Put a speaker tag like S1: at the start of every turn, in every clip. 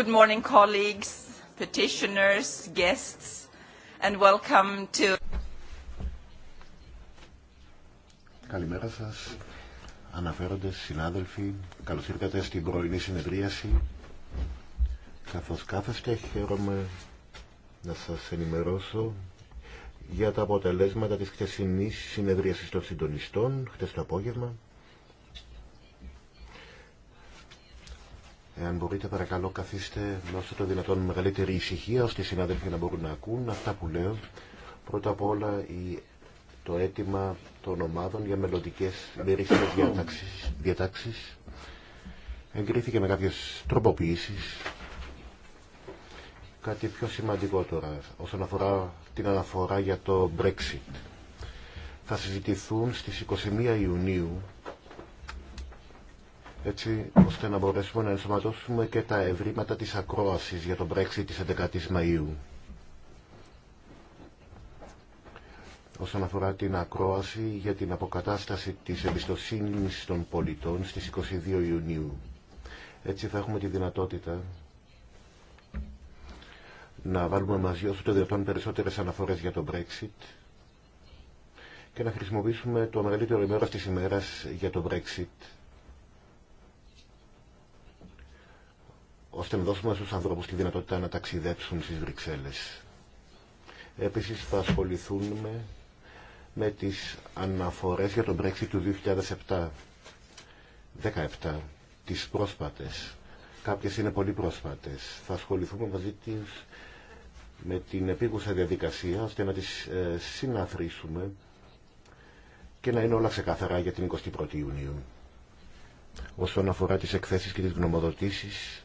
S1: Good morning, colleagues, petitioners, guests, and welcome to...
S2: Καλημέρα σας, αναφέροντε συνάδελφοι. καλώ ήρθατε στην πρωινή συνεδρίαση. Καθώ κάθεστε, χαίρομαι να σα ενημερώσω για τα αποτελέσματα της χτεσινή συνεδρίασης των συντονιστών, χτες το απόγευμα. Εάν μπορείτε παρακαλώ καθίστε με όσο το δυνατόν μεγαλύτερη ησυχία ώστε οι συνάδελφοι να μπορούν να ακούν αυτά που λέω. Πρώτα απ' όλα η, το αίτημα των ομάδων για μελλοντικέ μερικέ διατάξει. Εγκρίθηκε με κάποιες τροποποιήσεις. Κάτι πιο σημαντικό τώρα όσον αφορά την αναφορά για το Brexit. Θα συζητηθούν στις 21 Ιουνίου έτσι ώστε να μπορέσουμε να ενσωματώσουμε και τα ευρήματα της ακρόασης για τον Brexit της 11ης Μαΐου. όσον αφορά την ακρόαση για την αποκατάσταση της εμπιστοσύνης των πολιτών στις 22 Ιουνίου. Έτσι θα έχουμε τη δυνατότητα να βάλουμε μαζί όσο το δυνατόν περισσότερες αναφορές για το Brexit και να χρησιμοποιήσουμε το μεγαλύτερο ημέρα της ημέρας για το Brexit ώστε να δώσουμε στους ανθρώπους τη δυνατότητα να ταξιδέψουν στις Βρυξέλλες. Επίσης θα ασχοληθούμε με τις αναφορές για τον Brexit του 2007. 17. Τις πρόσπατες. Κάποιες είναι πολύ πρόσπατες. Θα ασχοληθούμε μαζί της με την επίγουσα διαδικασία ώστε να τις ε, συναθρήσουμε και να είναι όλα ξεκάθαρα για την 21η Ιουνίου. Όσον αφορά τις εκθέσεις και τις γνωμοδοτήσεις,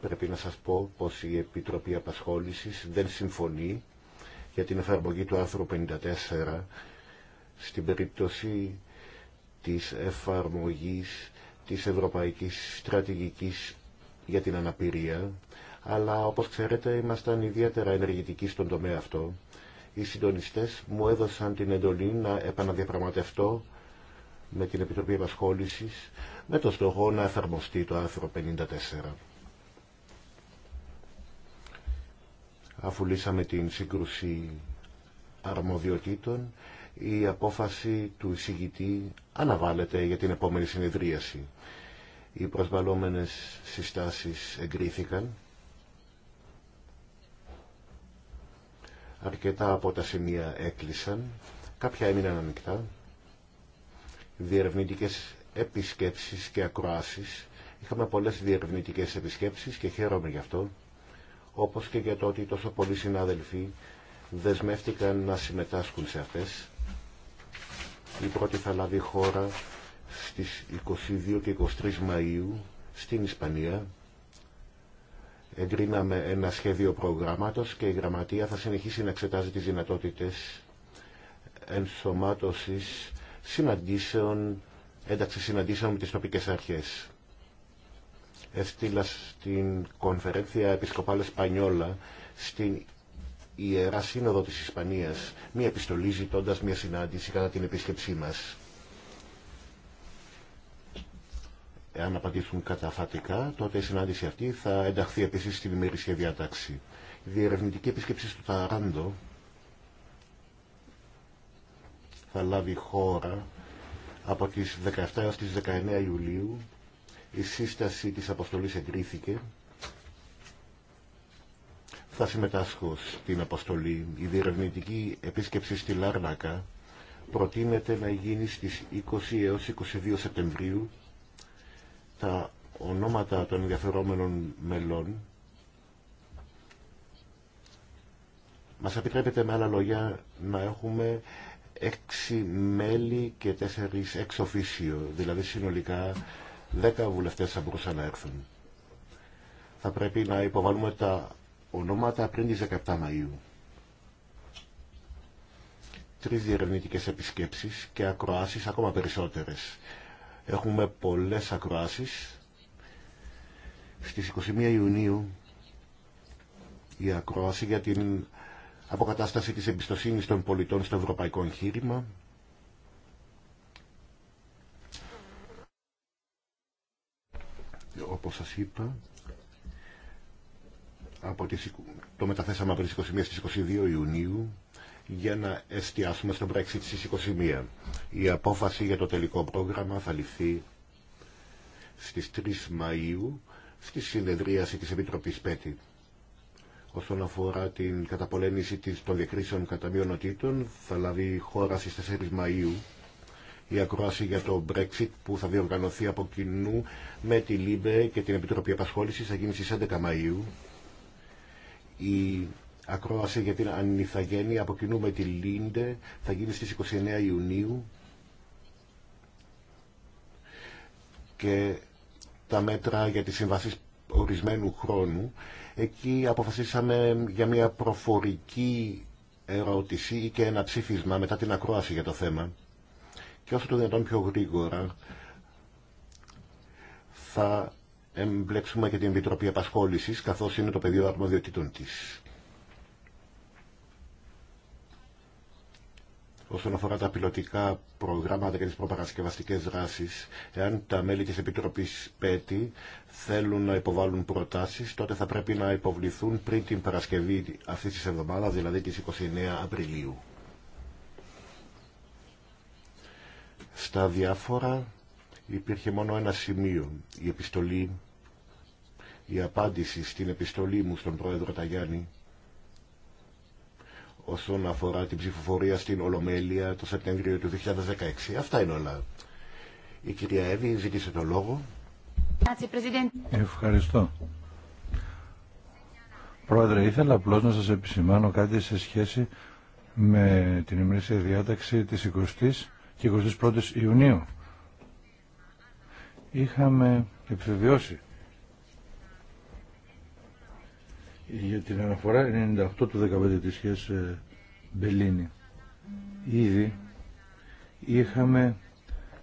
S2: Πρέπει να σας πω πως η Επιτροπή Απασχόλησης δεν συμφωνεί για την εφαρμογή του άρθρου 54 στην περίπτωση της εφαρμογής της Ευρωπαϊκής Στρατηγικής για την Αναπηρία, αλλά όπως ξέρετε ήμασταν ιδιαίτερα ενεργητικοί στον τομέα αυτό. Οι συντονιστές μου έδωσαν την εντολή να επαναδιαπραγματευτώ με την Επιτροπή Επασχόλησης με το στόχο να εφαρμοστεί το άρθρο 54. αφού λύσαμε την σύγκρουση αρμοδιοτήτων, η απόφαση του εισηγητή αναβάλλεται για την επόμενη συνεδρίαση. Οι προσβαλόμενες συστάσεις εγκρίθηκαν. Αρκετά από τα σημεία έκλεισαν, κάποια έμειναν ανοιχτά. Διερευνητικές επισκέψεις και ακροάσεις. Είχαμε πολλές διερευνητικές επισκέψεις και χαίρομαι γι' αυτό όπως και για το ότι τόσο πολλοί συνάδελφοι δεσμεύτηκαν να συμμετάσχουν σε αυτές. Η πρώτη θα λάβει χώρα στις 22 και 23 Μαΐου στην Ισπανία. Εγκρίναμε ένα σχέδιο προγράμματος και η Γραμματεία θα συνεχίσει να εξετάζει τις δυνατότητες ενσωμάτωσης συναντήσεων, ένταξης συναντήσεων με τις τοπικές αρχές έστειλα στην Κονφερένθια Επισκοπάλ Σπανιόλα στην Ιερά Σύνοδο της Ισπανίας μία επιστολή ζητώντα μία συνάντηση κατά την επίσκεψή μας. Εάν απαντήσουν καταφατικά, τότε η συνάντηση αυτή θα ενταχθεί επίσης στην ημερήσια διάταξη. Η διερευνητική επίσκεψη στο Ταράντο θα λάβει χώρα από τις 17 έως τις 19 Ιουλίου η σύσταση της αποστολής εγκρίθηκε. Θα συμμετάσχω στην αποστολή. Η διερευνητική επίσκεψη στη Λάρνακα προτείνεται να γίνει στις 20 έως 22 Σεπτεμβρίου. Τα ονόματα των ενδιαφερόμενων μελών μας επιτρέπεται με άλλα λόγια να έχουμε έξι μέλη και τέσσερις εξοφίσιο, δηλαδή συνολικά δέκα βουλευτές θα μπορούσαν να έρθουν. Θα πρέπει να υποβάλουμε τα ονόματα πριν τις 17 Μαΐου. Τρεις διερευνητικές επισκέψεις και ακροάσεις ακόμα περισσότερες. Έχουμε πολλές ακροάσεις. Στις 21 Ιουνίου η ακρόαση για την αποκατάσταση της εμπιστοσύνης των πολιτών στο ευρωπαϊκό εγχείρημα όπως σας είπα, από το μεταθέσαμε από τις 21 στις 22 Ιουνίου για να εστιάσουμε στο Brexit στις 21. Η απόφαση για το τελικό πρόγραμμα θα ληφθεί στις 3 Μαΐου στη συνεδρίαση της Επιτροπής ΠΕΤΗ. Όσον αφορά την καταπολέμηση των διακρίσεων κατά μειονοτήτων, θα λάβει η χώρα στις 4 Μαΐου η ακρόαση για το Brexit που θα διοργανωθεί από κοινού με τη ΛΥΜΠΕ και την Επιτροπή Απασχόλησης θα γίνει στις 11 Μαΐου. Η ακρόαση για την ανηθαγένη από κοινού με τη ΛΥΝΤΕ θα γίνει στις 29 Ιουνίου και τα μέτρα για τις συμβάσεις ορισμένου χρόνου. Εκεί αποφασίσαμε για μια προφορική ερώτηση ή και ένα ψήφισμα μετά την ακρόαση για το θέμα και όσο το δυνατόν πιο γρήγορα θα εμπλέξουμε και την Επιτροπή απασχόληση καθώς είναι το πεδίο αρμοδιοτήτων της. όσον αφορά τα πιλωτικά προγράμματα και τις προπαρασκευαστικές δράσεις, εάν τα μέλη της Επιτροπής ΠΕΤΗ θέλουν να υποβάλουν προτάσεις, τότε θα πρέπει να υποβληθούν πριν την Παρασκευή αυτής της εβδομάδας, δηλαδή της 29 Απριλίου. Στα διάφορα υπήρχε μόνο ένα σημείο. Η επιστολή, η απάντηση στην επιστολή μου στον πρόεδρο Ταγιάννη όσον αφορά την ψηφοφορία στην Ολομέλεια το Σεπτέμβριο του 2016. Αυτά είναι όλα. Η κυρία Εύη ζήτησε το λόγο.
S3: Ευχαριστώ. Πρόεδρε, ήθελα απλώς να σας επισημάνω κάτι σε σχέση με την ημερήσια διάταξη της 20ης και 21 Ιουνίου. Είχαμε επιβεβαιώσει για την αναφορά 98 του 15 της σχέσης ε, Μπελίνη. Ήδη είχαμε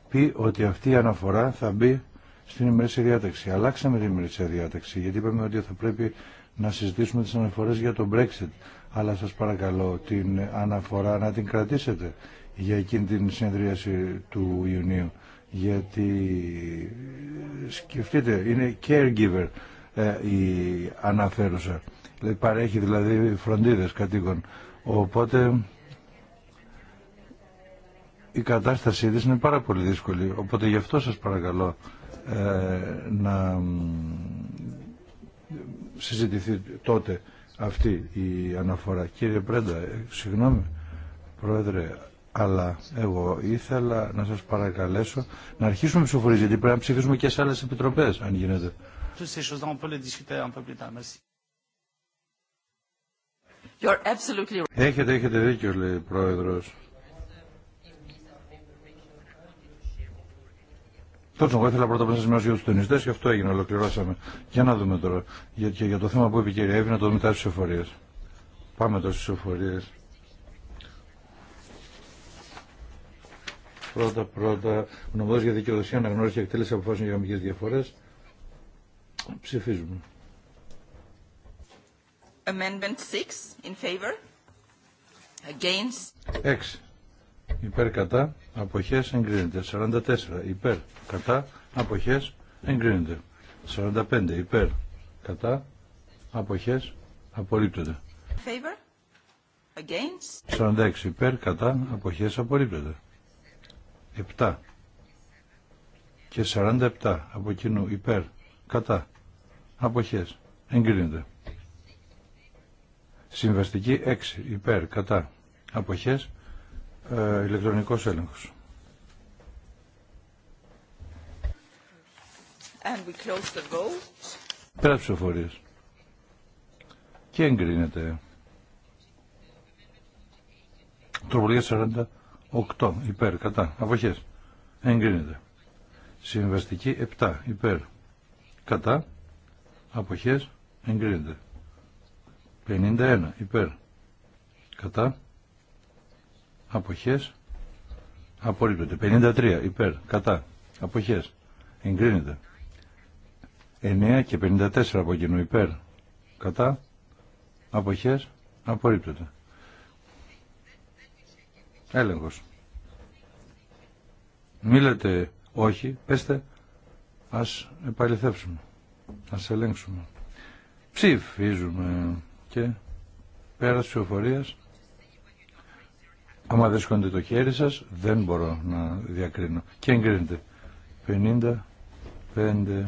S3: πει ότι αυτή η αναφορά θα μπει στην ημερήσια διάταξη. Αλλάξαμε την ημερήσια διάταξη γιατί είπαμε ότι θα πρέπει να συζητήσουμε τις αναφορές για το Brexit. Αλλά σας παρακαλώ την αναφορά να την κρατήσετε για εκείνη την συνεδρίαση του Ιουνίου. Γιατί ε, σκεφτείτε, είναι caregiver ε, η αναφέρουσα. Δηλαδή παρέχει δηλαδή φροντίδες κατοίκων. Οπότε η κατάστασή της είναι πάρα πολύ δύσκολη. Οπότε γι' αυτό σας παρακαλώ ε, να συζητηθεί τότε αυτή η αναφορά. Κύριε Πρέντα, συγγνώμη, Πρόεδρε, αλλά εγώ ήθελα να σας παρακαλέσω να αρχίσουμε ψηφορίες, γιατί πρέπει να ψηφίσουμε και σε άλλες επιτροπές, αν γίνεται. Έχετε, έχετε δίκιο, λέει ο Πρόεδρος. Τότε εγώ ήθελα πρώτα να σας μιλήσω για του τονιστέ και αυτό έγινε, ολοκληρώσαμε. Για να δούμε τώρα. Για, για το θέμα που είπε να το δούμε τα στι Πάμε τώρα στι πρώτα πρώτα γνωμοδότηση για δικαιοδοσία, αναγνώριση και εκτέλεση αποφάσεων για μικρές διαφορές. Ψηφίζουμε.
S1: Amendment 6 in favor. Against.
S3: 6. Υπέρ κατά αποχές εγκρίνεται. 44. Υπέρ κατά αποχές εγκρίνεται. 45. Υπέρ κατά αποχές απορρίπτεται.
S1: Favor. Against.
S3: 46. Υπέρ κατά αποχές απορρίπτεται. 7 και 47 από κοινού υπέρ κατά αποχές εγκρίνεται. Συμβαστική 6 υπέρ κατά αποχές ε, ηλεκτρονικός έλεγχος. Πέρα ψηφοφορίες. Και εγκρίνεται. 40. 8 υπέρ κατά απόχέ. εγκρίνεται. Συμβαστική 7 υπέρ κατά απόχέ, εγκρίνεται. 51 υπέρ κατά αποχές απορρίπτεται. 53 υπέρ κατά απόχέ. εγκρίνεται. 9 και 54 από κοινού υπέρ κατά αποχές απορρίπτεται έλεγχος. Μη λέτε όχι, πέστε ας επαληθεύσουμε, ας ελέγξουμε. Ψηφίζουμε και πέρας ψηφοφορίας. Άμα δεν το χέρι σας, δεν μπορώ να διακρίνω. Και εγκρίνεται. 55,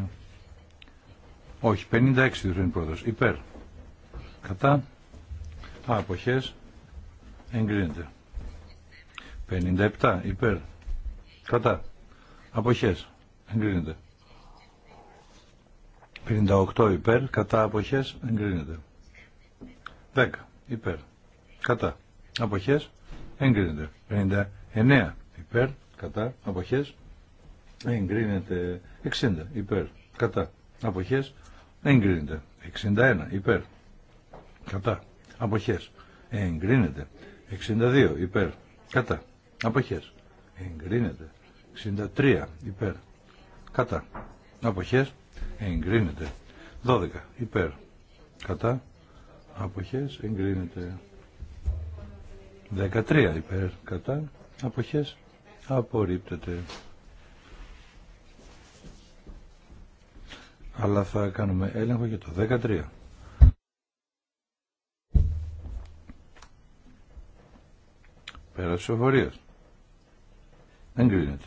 S3: όχι, 56 διευθύνει πρόεδρος. Υπέρ. Κατά. Α, αποχές. Εγκρίνεται. 57 υπέρ. Κατά. Αποχές. Εγκρίνεται. 58 υπέρ. Κατά αποχές. Εγκρίνεται. 10 υπέρ. Κατά. Αποχές. Εγκρίνεται. 59 υπέρ. Κατά. Αποχές. Εγκρίνεται. 60 υπέρ. Κατά. Αποχές. Εγκρίνεται. 61 υπέρ. Κατά. Αποχές. Εγκρίνεται. 62 υπέρ. Κατά. Αποχές. Εγκρίνεται. 63 υπέρ. Κατά. Αποχές. Εγκρίνεται. 12 υπέρ. Κατά. Αποχές. Εγκρίνεται. 13 υπέρ. Κατά. Αποχές. Απορρίπτεται. Αλλά θα κάνουμε έλεγχο για το 13. Πέρασε ο δεν 16.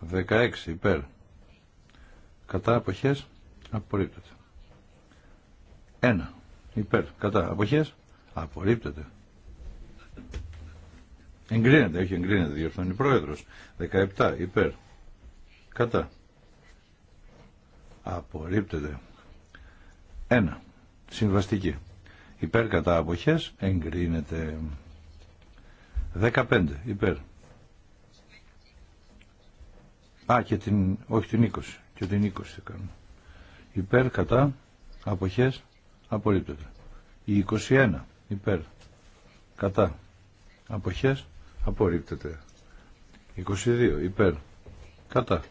S3: Δεκαέξι υπέρ. Κατά αποχές απορρίπτεται. Ένα υπέρ. Κατά αποχές απορρίπτεται. Εγκρίνεται, όχι εγκρίνεται, διορθώνει πρόεδρος. 17 υπέρ. Κατά. Απορρίπτεται. Ένα. Συμβαστική. Υπέρ κατά αποχές εγκρίνεται 15 υπέρ. Α, και την, όχι την 20, και την 20 θα κάνουμε. Υπέρ, κατά, αποχές, απορρίπτεται. Η 21, υπέρ, κατά, αποχές, απορρίπτεται. 22, υπέρ, κατά,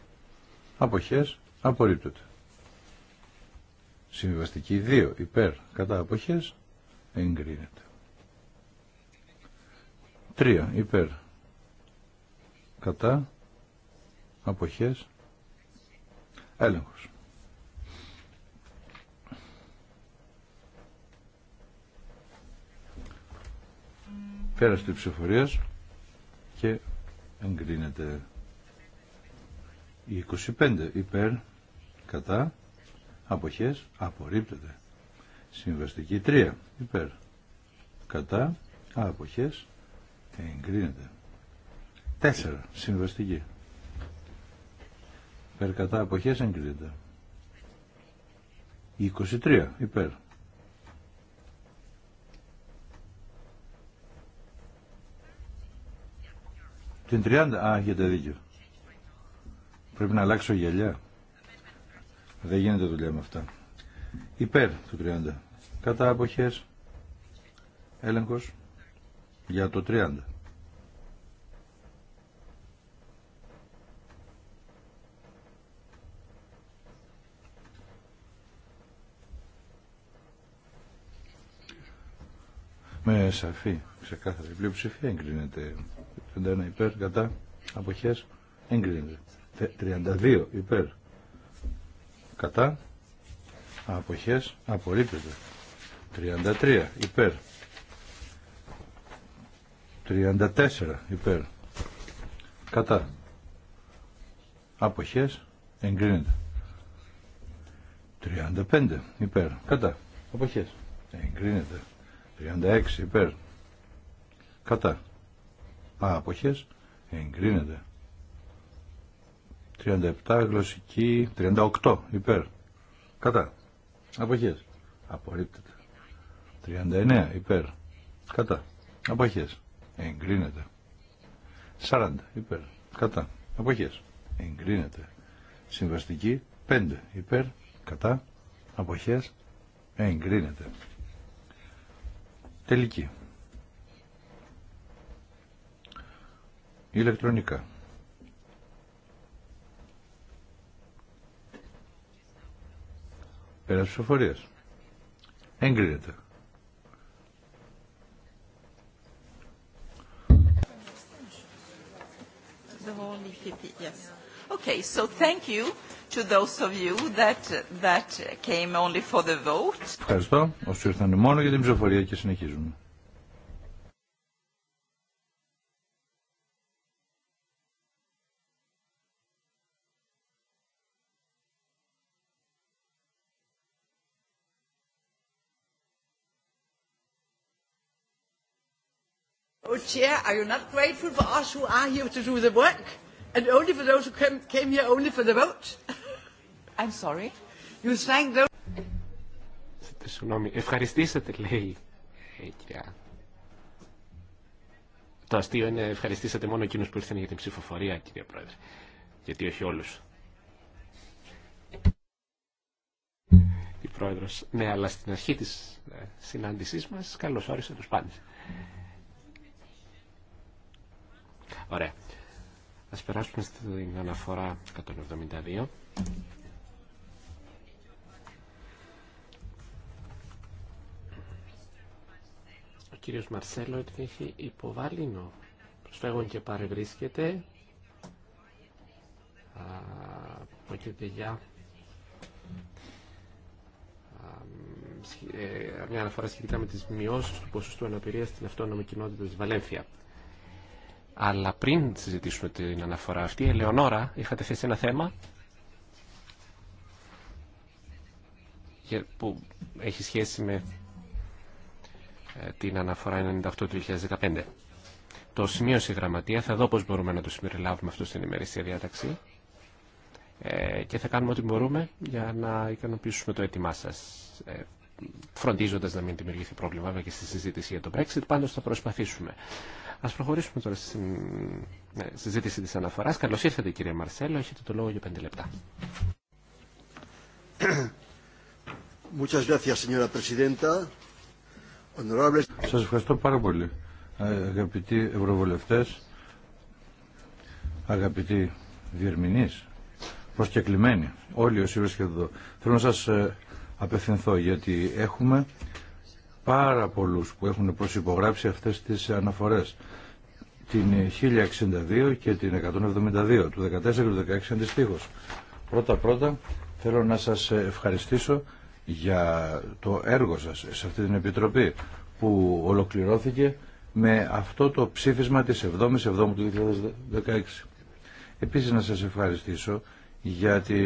S3: αποχές, απορρίπτεται. Συμβιβαστική 2 υπέρ κατά αποχές εγκρίνεται. 3 υπέρ κατά αποχές έλεγχος. Πέραστη ψηφοφορίας και εγκρίνεται η 25 υπέρ κατά αποχές απορρίπτεται. Συμβαστική 3 υπέρ κατά αποχές εγκρίνεται. 4 συμβαστική υπέρ κατά αποχές εγκρίνεται. 23 υπέρ Την 30, α, έχετε δίκιο. Πρέπει να αλλάξω γυαλιά. Δεν γίνεται δουλειά με αυτά. Υπέρ του 30. Κατά αποχές. Έλεγχος για το 30. Με σαφή, ξεκάθαρη πλειοψηφία εγκρίνεται. 51 υπέρ, κατά, αποχές, εγκρίνεται. 32 υπέρ, κατά αποχές απορρίπτεται 33 υπέρ 34 υπέρ κατά αποχές εγκρίνεται 35 υπέρ κατά αποχές
S1: εγκρίνεται
S3: 36 υπέρ κατά αποχές εγκρίνεται 37 γλωσσική, 38 υπέρ. Κατά. Αποχές. Απορρίπτεται. 39 υπέρ. Κατά. Αποχές. Εγκρίνεται. 40 υπέρ. Κατά. Αποχές. Εγκρίνεται. Συμβαστική 5 υπέρ. Κατά. Αποχές. Εγκρίνεται. Τελική. Ηλεκτρονικά. Πέρα ψηφοφορία. Εγκρίνεται.
S1: E okay, so thank you to those of you that, that came only for the vote.
S3: Ευχαριστώ όσους ήρθαν μόνο για την ψηφοφορία και συνεχίζουμε.
S1: co-chair, are you not grateful for us who are here to do the work? And only for those who came, came here only for the vote? I'm sorry. You thank those...
S4: Συγγνώμη, ευχαριστήσατε λέει η κυρία. Το αστείο είναι ευχαριστήσατε μόνο εκείνου που ήρθαν για την ψηφοφορία κυρία Πρόεδρε. Γιατί όχι όλου. Η Πρόεδρος, ναι αλλά στην αρχή της ε, συνάντησής μας καλώς όρισε τους πάντες. Ωραία. Ας περάσουμε στην αναφορά 172. Ο κύριος Μαρσέλο την έχει υποβάλει Προσφέγον και παρευρίσκεται. Πρόκειται για ε, μια αναφορά σχετικά με τις μειώσεις του ποσοστού αναπηρίας στην αυτόνομη κοινότητα της Βαλένθια. Αλλά πριν συζητήσουμε την αναφορά αυτή, η Ελεονόρα, είχατε θέσει ένα θέμα που έχει σχέση με ε, την αναφορά 98 του 2015. Το σημείωσε η γραμματεία, θα δω πώς μπορούμε να το συμπεριλάβουμε αυτό στην ημερήσια διάταξη ε, και θα κάνουμε ό,τι μπορούμε για να ικανοποιήσουμε το έτοιμά σας. Ε φροντίζοντας να μην δημιουργηθεί πρόβλημα και στη συζήτηση για το Brexit, πάντως θα προσπαθήσουμε. Ας προχωρήσουμε τώρα στη ε, συζήτηση της αναφοράς. Καλώς ήρθατε κύριε Μαρσέλο, έχετε το λόγο για πέντε λεπτά.
S3: Σας ευχαριστώ πάρα πολύ ε, αγαπητοί ευρωβουλευτές, αγαπητοί διερμηνείς, προσκεκλημένοι, όλοι όσοι βρίσκεται εδώ. Θέλω να σας ε, απευθυνθώ γιατί έχουμε πάρα πολλούς που έχουν προσυπογράψει αυτές τις αναφορές την 1062 και την 172 του 14 και του 16 αντιστοίχως πρώτα πρώτα θέλω να σας ευχαριστήσω για το έργο σας σε αυτή την επιτροπή που ολοκληρώθηκε με αυτό το ψήφισμα της 7ης 7 του 2016. Επίσης να σας ευχαριστήσω γιατί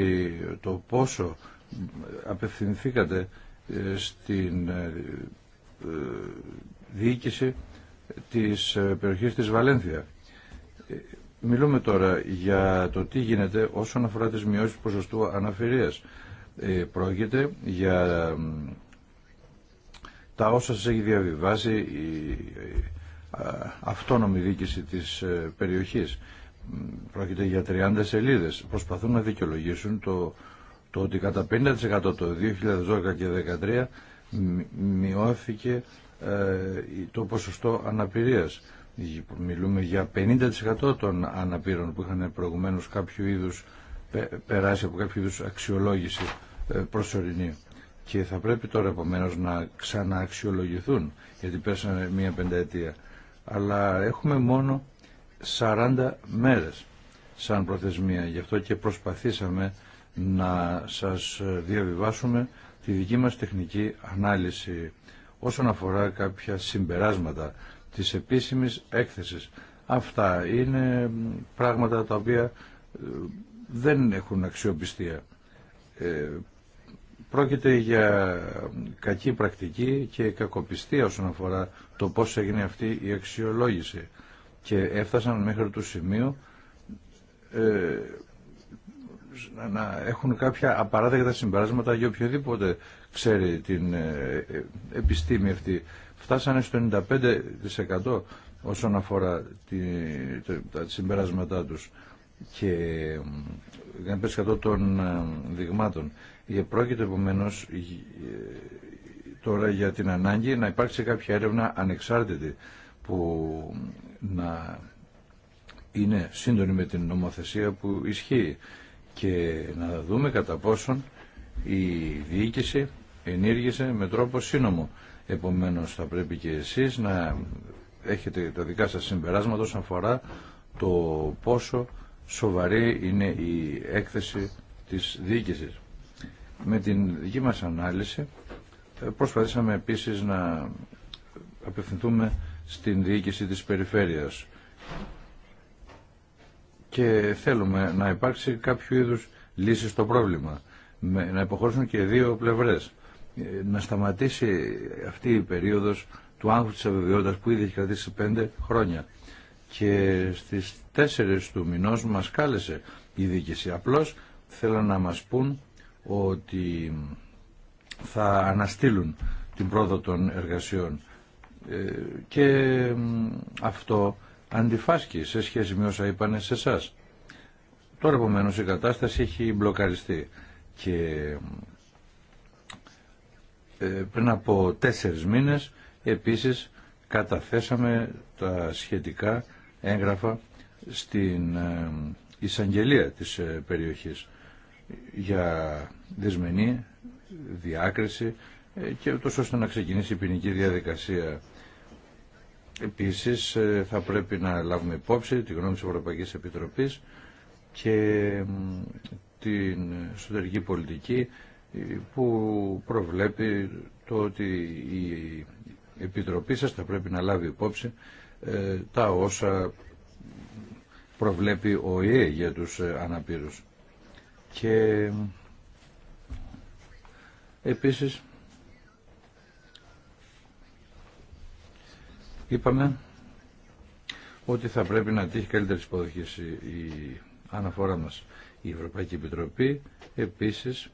S3: το πόσο απευθυνθήκατε ε, στην ε, ε, διοίκηση της περιοχής της Βαλένθια. Μιλούμε τώρα για το τι γίνεται όσον αφορά τις μειώσεις ποσοστού Ε, Πρόκειται για τα όσα σας έχει διαβιβάσει η αυτόνομη διοίκηση της περιοχής. Πρόκειται για 30 σελίδες. Προσπαθούν να δικαιολογήσουν το το ότι κατά 50% το 2012 και 2013 μειώθηκε ε, το ποσοστό αναπηρίας. Μιλούμε για 50% των αναπήρων που είχαν προηγουμένως κάποιο είδους περάσει από κάποιο είδους αξιολόγηση ε, προσωρινή. Και θα πρέπει τώρα επομένω να ξανααξιολογηθούν, γιατί πέσανε μία πενταετία. Αλλά έχουμε μόνο 40 μέρες σαν προθεσμία. Γι' αυτό και προσπαθήσαμε να σας διαβιβάσουμε τη δική μας τεχνική ανάλυση όσον αφορά κάποια συμπεράσματα της επίσημης έκθεσης. Αυτά είναι πράγματα τα οποία ε, δεν έχουν αξιοπιστία. Ε, πρόκειται για κακή πρακτική και κακοπιστία όσον αφορά το πώς έγινε αυτή η αξιολόγηση. Και έφτασαν μέχρι το σημείο ε, να έχουν κάποια απαράδεκτα συμπεράσματα για οποιοδήποτε ξέρει την ε, ε, επιστήμη αυτή. Φτάσανε στο 95% όσον αφορά τη, τα συμπεράσματά τους και πες κατώ των ε, δειγμάτων. Πρόκειται επομένω τώρα για την ανάγκη να υπάρξει κάποια έρευνα ανεξάρτητη που να είναι σύντονη με την νομοθεσία που ισχύει και να δούμε κατά πόσον η διοίκηση ενήργησε με τρόπο σύνομο. Επομένως θα πρέπει και εσείς να έχετε τα δικά σας συμπεράσματα όσον αφορά το πόσο σοβαρή είναι η έκθεση της διοίκησης. Με την δική μας ανάλυση ε, προσπαθήσαμε επίσης να απευθυνθούμε στην διοίκηση της περιφέρειας και θέλουμε να υπάρξει κάποιο είδους λύση στο πρόβλημα. να υποχωρήσουν και δύο πλευρές. Ε, να σταματήσει αυτή η περίοδος του άγχου της αβεβαιότητας που ήδη έχει κρατήσει πέντε χρόνια. Και στις τέσσερις του μηνός μας κάλεσε η διοίκηση. Απλώς θέλανε να μας πούν ότι θα αναστείλουν την πρόοδο των εργασιών. Ε, και αυτό αντιφάσκει σε σχέση με όσα είπανε σε εσά. Τώρα επομένως η κατάσταση έχει μπλοκαριστεί και ε, πριν από τέσσερις μήνες επίσης καταθέσαμε τα σχετικά έγγραφα στην ε, εισαγγελία της ε, περιοχής για δεσμενή διάκριση και ούτως ώστε να ξεκινήσει η ποινική διαδικασία Επίσης ε, θα πρέπει να λάβουμε υπόψη τη γνώμη της Ευρωπαϊκής Επιτροπής και την εσωτερική πολιτική ε, που προβλέπει το ότι η Επιτροπή σας θα πρέπει να λάβει υπόψη ε, τα όσα προβλέπει ο ΙΕ για τους αναπήρους. Και επίσης είπαμε ότι θα πρέπει να τύχει καλύτερη υποδοχή η αναφορά μας. Η Ευρωπαϊκή Επιτροπή επίσης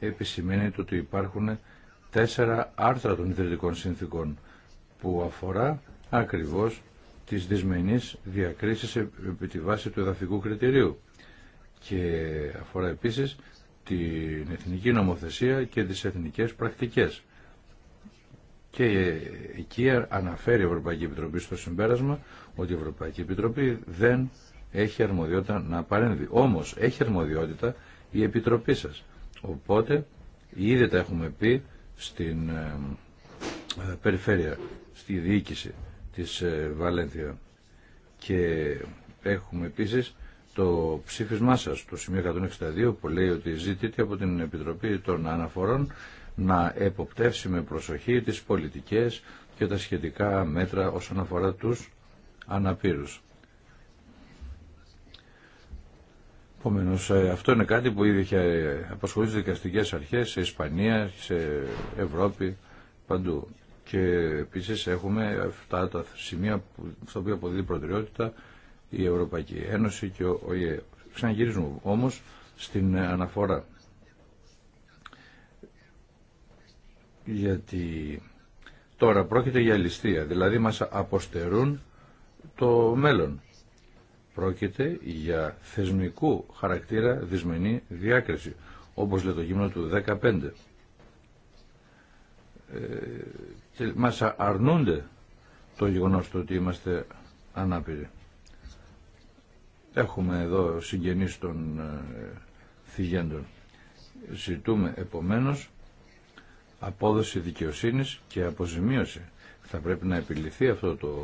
S3: επισημαίνει ότι υπάρχουν τέσσερα άρθρα των ιδρυτικών συνθήκων που αφορά ακριβώς τις δυσμενείς διακρίσεις επί τη βάση του εδαφικού κριτηρίου και αφορά επίσης την εθνική νομοθεσία και τις εθνικές πρακτικές. Και εκεί αναφέρει η Ευρωπαϊκή Επιτροπή στο συμπέρασμα ότι η Ευρωπαϊκή Επιτροπή δεν έχει αρμοδιότητα να παρέμβει. Όμως έχει αρμοδιότητα η Επιτροπή σας. Οπότε ήδη τα έχουμε πει στην ε, ε, περιφέρεια, στη διοίκηση της ε, Βαλένθια και έχουμε επίσης το ψήφισμά σας, το σημείο 162, που λέει ότι ζητείται από την Επιτροπή των Αναφορών να εποπτεύσει με προσοχή τις πολιτικές και τα σχετικά μέτρα όσον αφορά τους αναπήρους. Επομένω, ε, αυτό είναι κάτι που ήδη είχε απασχολήσει δικαστικές αρχές σε Ισπανία, σε Ευρώπη, παντού. Και επίσης έχουμε αυτά τα σημεία που, στα οποία αποδίδει προτεραιότητα η Ευρωπαϊκή Ένωση και ο ΙΕ. Ξαναγυρίζουμε όμως στην αναφορά γιατί τώρα πρόκειται για ληστεία, δηλαδή μας αποστερούν το μέλλον. Πρόκειται για θεσμικού χαρακτήρα δυσμενή διάκριση, όπως λέει το γυμνό του 15. Ε, μας αρνούνται το γεγονός του ότι είμαστε ανάπηροι. Έχουμε εδώ συγγενείς των ε, θυγέντων. Ζητούμε επομένως απόδοση δικαιοσύνης και αποζημίωση. Θα πρέπει να επιληθεί αυτό το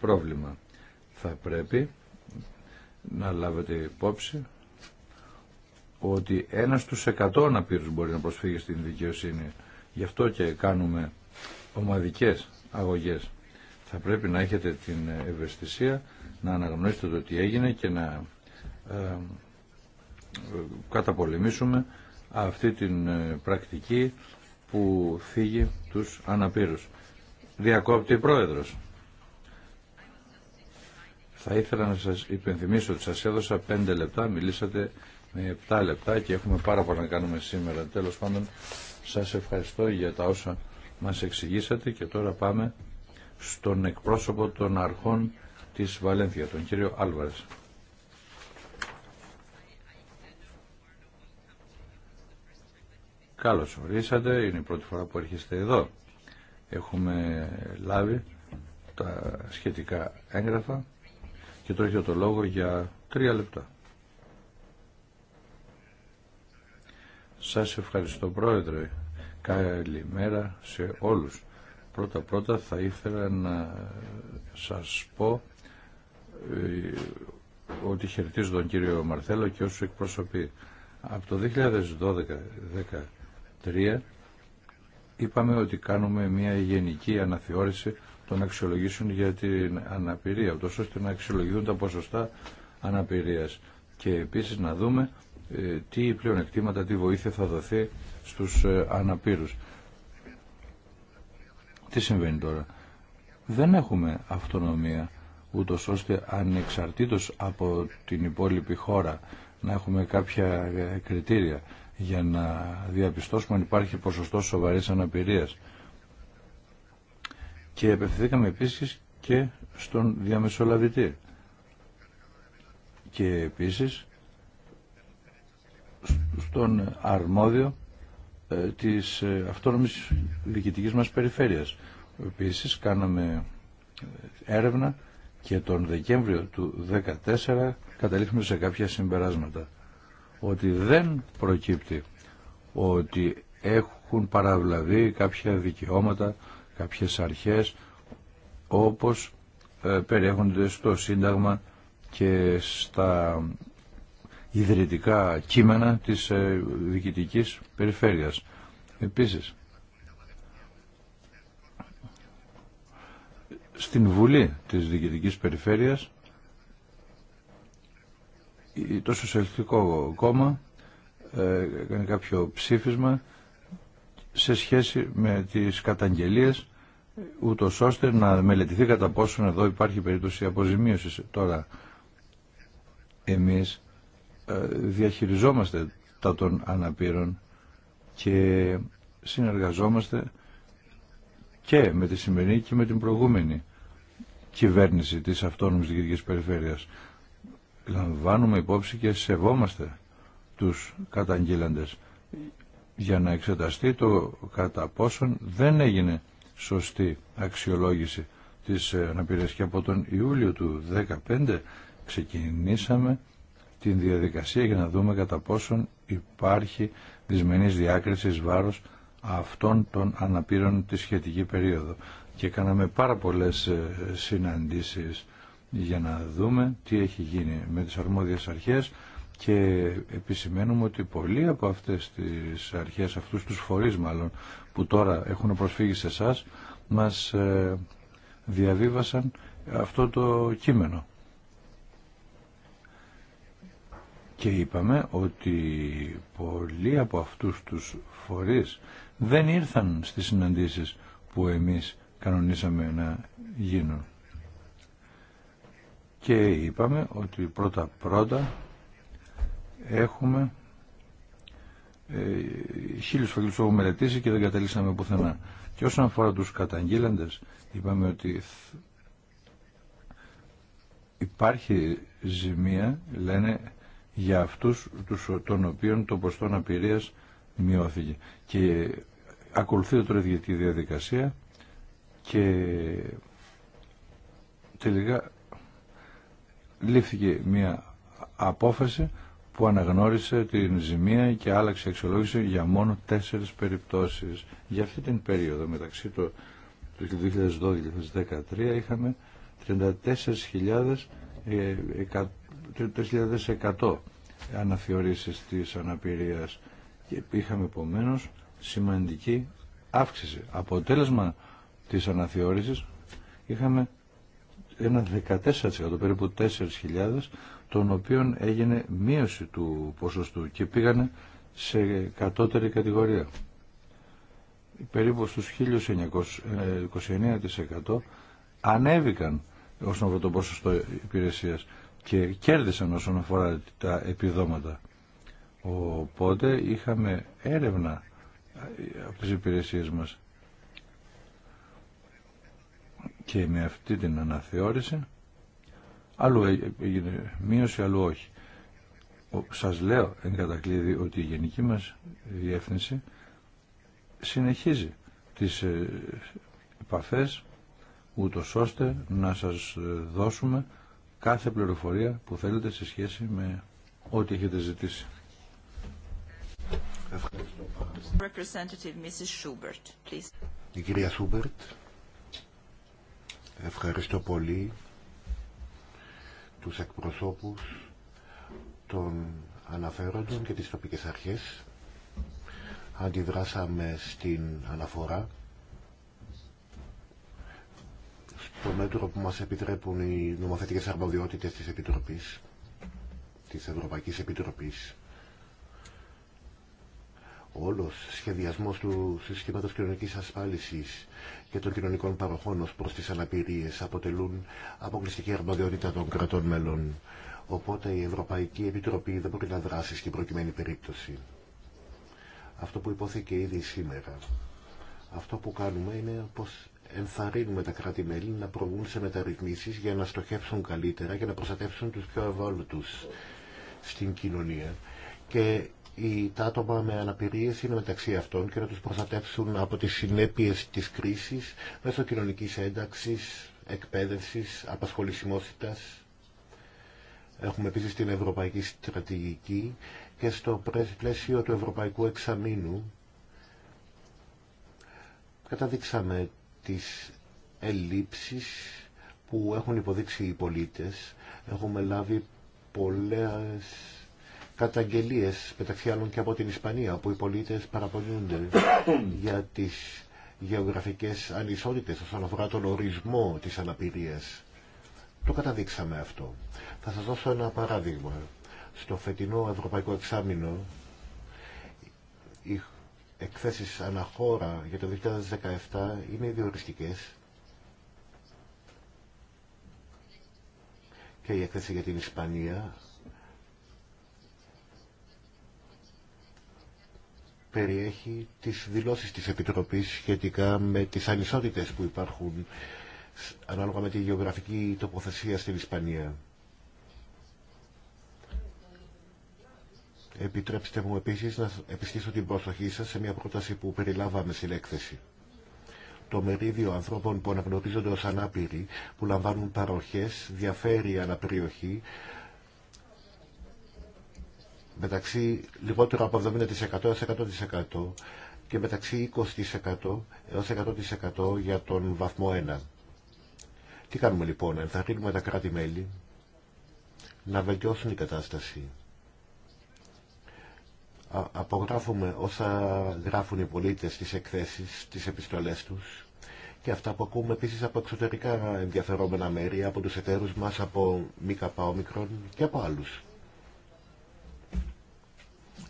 S3: πρόβλημα. Θα πρέπει να λάβετε υπόψη ότι ένας στους εκατό αναπήρους μπορεί να προσφύγει στην δικαιοσύνη. Γι' αυτό και κάνουμε ομαδικές αγωγές. Θα πρέπει να έχετε την ευαισθησία να αναγνωρίσετε το τι έγινε και να ε, καταπολεμήσουμε αυτή την ε, πρακτική που φύγει τους αναπήρους. Διακόπτει η Πρόεδρος. Θα ήθελα να σας υπενθυμίσω ότι σας έδωσα 5 λεπτά, μιλήσατε με 7 λεπτά και έχουμε πάρα πολλά να κάνουμε σήμερα. Τέλος πάντων, σας ευχαριστώ για τα όσα μας εξηγήσατε και τώρα πάμε στον εκπρόσωπο των αρχών της Βαλένθια, τον κύριο Άλβαρες. Καλώς ορίσατε, είναι η πρώτη φορά που έρχεστε εδώ. Έχουμε λάβει τα σχετικά έγγραφα και τώρα έχετε το λόγο για τρία λεπτά. Σας ευχαριστώ πρόεδρε. Καλημέρα σε όλους. Πρώτα πρώτα θα ήθελα να σας πω ε, ότι χαιρετίζω τον κύριο Μαρθέλο και όσους εκπροσωπεί. Από το 2012 3 είπαμε ότι κάνουμε μια γενική αναθεώρηση των αξιολογήσεων για την αναπηρία, ούτως ώστε να αξιολογηθούν τα ποσοστά αναπηρίας και επίσης να δούμε ε, τι πλέον εκτίματα, τι βοήθεια θα δοθεί στους ε, αναπήρους. Τι συμβαίνει τώρα. Δεν έχουμε αυτονομία ούτως ώστε ανεξαρτήτως από την υπόλοιπη χώρα να έχουμε κάποια ε, κριτήρια για να διαπιστώσουμε αν υπάρχει ποσοστό σοβαρής αναπηρίας. Και επευθυνθήκαμε επίσης και στον διαμεσολαβητή. Και επίσης στον αρμόδιο ε, της ε, αυτόνομης διοικητικής μας περιφέρειας. Επίσης κάναμε ε, έρευνα και τον Δεκέμβριο του 2014 καταλήξαμε σε κάποια συμπεράσματα ότι δεν προκύπτει ότι έχουν παραβλαβεί κάποια δικαιώματα, κάποιες αρχές όπως ε, περιέχονται στο Σύνταγμα και στα ιδρυτικά κείμενα της ε, διοικητικής περιφέρειας. Επίσης, στην Βουλή της Διοικητικής Περιφέρειας το Σοσιαλιστικό Κόμμα ε, έκανε κάποιο ψήφισμα σε σχέση με τις καταγγελίες ούτω ώστε να μελετηθεί κατά πόσον εδώ υπάρχει περίπτωση αποζημίωσης. Τώρα, εμείς ε, διαχειριζόμαστε τα των αναπήρων και συνεργαζόμαστε και με τη σημερινή και με την προηγούμενη κυβέρνηση της αυτόνομης διοικητικής περιφέρειας λαμβάνουμε υπόψη και σεβόμαστε τους καταγγείλαντες για να εξεταστεί το κατά πόσον δεν έγινε σωστή αξιολόγηση της αναπηρίας και από τον Ιούλιο του 2015 ξεκινήσαμε την διαδικασία για να δούμε κατά πόσον υπάρχει δυσμενής διάκρισης βάρος αυτών των αναπήρων τη σχετική περίοδο. Και κάναμε πάρα πολλές ε, συναντήσεις για να δούμε τι έχει γίνει με τις αρμόδιες αρχές και επισημαίνουμε ότι πολλοί από αυτές τις αρχές, αυτούς τους φορείς μάλλον, που τώρα έχουν προσφύγει σε εσά, μας ε, διαβίβασαν αυτό το κείμενο. Και είπαμε ότι πολλοί από αυτούς τους φορείς δεν ήρθαν στις συναντήσεις που εμείς κανονίσαμε να γίνουν και είπαμε ότι πρώτα πρώτα έχουμε ε, χίλιους που έχουμε μελετήσει και δεν καταλήξαμε πουθενά. Και όσον αφορά τους καταγγείλαντες είπαμε ότι υπάρχει ζημία λένε για αυτούς τους, των οποίων το ποστό απειρίας μειώθηκε. Και ακολουθεί τώρα η διαδικασία και τελικά λήφθηκε μια απόφαση που αναγνώρισε την ζημία και άλλαξε αξιολόγηση για μόνο τέσσερις περιπτώσεις. Για αυτή την περίοδο μεταξύ του 2012-2013 είχαμε 34.100 ε, αναθεωρήσεις της αναπηρίας και είχαμε επομένω σημαντική αύξηση. Αποτέλεσμα της αναθεώρησης είχαμε ένα 14% περίπου 4.000 των οποίων έγινε μείωση του ποσοστού και πήγανε σε κατώτερη κατηγορία. Περίπου στους 1.929% ανέβηκαν όσον αφορά το ποσοστό υπηρεσίας και κέρδισαν όσον αφορά τα επιδόματα. Οπότε είχαμε έρευνα από τις υπηρεσίες μας και με αυτή την αναθεώρηση άλλο ε, έγινε μείωση, άλλο όχι. Σας λέω εν κατακλείδη ότι η γενική μας διεύθυνση συνεχίζει τις ε, επαφές ούτω ώστε να σας δώσουμε κάθε πληροφορία που θέλετε σε σχέση με ό,τι έχετε ζητήσει.
S1: Ευχαριστώ.
S2: Η κυρία Σούμπερτ. Ευχαριστώ πολύ τους εκπροσώπους των αναφέροντων και τις τοπικές αρχές. Αντιδράσαμε στην αναφορά στο μέτρο που μας επιτρέπουν οι νομοθετικές αρμοδιότητες της Επιτροπής, της Ευρωπαϊκής Επιτροπής όλος σχεδιασμός του συστήματος κοινωνικής ασφάλισης και των κοινωνικών παροχών ως προς τις αναπηρίες αποτελούν αποκλειστική αρμοδιότητα των κρατών μελών. Οπότε η Ευρωπαϊκή Επιτροπή δεν μπορεί να δράσει στην προκειμένη περίπτωση. Αυτό που υπόθηκε ήδη σήμερα. Αυτό που κάνουμε είναι πως ενθαρρύνουμε τα κράτη-μέλη να προβούν σε μεταρρυθμίσεις για να στοχεύσουν καλύτερα και να προστατεύσουν τους πιο ευάλωτους στην κοινωνία και οι, τα άτομα με αναπηρίες είναι μεταξύ αυτών και να τους προστατεύσουν από τις συνέπειες της κρίσης μέσω κοινωνικής ένταξης, εκπαίδευσης, απασχολησιμότητας. Έχουμε επίσης την Ευρωπαϊκή Στρατηγική και στο πλαίσιο του Ευρωπαϊκού Εξαμήνου καταδείξαμε τις ελλείψεις που έχουν υποδείξει οι πολίτες. Έχουμε λάβει πολλές καταγγελίες μεταξύ άλλων και από την Ισπανία όπου οι πολίτες παραπονιούνται για τις γεωγραφικές ανισότητες όσον αφορά τον ορισμό της αναπηρίας. Το καταδείξαμε αυτό. Θα σας δώσω ένα παράδειγμα. Στο φετινό Ευρωπαϊκό Εξάμεινο οι εκθέσεις αναχώρα για το 2017 είναι διοριστικές και η εκθέση για την Ισπανία περιέχει τις δηλώσεις της Επιτροπής σχετικά με τις ανισότητες που υπάρχουν ανάλογα με τη γεωγραφική τοποθεσία στην Ισπανία. Επιτρέψτε μου επίσης να επιστήσω την προσοχή σας σε μια πρόταση που περιλάβαμε στην έκθεση. Το μερίδιο ανθρώπων που αναγνωρίζονται ως ανάπηροι, που λαμβάνουν παροχές, διαφέρει αναπεριοχή, μεταξύ λιγότερο από 70% έως 100% και μεταξύ 20% έως 100% για τον βαθμό 1. Τι κάνουμε λοιπόν, ενθαρρύνουμε τα κράτη-μέλη να βελτιώσουν την κατάσταση. Απογράφουμε όσα γράφουν οι πολίτες στις εκθέσεις, στις επιστολές τους και αυτά που ακούμε επίσης από εξωτερικά ενδιαφερόμενα μέρη, από τους εταίρους μας, από ΜΚΟ και από άλλους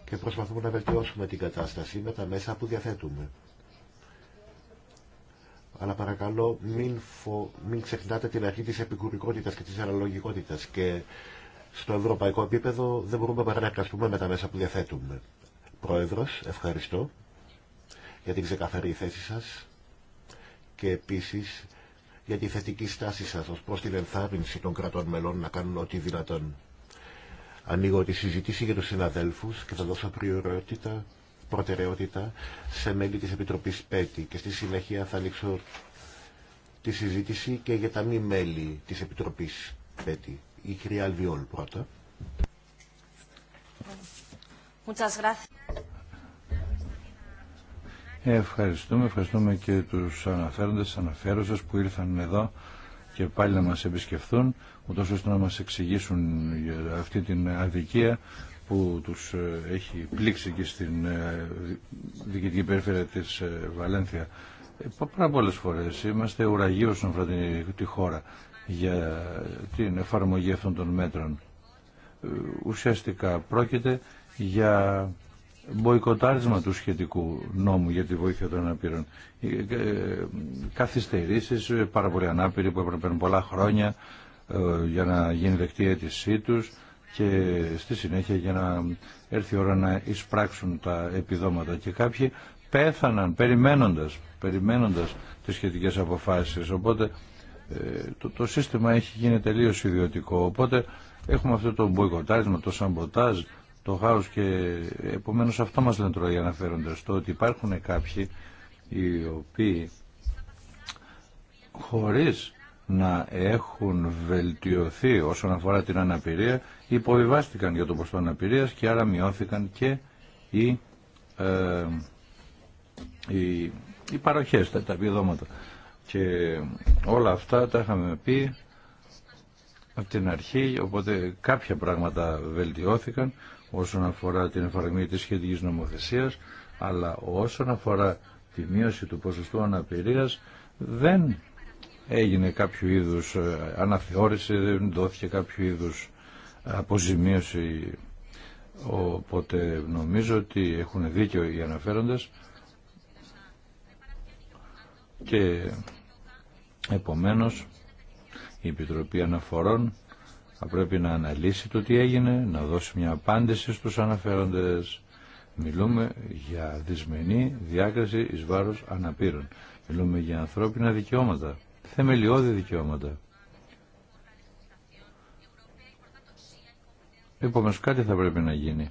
S2: και προσπαθούμε να βελτιώσουμε την κατάσταση με τα μέσα που διαθέτουμε. Αλλά παρακαλώ μην, ξεχνάτε την αρχή της επικουρικότητας και της αναλογικότητας και στο ευρωπαϊκό επίπεδο δεν μπορούμε παρά να εργαστούμε με τα μέσα που διαθέτουμε. Πρόεδρος, ευχαριστώ για την ξεκαθαρή θέση σας και επίσης για τη θετική στάση σας ως προς την ενθάρρυνση των κρατών μελών να κάνουν ό,τι δυνατόν. Ανοίγω τη συζήτηση για τους συναδέλφους και θα δώσω προτεραιότητα, προτεραιότητα σε μέλη της Επιτροπής ΠΕΤΗ και στη συνέχεια θα ανοίξω τη συζήτηση και για τα μη μέλη της Επιτροπής ΠΕΤΗ. Η κυρία Αλβιόλ πρώτα.
S3: Ευχαριστούμε, ευχαριστούμε και τους αναφέροντες, αναφέροντες που ήρθαν εδώ και πάλι να μας επισκεφθούν, ούτως ώστε να μας εξηγήσουν αυτή την αδικία που τους ε, έχει πλήξει και στην ε, διοικητική περιφέρεια της ε, Βαλένθια. Πάρα πολλές φορές είμαστε ουραγίοι όσον τη χώρα για την εφαρμογή αυτών των μέτρων. Ουσιαστικά πρόκειται για μποϊκοτάρισμα του σχετικού νόμου για τη βοήθεια των αναπήρων. Ε, ε, Καθυστερήσει, ε, πάρα πολλοί ανάπηροι που έπρεπε πολλά χρόνια για να γίνει δεκτή η αίτησή τους και στη συνέχεια για να έρθει η ώρα να εισπράξουν τα επιδόματα και κάποιοι πέθαναν περιμένοντας, περιμένοντας τις σχετικές αποφάσεις. Οπότε το, το σύστημα έχει γίνει τελείως ιδιωτικό. Οπότε έχουμε αυτό το μποϊκοτάρισμα, το σαμποτάζ το χάο και επομένως αυτό μας λένε τώρα οι αναφέροντε, το ότι υπάρχουν κάποιοι οι οποίοι χωρίς να έχουν βελτιωθεί όσον αφορά την αναπηρία υποβιβάστηκαν για το ποσό αναπηρία και άρα μειώθηκαν και οι, ε, οι, τα, τα επιδόματα. Και όλα αυτά τα είχαμε πει από την αρχή, οπότε κάποια πράγματα βελτιώθηκαν όσον αφορά την εφαρμογή της σχετικής νομοθεσίας, αλλά όσον αφορά τη μείωση του ποσοστού αναπηρίας δεν έγινε κάποιο είδους ε, αναθεώρηση, δεν δόθηκε κάποιο είδους αποζημίωση. Οπότε νομίζω ότι έχουν δίκιο οι αναφέροντες και επομένως η Επιτροπή Αναφορών θα πρέπει να αναλύσει το τι έγινε, να δώσει μια απάντηση στους αναφέροντες. Μιλούμε για δυσμενή διάκριση εις βάρος αναπήρων. Μιλούμε για ανθρώπινα δικαιώματα, θεμελιώδη δικαιώματα. Επομένως κάτι θα πρέπει να γίνει.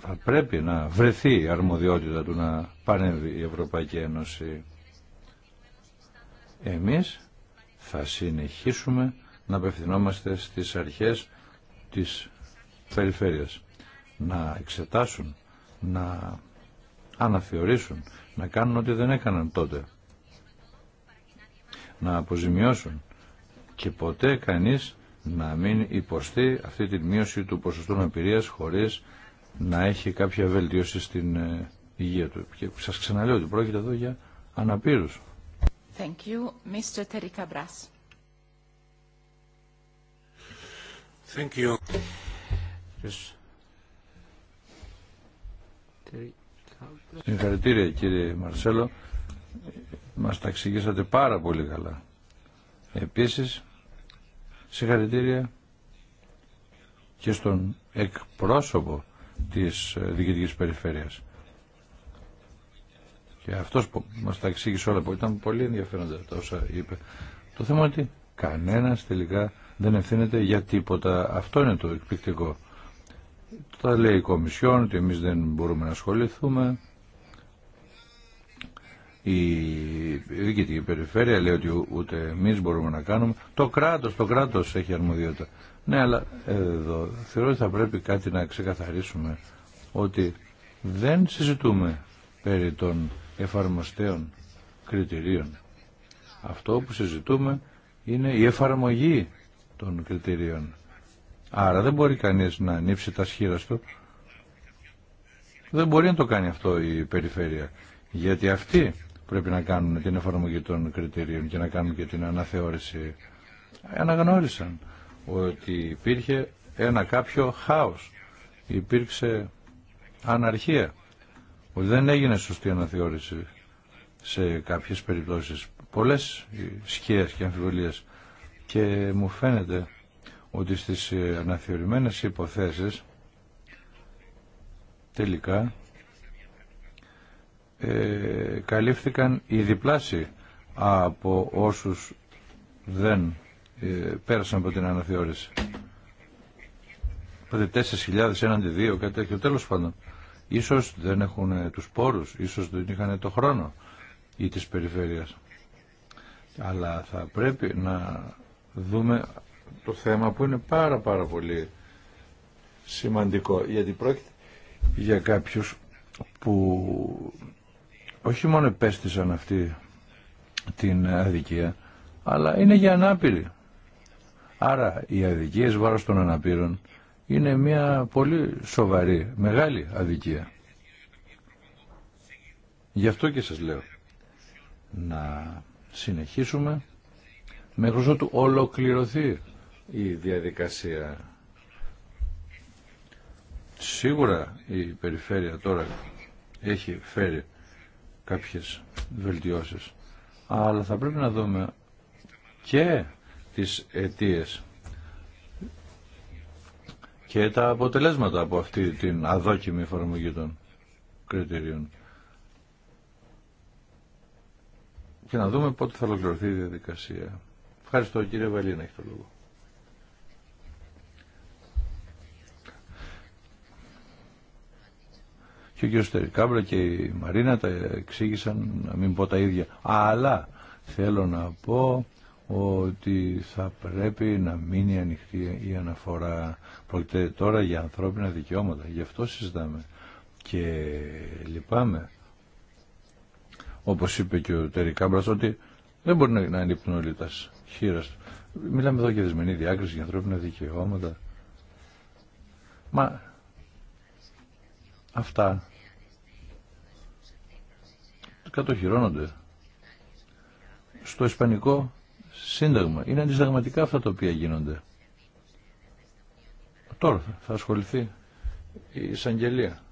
S3: Θα πρέπει να βρεθεί η αρμοδιότητα του να παρέμβει η Ευρωπαϊκή Ένωση. Εμείς θα συνεχίσουμε να απευθυνόμαστε στις αρχές της περιφέρειας. Να εξετάσουν, να αναθεωρήσουν, να κάνουν ό,τι δεν έκαναν τότε. Να αποζημιώσουν και ποτέ κανείς να μην υποστεί αυτή τη μείωση του ποσοστού αναπηρίας χωρίς να έχει κάποια βελτίωση στην ε, υγεία του. Και σας ξαναλέω ότι πρόκειται εδώ για αναπήρους.
S1: Thank you, Mr.
S3: Thank you. Συγχαρητήρια κύριε Μαρσέλο. Μας τα εξηγήσατε πάρα πολύ καλά. Επίσης, συγχαρητήρια και στον εκπρόσωπο της Διοικητικής Περιφέρειας. Και αυτός που μας τα εξήγησε όλα, που ήταν πολύ ενδιαφέροντα όσα είπε. Το θέμα είναι ότι κανένας τελικά δεν ευθύνεται για τίποτα. Αυτό είναι το εκπληκτικό. Τα λέει η Κομισιόν ότι εμείς δεν μπορούμε να ασχοληθούμε. Η διοικητική περιφέρεια λέει ότι ούτε εμείς μπορούμε να κάνουμε. Το κράτος, το κράτος έχει αρμοδιότητα. Ναι, αλλά εδώ θεωρώ ότι θα πρέπει κάτι να ξεκαθαρίσουμε ότι δεν συζητούμε περί των εφαρμοστέων κριτηρίων. Αυτό που συζητούμε είναι η εφαρμογή των κριτηρίων. Άρα δεν μπορεί κανείς να ανοίξει τα σχήρα του. Δεν μπορεί να το κάνει αυτό η περιφέρεια. Γιατί αυτοί πρέπει να κάνουν την εφαρμογή των κριτηρίων και να κάνουν και την αναθεώρηση. Αναγνώρισαν ότι υπήρχε ένα κάποιο χάος. Υπήρξε αναρχία. Ότι δεν έγινε σωστή αναθεώρηση σε κάποιες περιπτώσεις. Πολλές σχέες και αμφιβολίες και μου φαίνεται ότι στις ε, αναθεωρημένες υποθέσεις τελικά ε, καλύφθηκαν οι διπλάσιοι από όσους δεν ε, πέρασαν από την αναθεώρηση. Οπότε 4.000 έναντι 2, κάτι τέτοιο. Τέλος πάντων, ίσως δεν έχουν τους πόρους, ίσως δεν είχαν το χρόνο ή της περιφέρειας. Αλλά θα πρέπει να δούμε το θέμα που είναι πάρα πάρα πολύ σημαντικό γιατί πρόκειται για κάποιους που όχι μόνο επέστησαν αυτή την αδικία αλλά είναι για ανάπηροι. Άρα οι αδικίες βάρος των αναπήρων είναι μια πολύ σοβαρή, μεγάλη αδικία. Γι' αυτό και σας λέω να συνεχίσουμε μέχρι ότου ολοκληρωθεί η διαδικασία. Σίγουρα η περιφέρεια τώρα έχει φέρει κάποιες βελτιώσεις, αλλά θα πρέπει να δούμε και τις αιτίες και τα αποτελέσματα από αυτή την αδόκιμη εφαρμογή των κριτηρίων. Και να δούμε πότε θα ολοκληρωθεί η διαδικασία. Ευχαριστώ κύριε Βαλίνα, έχει το λόγο. Και ο κύριο Τερικάμπρα και η Μαρίνα τα εξήγησαν, να μην πω τα ίδια. Αλλά θέλω να πω ότι θα πρέπει να μείνει ανοιχτή η αναφορά. Πρόκειται τώρα για ανθρώπινα δικαιώματα, γι' αυτό συζητάμε. Και λυπάμαι, όπως είπε και ο Τερικάμπρας ότι δεν μπορεί να είναι όλοι Μιλάμε εδώ για δεσμενή διάκριση, για ανθρώπινα δικαιώματα. Μα αυτά κατοχυρώνονται στο Ισπανικό Σύνταγμα. Είναι αντισταγματικά αυτά τα οποία γίνονται. Τώρα θα ασχοληθεί η εισαγγελία.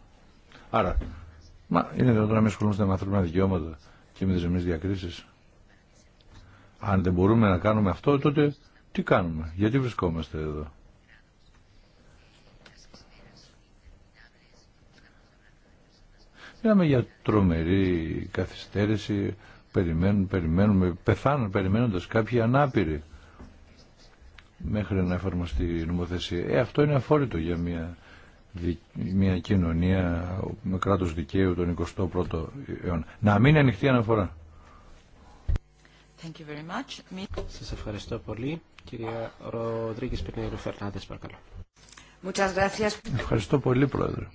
S3: Άρα, μα είναι δυνατόν να μην ασχολούμαστε με ανθρώπινα δικαιώματα και με τι διακρίσεις. Αν δεν μπορούμε να κάνουμε αυτό, τότε τι κάνουμε, γιατί βρισκόμαστε εδώ. Μιλάμε για τρομερή καθυστέρηση, περιμένουμε, πεθάνουν περιμένοντας κάποιοι ανάπηροι μέχρι να εφαρμοστεί η νομοθεσία. Ε, αυτό είναι αφόρητο για μια, μια κοινωνία με κράτος δικαίου τον 21ο αιώνα. Να μην ανοιχτεί αναφορά.
S1: Thank Σας ευχαριστώ
S3: πολύ. Κυρία Ροδρίγκης Πυρνέιρου Φερνάντες, παρακαλώ. Muchas Ευχαριστώ πολύ, Πρόεδρε.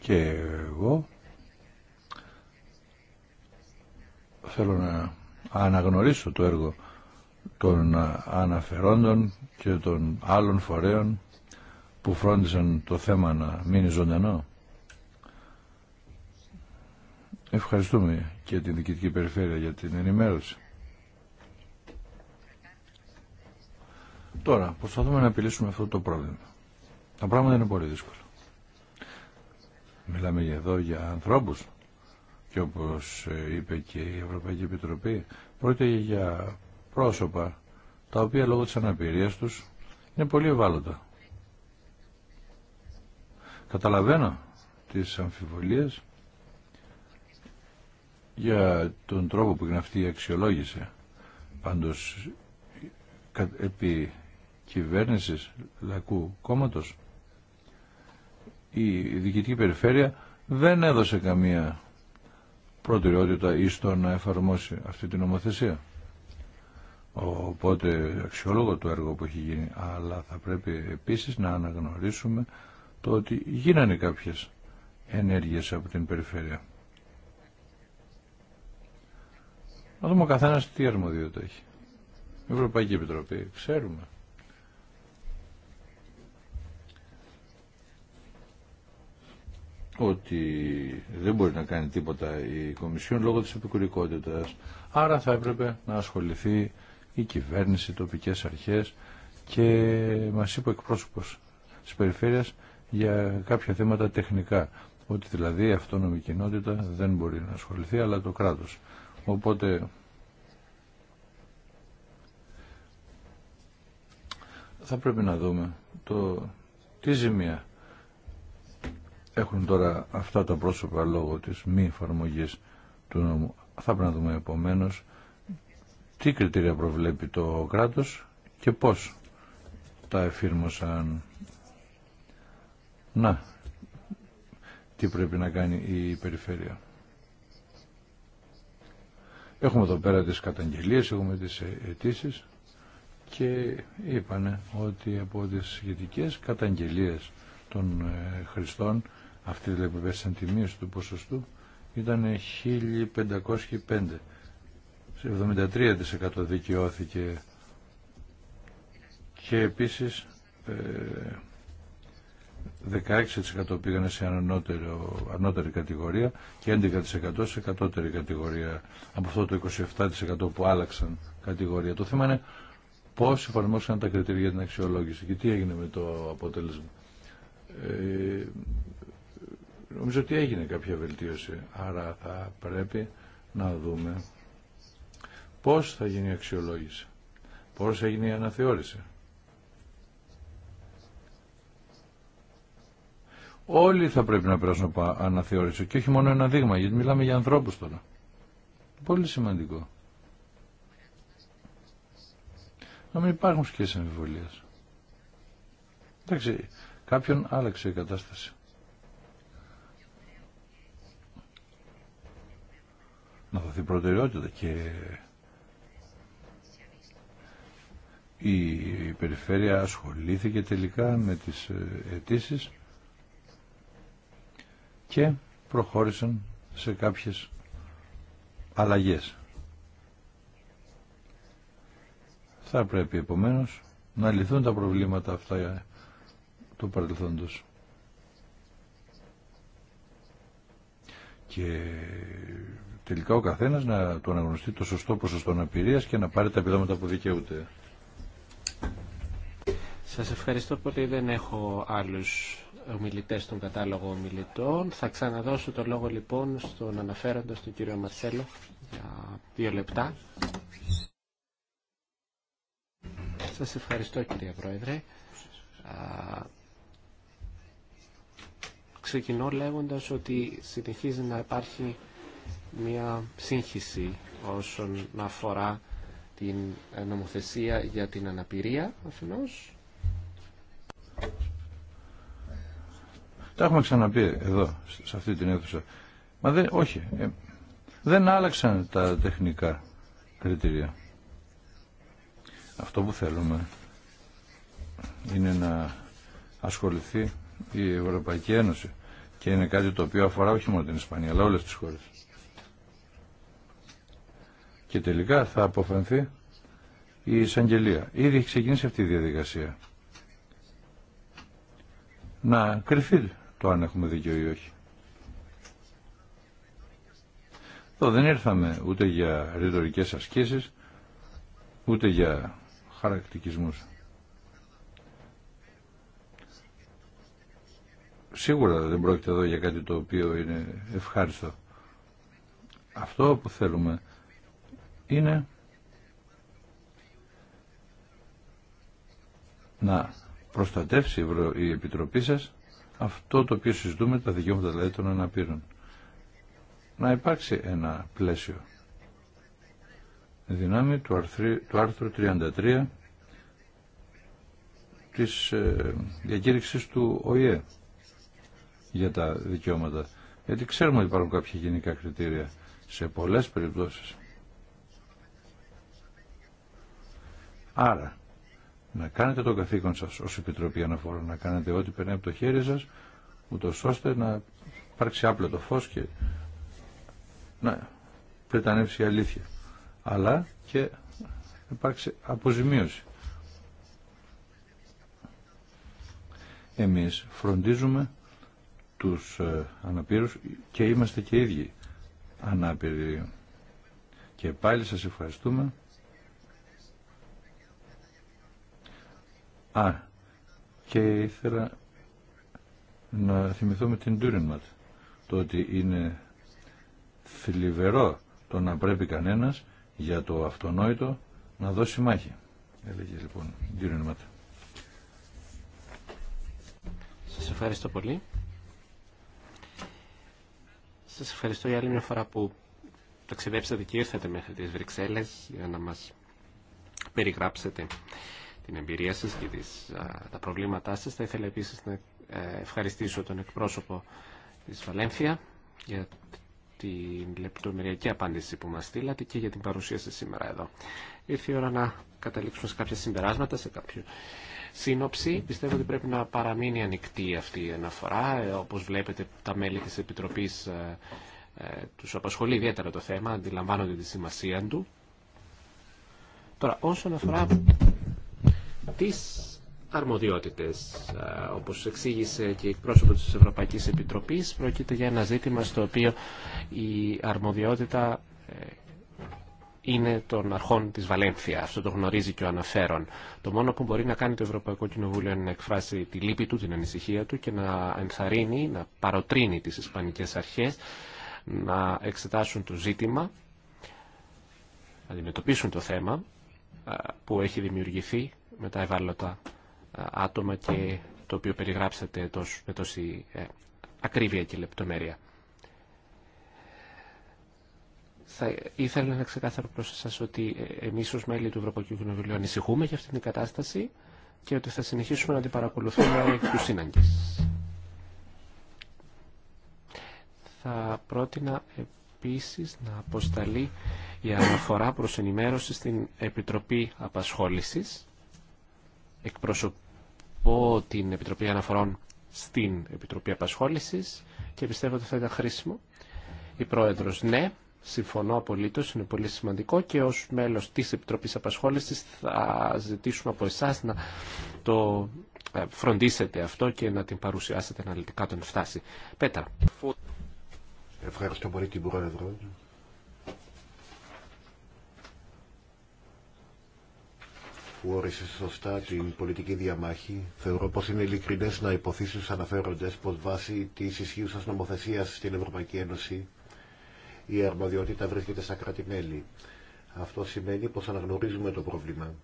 S3: Και εγώ θέλω να αναγνωρίσω το έργο των αναφερόντων και των άλλων φορέων που φρόντισαν το θέμα να μείνει ζωντανό. Ευχαριστούμε και την Διοικητική Περιφέρεια για την ενημέρωση. Τώρα, προσπαθούμε να επιλύσουμε αυτό το πρόβλημα. Τα πράγματα είναι πολύ δύσκολα. Μιλάμε εδώ για ανθρώπους και όπως είπε και η Ευρωπαϊκή Επιτροπή, πρόκειται για πρόσωπα τα οποία λόγω της αναπηρίας τους είναι πολύ ευάλωτα. Καταλαβαίνω τις αμφιβολίες για τον τρόπο που έγινε αυτή η αξιολόγηση. Πάντως, επί κυβέρνησης Λακού Κόμματος, η διοικητική περιφέρεια δεν έδωσε καμία προτεραιότητα ή στο να εφαρμόσει αυτή την νομοθεσία. Οπότε αξιόλογο το έργο που έχει γίνει, αλλά θα πρέπει επίσης να αναγνωρίσουμε το ότι γίνανε κάποιες ενέργειες από την περιφέρεια. Να δούμε ο καθένα τι αρμοδιότητα έχει. Η Ευρωπαϊκή Επιτροπή, ξέρουμε. ότι δεν μπορεί να κάνει τίποτα η Κομισιόν λόγω της επικουρικότητας. Άρα θα έπρεπε να ασχοληθεί η κυβέρνηση, οι τοπικές αρχές και μας είπε ο εκπρόσωπος της περιφέρειας για κάποια θέματα τεχνικά. Ότι δηλαδή η αυτόνομη κοινότητα δεν μπορεί να ασχοληθεί αλλά το κράτος. Οπότε θα πρέπει να δούμε το τι ζημία έχουν τώρα αυτά τα πρόσωπα λόγω της μη εφαρμογή του νόμου. Θα πρέπει να δούμε επομένως τι κριτήρια προβλέπει το κράτος και πώς τα εφήρμοσαν. Να, τι πρέπει να κάνει η περιφέρεια. Έχουμε εδώ πέρα τις καταγγελίες, έχουμε τις ε, αιτήσει και είπανε ότι από τις σχετικές καταγγελίες των ε, χρηστών, αυτή δηλαδή που πέσαν τη του ποσοστού, ήταν 1505. Σε 73% δικαιώθηκε και επίσης ε, 16% πήγανε σε ανώτερο, ανώτερη κατηγορία και 11% σε κατώτερη κατηγορία από αυτό το 27% που άλλαξαν κατηγορία. Το θέμα είναι πώς εφαρμόσαν τα κριτήρια για την αξιολόγηση και τι έγινε με το αποτέλεσμα. Ε, νομίζω ότι έγινε κάποια βελτίωση, άρα θα πρέπει να δούμε πώς θα γίνει η αξιολόγηση, πώς έγινε η αναθεώρηση. Όλοι θα πρέπει να περάσουν από αναθεώρηση και όχι μόνο ένα δείγμα, γιατί μιλάμε για ανθρώπους τώρα. Πολύ σημαντικό. Να μην υπάρχουν σχέσεις αμφιβολίας. Εντάξει, κάποιον άλλαξε η κατάσταση. Να δοθεί προτεραιότητα και η περιφέρεια ασχολήθηκε τελικά με τις ε, αιτήσει και προχώρησαν σε κάποιες αλλαγές. Θα πρέπει επομένως να λυθούν τα προβλήματα αυτά του παρελθόντος. Και τελικά ο καθένας να του αναγνωστεί το σωστό ποσοστό αναπηρίας και να πάρει τα επιδόματα που δικαιούται. Σας
S4: ευχαριστώ πολύ. Δεν έχω άλλους ομιλητές στον κατάλογο ομιλητών. Θα ξαναδώσω το λόγο λοιπόν στον αναφέροντα τον κύριο Μαρσέλο για δύο λεπτά. Σας ευχαριστώ κύριε Πρόεδρε. Ξεκινώ λέγοντας ότι συνεχίζει να υπάρχει μια σύγχυση όσον αφορά την νομοθεσία για την αναπηρία αφενός
S3: Τα έχουμε ξαναπεί εδώ, σε αυτή την αίθουσα. Μα δεν, όχι. Ε, δεν άλλαξαν τα τεχνικά κριτήρια. Αυτό που θέλουμε είναι να ασχοληθεί η Ευρωπαϊκή Ένωση και είναι κάτι το οποίο αφορά όχι μόνο την Ισπανία αλλά όλες τις χώρες. Και τελικά θα αποφανθεί η εισαγγελία. Ήδη έχει ξεκινήσει αυτή η διαδικασία. Να κρυφεί το αν έχουμε δίκιο ή όχι. Εδώ δεν ήρθαμε ούτε για ρητορικέ ασκήσεις, ούτε για χαρακτικισμούς. Σίγουρα δεν πρόκειται εδώ για κάτι το οποίο είναι ευχάριστο. Αυτό που θέλουμε είναι να προστατεύσει η Επιτροπή σας αυτό το οποίο συζητούμε, τα δικαιώματα δηλαδή των αναπήρων. Να υπάρξει ένα πλαίσιο. Δυνάμει του, αρθρου, του 33 της ε, διακήρυξης του ΟΗΕ για τα δικαιώματα. Γιατί ξέρουμε ότι υπάρχουν κάποια γενικά κριτήρια σε πολλές περιπτώσεις. Άρα, να κάνετε το καθήκον σας ως Επιτροπή Αναφορών, να κάνετε ό,τι περνάει από το χέρι σας, ούτως ώστε να υπάρξει το φως και να πρετανεύσει η αλήθεια. Αλλά και να υπάρξει αποζημίωση. Εμείς φροντίζουμε τους ε, αναπήρους και είμαστε και ίδιοι ανάπηροι. Και πάλι σας ευχαριστούμε. Α, και ήθελα να με την Τούρινματ. Το ότι είναι θλιβερό το να πρέπει κανένας για το αυτονόητο να δώσει μάχη. Έλεγε λοιπόν Τούρινματ. Σας ευχαριστώ πολύ.
S4: Σας ευχαριστώ για άλλη μια φορά που ταξιδέψατε και ήρθατε μέχρι τις Βρυξέλλες για να μας περιγράψετε την εμπειρία σας και τις, τα προβλήματά σας. Θα ήθελα επίσης να ε, ευχαριστήσω τον εκπρόσωπο της Βαλένθια για την λεπτομεριακή απάντηση που μας στείλατε και για την παρουσία σας σήμερα εδώ. Ήρθε η ώρα να καταλήξουμε σε κάποια συμπεράσματα, σε κάποιο σύνοψη. Πιστεύω ότι πρέπει να παραμείνει ανοιχτή αυτή η αναφορά. Ε, όπως βλέπετε τα μέλη της Επιτροπής ε, τους απασχολεί ιδιαίτερα το θέμα, αντιλαμβάνονται τη σημασία του. Τώρα, όσον αφορά τις αρμοδιότητες. Όπως εξήγησε και η εκπρόσωπο της Ευρωπαϊκής Επιτροπής, πρόκειται για ένα ζήτημα στο οποίο η αρμοδιότητα ε, είναι των αρχών της Βαλένθια. Αυτό το γνωρίζει και ο αναφέρον. Το μόνο που μπορεί να κάνει το Ευρωπαϊκό Κοινοβούλιο είναι να εκφράσει τη λύπη του, την ανησυχία του και να ενθαρρύνει, να παροτρύνει τις Ισπανικές αρχές να εξετάσουν το ζήτημα, να αντιμετωπίσουν το θέμα που έχει δημιουργηθεί με τα ευάλωτα ε, άτομα και το οποίο περιγράψατε με τόση ακρίβεια και λεπτομέρεια. Θα ήθελα να ξεκάθαρω προς εσάς ότι ε, εμείς ως μέλη του Ευρωπαϊκού Κοινοβουλίου ανησυχούμε για αυτήν την κατάσταση και ότι θα συνεχίσουμε να την παρακολουθούμε εκ του σύναγκης. Θα πρότεινα επίσης να αποσταλεί η αναφορά προς ενημέρωση στην Επιτροπή Απασχόλησης εκπροσωπώ την Επιτροπή Αναφορών στην Επιτροπή Απασχόληση και πιστεύω ότι θα ήταν χρήσιμο. Η Πρόεδρος, ναι, συμφωνώ απολύτως, είναι πολύ σημαντικό και ω μέλος της Επιτροπής Απασχόληση θα ζητήσουμε από εσά να το ε, φροντίσετε αυτό και να την παρουσιάσετε αναλυτικά τον φτάσει. Πέτρα.
S2: Ευχαριστώ πολύ την Πρόεδρο που όρισε σωστά την πολιτική διαμάχη. Θεωρώ πως είναι ειλικρινές να υποθήσει στους αναφέροντες πως βάσει της σα νομοθεσίας στην Ευρωπαϊκή Ένωση η αρμοδιότητα βρίσκεται στα κράτη-μέλη. Αυτό σημαίνει πως αναγνωρίζουμε το πρόβλημα.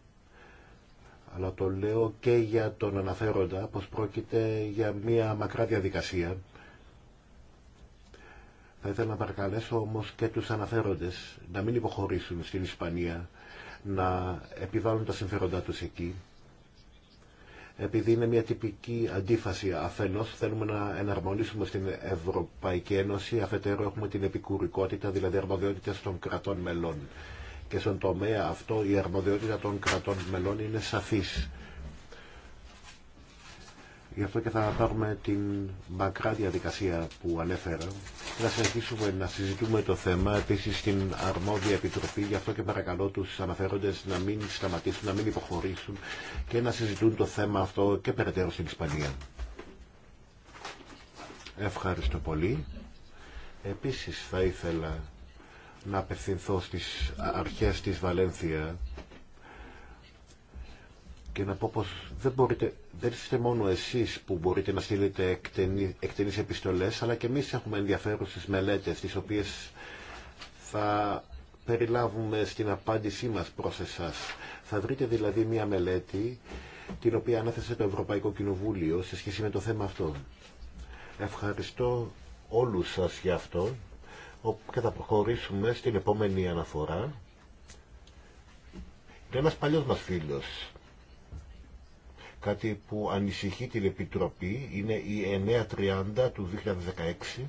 S2: Αλλά το λέω και για τον αναφέροντα πως πρόκειται για μια μακρά διαδικασία. Θα ήθελα να παρακαλέσω όμως και τους αναφέροντες να μην υποχωρήσουν στην Ισπανία να επιβάλλουν τα συμφέροντά τους εκεί επειδή είναι μια τυπική αντίφαση αφενός θέλουμε να εναρμονίσουμε στην Ευρωπαϊκή Ένωση αφετέρου έχουμε την επικουρικότητα δηλαδή αρμοδιότητα των κρατών μελών και στον τομέα αυτό η αρμοδιότητα των κρατών μελών είναι σαφής Γι' αυτό και θα πάρουμε την μακρά διαδικασία που ανέφερα. Θα συνεχίσουμε να συζητούμε το θέμα επίση στην αρμόδια επιτροπή. Γι' αυτό και παρακαλώ του αναφέροντε να μην σταματήσουν, να μην υποχωρήσουν και να συζητούν το θέμα αυτό και περαιτέρω στην Ισπανία. Ευχαριστώ πολύ. Επίσης θα ήθελα να απευθυνθώ στι αρχέ της Βαλένθια και να πω πω δεν μπορείτε δεν είστε μόνο εσείς που μπορείτε να στείλετε εκτενείς επιστολές, αλλά και εμείς έχουμε ενδιαφέρουσες μελέτες, τις οποίες θα περιλάβουμε στην απάντησή μας προς εσάς. Θα βρείτε δηλαδή μία μελέτη, την οποία ανάθεσε το Ευρωπαϊκό Κοινοβούλιο σε σχέση με το θέμα αυτό. Ευχαριστώ όλους σας για αυτό και θα προχωρήσουμε στην επόμενη αναφορά. Είναι ένας παλιός μας φίλος, Κάτι που ανησυχεί την Επιτροπή είναι η 930 του 2016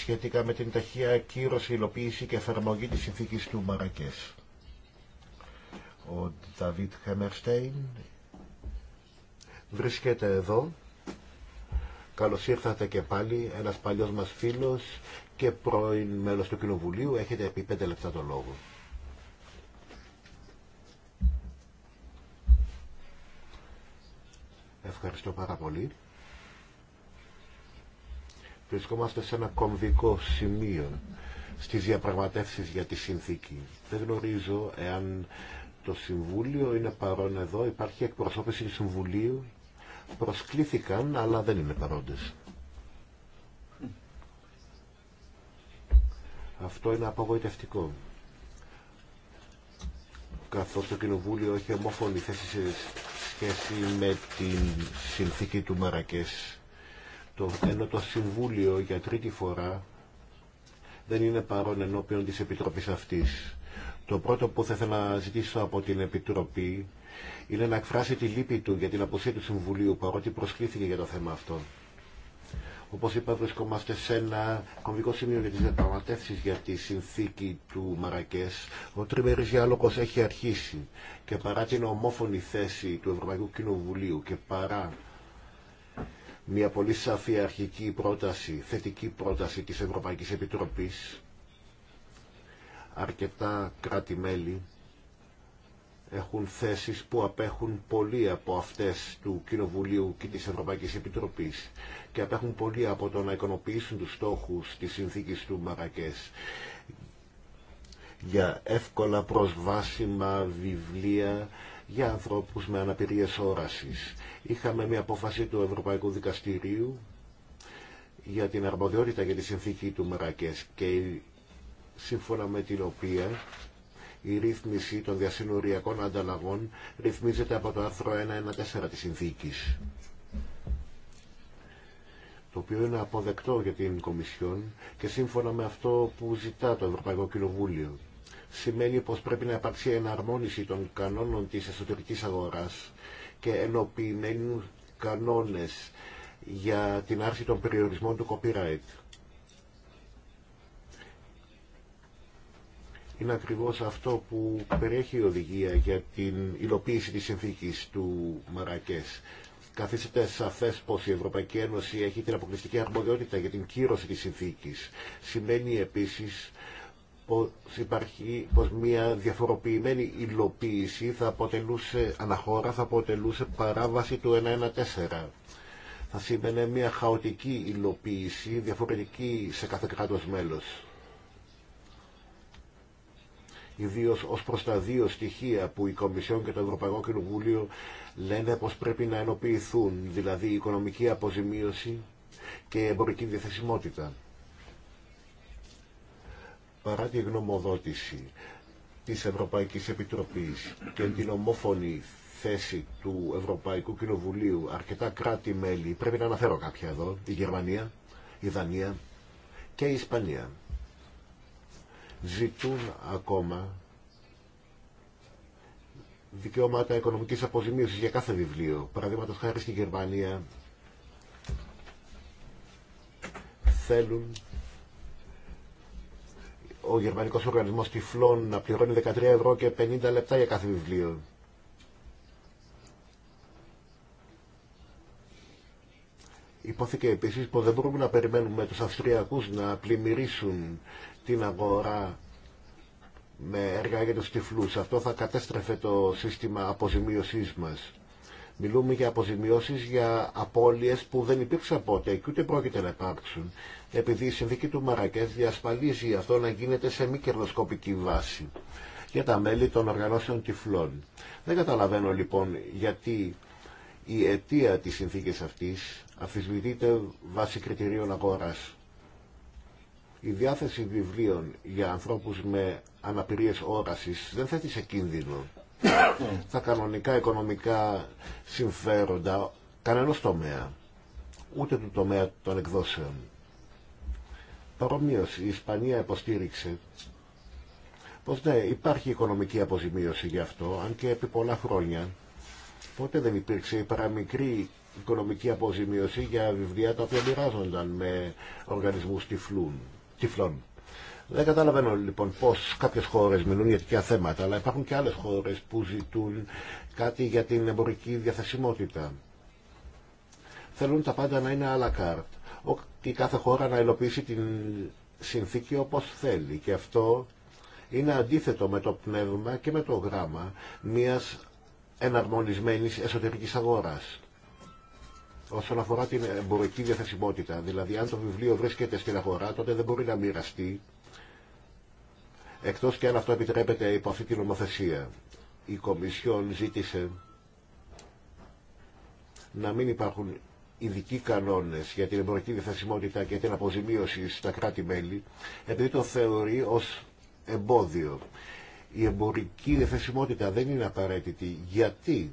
S2: σχετικά με την ταχεία κύρωση, υλοποίηση και εφαρμογή της συνθήκης του Μαρακές. Ο Δαβίτ Χέμερστέιν βρίσκεται εδώ. Καλώς ήρθατε και πάλι, ένας παλιός μας φίλος και πρώην μέλος του Κοινοβουλίου. Έχετε επί πέντε λεπτά το λόγο. Ευχαριστώ πάρα πολύ. Βρισκόμαστε σε ένα κομβικό σημείο στις διαπραγματεύσεις για τη συνθήκη. Δεν γνωρίζω εάν το Συμβούλιο είναι παρόν εδώ, υπάρχει εκπροσώπηση του Συμβουλίου. Προσκλήθηκαν, αλλά δεν είναι παρόντες. Αυτό είναι απογοητευτικό. Καθώς το Κοινοβούλιο έχει ομόφωνη θέση σχέση με την συνθήκη του Μαρακές. Το, ενώ το Συμβούλιο για τρίτη φορά δεν είναι παρόν ενώπιον της Επιτροπής αυτής. Το πρώτο που θα ήθελα να ζητήσω από την Επιτροπή είναι να εκφράσει τη λύπη του για την αποσία του Συμβουλίου παρότι προσκλήθηκε για το θέμα αυτό. Όπως είπα βρισκόμαστε σε ένα κομβικό σημείο για τις διαπραγματεύσει για τη συνθήκη του Μαρακές. Ο τριμερής διάλογος έχει αρχίσει και παρά την ομόφωνη θέση του Ευρωπαϊκού Κοινοβουλίου και παρά μια πολύ σαφή αρχική πρόταση, θετική πρόταση της Ευρωπαϊκής Επιτροπής αρκετά κράτη-μέλη έχουν θέσεις που απέχουν πολύ από αυτές του Κοινοβουλίου και της Ευρωπαϊκής Επιτροπής και απέχουν πολύ από το να οικονοποιήσουν τους στόχους της συνθήκης του Μαρακές για εύκολα προσβάσιμα βιβλία για ανθρώπους με αναπηρίες όρασης. Είχαμε μια απόφαση του Ευρωπαϊκού Δικαστηρίου για την αρμοδιότητα για τη συνθήκη του Μαρακές και σύμφωνα με την οποία η ρύθμιση των διασυνοριακών ανταλλαγών ρυθμίζεται από το άρθρο 114 της συνθήκης το οποίο είναι αποδεκτό για την Κομισιόν και σύμφωνα με αυτό που ζητά το Ευρωπαϊκό Κοινοβούλιο. Σημαίνει πως πρέπει να υπάρξει εναρμόνιση των κανόνων της εσωτερικής αγοράς και ενοποιημένου κανόνες για την άρση των περιορισμών του copyright. είναι ακριβώς αυτό που περιέχει η οδηγία για την υλοποίηση της συνθήκης του Μαρακές. Καθίσετε σαφές πως η Ευρωπαϊκή Ένωση έχει την αποκλειστική αρμοδιότητα για την κύρωση της συνθήκης. Σημαίνει επίσης πως υπάρχει πως μια διαφοροποιημένη υλοποίηση θα αποτελούσε, αναχώρα θα αποτελούσε παράβαση του 114 θα σημαίνει μια χαοτική υλοποίηση, διαφορετική σε κάθε κράτος μέλος ιδίως ως προς τα δύο στοιχεία που η Κομισιόν και το Ευρωπαϊκό Κοινοβούλιο λένε πως πρέπει να ενοποιηθούν, δηλαδή η οικονομική αποζημίωση και η εμπορική διαθεσιμότητα. Παρά τη γνωμοδότηση της Ευρωπαϊκής Επιτροπής και την ομόφωνη θέση του Ευρωπαϊκού Κοινοβουλίου αρκετά κράτη-μέλη, πρέπει να αναφέρω κάποια εδώ, η Γερμανία, η Δανία και η Ισπανία ζητούν ακόμα δικαιώματα οικονομικής αποζημίωσης για κάθε βιβλίο. Παραδείγματος χάρη στη Γερμανία θέλουν ο Γερμανικός Οργανισμός Τυφλών να πληρώνει 13 ευρώ και 50 λεπτά για κάθε βιβλίο. Υπόθηκε επίσης που δεν μπορούμε να περιμένουμε τους Αυστριακούς να πλημμυρίσουν την αγορά με έργα για τους τυφλούς. Αυτό θα κατέστρεφε το σύστημα αποζημίωσής μας. Μιλούμε για αποζημιώσεις για απώλειες που δεν υπήρξαν ποτέ και ούτε πρόκειται να υπάρξουν, επειδή η συνθήκη του Μαρακές διασφαλίζει αυτό να γίνεται σε μη κερδοσκοπική βάση για τα μέλη των οργανώσεων τυφλών. Δεν καταλαβαίνω λοιπόν γιατί η αιτία της συνθήκης αυτής αφισβητείται βάσει κριτηρίων αγοράς η διάθεση βιβλίων για ανθρώπους με αναπηρίες όρασης δεν θέτει σε κίνδυνο τα κανονικά οικονομικά συμφέροντα κανένας τομέα, ούτε του τομέα των εκδόσεων. Παρομοίως, η Ισπανία υποστήριξε πως ναι, υπάρχει οικονομική αποζημίωση γι' αυτό, αν και επί πολλά χρόνια ποτέ δεν υπήρξε η παραμικρή οικονομική αποζημίωση για βιβλία τα οποία μοιράζονταν με οργανισμούς τυφλούν τυφλών. Δεν καταλαβαίνω λοιπόν πώ κάποιε χώρε μιλούν για τέτοια θέματα, αλλά υπάρχουν και άλλε χώρε που ζητούν κάτι για την εμπορική διαθεσιμότητα. Θέλουν τα πάντα να είναι à la carte. Ότι κάθε χώρα να υλοποιήσει την συνθήκη όπως θέλει. Και αυτό είναι αντίθετο με το πνεύμα και με το γράμμα μιας εναρμονισμένη εσωτερική αγορά όσον αφορά την εμπορική διαθεσιμότητα. Δηλαδή αν το βιβλίο βρίσκεται στην αγορά τότε δεν μπορεί να μοιραστεί εκτός και αν αυτό επιτρέπεται υπό αυτή την νομοθεσία. Η Κομισιόν ζήτησε να μην υπάρχουν ειδικοί κανόνες για την εμπορική διαθεσιμότητα και την αποζημίωση στα κράτη-μέλη, επειδή το θεωρεί ως εμπόδιο. Η εμπορική διαθεσιμότητα δεν είναι απαραίτητη. Γιατί